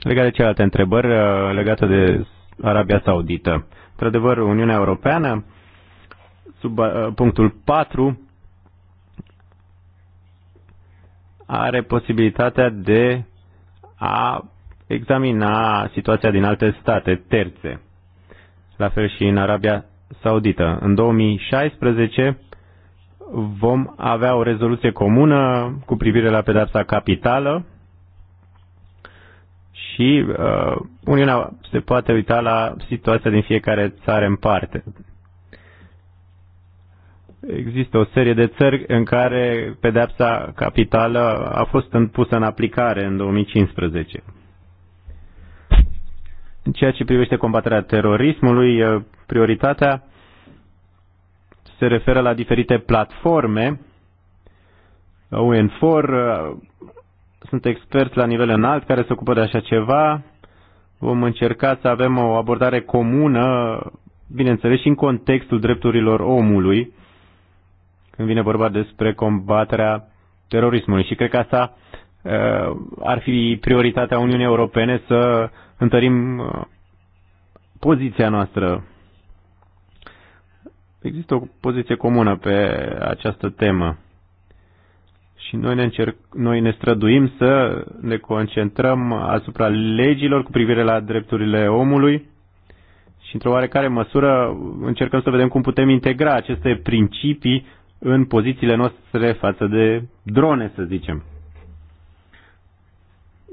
[SPEAKER 2] Legat de celelalte întrebări uh, legate de Arabia Saudită. Într-adevăr, Uniunea Europeană, sub uh, punctul 4, are posibilitatea de a examina situația din alte state terțe, la fel și în Arabia Saudită. În 2016 vom avea o rezoluție comună cu privire la pedapsa capitală și uh, Uniunea se poate uita la situația din fiecare țară în parte. Există o serie de țări în care pedepsa capitală a fost pusă în aplicare în 2015. În ceea ce privește combaterea terorismului, uh, prioritatea se referă la diferite platforme, UNFOR uh, sunt experți la nivel înalt care se ocupă de așa ceva. Vom încerca să avem o abordare comună, bineînțeles, și în contextul drepturilor omului, când vine vorba despre combaterea terorismului. Și cred că asta ar fi prioritatea Uniunii Europene să întărim poziția noastră. Există o poziție comună pe această temă și noi ne, încerc, noi ne străduim să ne concentrăm asupra legilor cu privire la drepturile omului și într-o oarecare măsură încercăm să vedem cum putem integra aceste principii în pozițiile noastre față de drone, să zicem.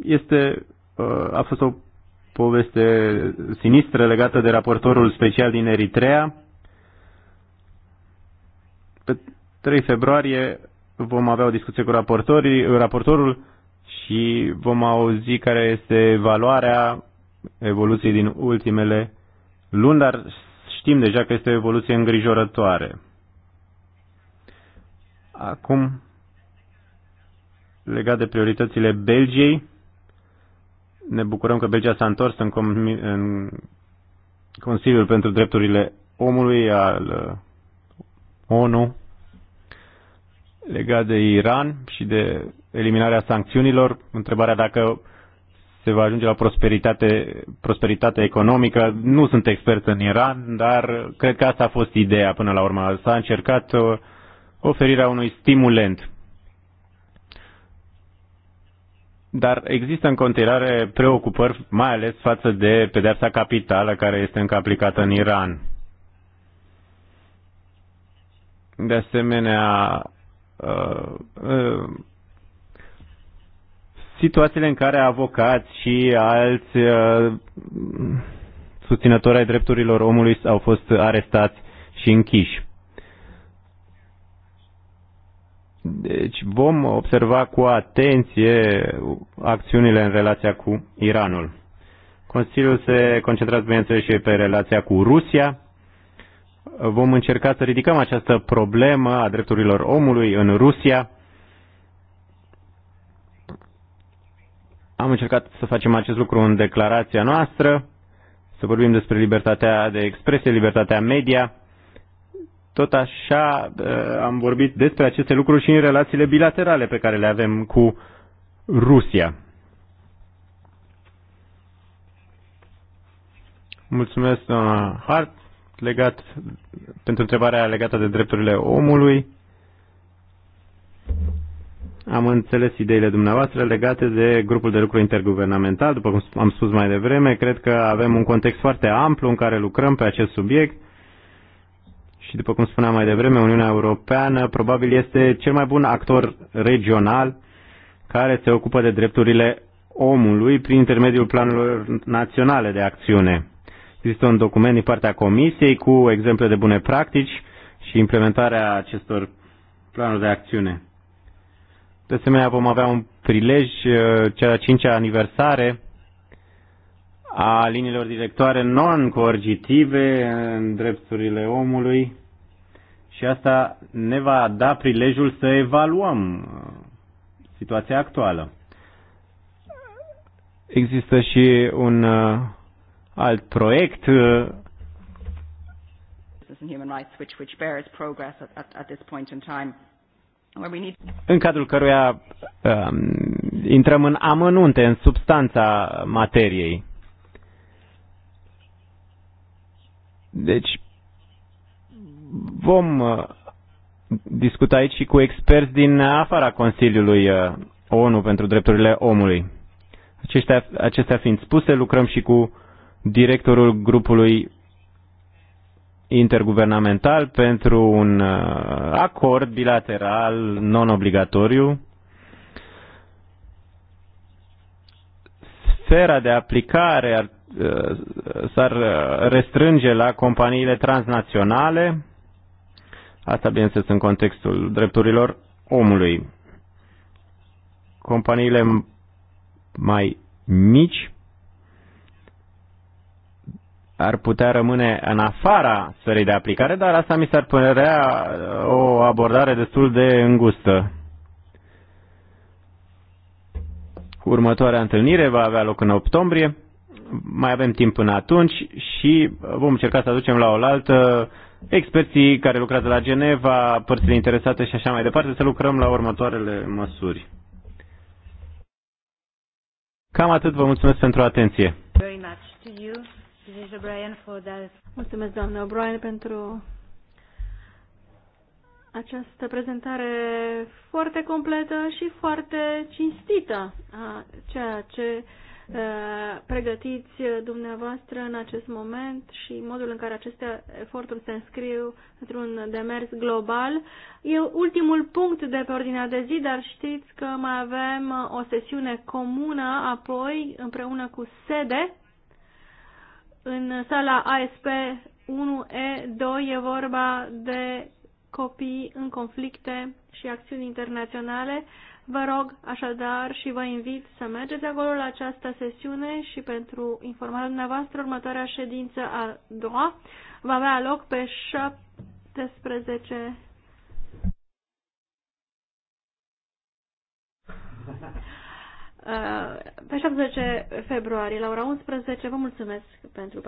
[SPEAKER 2] Este, uh, a fost o poveste sinistră legată de raportorul special din Eritrea. Pe 3 februarie vom avea o discuție cu raportorul și vom auzi care este valoarea evoluției din ultimele luni, dar știm deja că este o evoluție îngrijorătoare. Acum, legat de prioritățile Belgiei, ne bucurăm că Belgia s-a întors în, com- în Consiliul pentru Drepturile Omului al uh, ONU legat de Iran și de eliminarea sancțiunilor, întrebarea dacă se va ajunge la prosperitate, prosperitate economică. Nu sunt expert în Iran, dar cred că asta a fost ideea până la urmă. S-a încercat uh, oferirea unui stimulent. Dar există în continuare preocupări, mai ales față de pedeapsa capitală care este încă aplicată în Iran. De asemenea, Uh, uh, situațiile în care avocați și alți uh, susținători ai drepturilor omului au fost arestați și închiși. Deci vom observa cu atenție acțiunile în relația cu Iranul. Consiliul se concentrează, bineînțeles, și pe relația cu Rusia vom încerca să ridicăm această problemă a drepturilor omului în Rusia. Am încercat să facem acest lucru în declarația noastră, să vorbim despre libertatea de expresie, libertatea media. Tot așa eh, am vorbit despre aceste lucruri și în relațiile bilaterale pe care le avem cu Rusia. Mulțumesc, doamna Hart legat, pentru întrebarea legată de drepturile omului. Am înțeles ideile dumneavoastră legate de grupul de lucru interguvernamental, după cum am spus mai devreme. Cred că avem un context foarte amplu în care lucrăm pe acest subiect și, după cum spuneam mai devreme, Uniunea Europeană probabil este cel mai bun actor regional care se ocupă de drepturile omului prin intermediul planurilor naționale de acțiune. Există un document din partea Comisiei cu exemple de bune practici și implementarea acestor planuri de acțiune. De asemenea, vom avea un prilej, uh, cea de-a cincea aniversare a liniilor directoare non-coercitive în drepturile omului și asta ne va da prilejul să evaluăm uh, situația actuală. Există și un uh, alt proiect în cadrul căruia um, intrăm în amănunte, în substanța materiei. Deci, vom uh, discuta aici și cu experți din afara Consiliului uh, ONU pentru Drepturile Omului. Acestea, acestea fiind spuse, lucrăm și cu directorul grupului interguvernamental pentru un uh, acord bilateral non-obligatoriu. Sfera de aplicare ar, uh, s-ar uh, restrânge la companiile transnaționale, asta bineînțeles în contextul drepturilor omului. Companiile mai mici ar putea rămâne în afara sferei de aplicare, dar asta mi s-ar părea uh, o abordare destul de îngustă. Următoarea întâlnire va avea loc în octombrie, mai avem timp până atunci și vom încerca să aducem la oaltă experții care lucrează la Geneva, părțile interesate și așa mai departe, să lucrăm la următoarele măsuri. Cam atât, vă mulțumesc pentru atenție.
[SPEAKER 1] Very much to you. Mulțumesc, doamnă O'Brien, pentru această prezentare foarte completă și foarte cinstită a ceea ce uh, pregătiți dumneavoastră în acest moment și modul în care aceste eforturi se înscriu într-un demers global. E ultimul punct de pe ordinea de zi, dar știți că mai avem o sesiune comună apoi împreună cu sede în sala ASP 1E2 e vorba de copii în conflicte și acțiuni internaționale. Vă rog așadar și vă invit să mergeți acolo la această sesiune și pentru informarea dumneavoastră, următoarea ședință a doua va avea loc pe 17 Uh, pe 17 februarie la ora 11. Vă mulțumesc pentru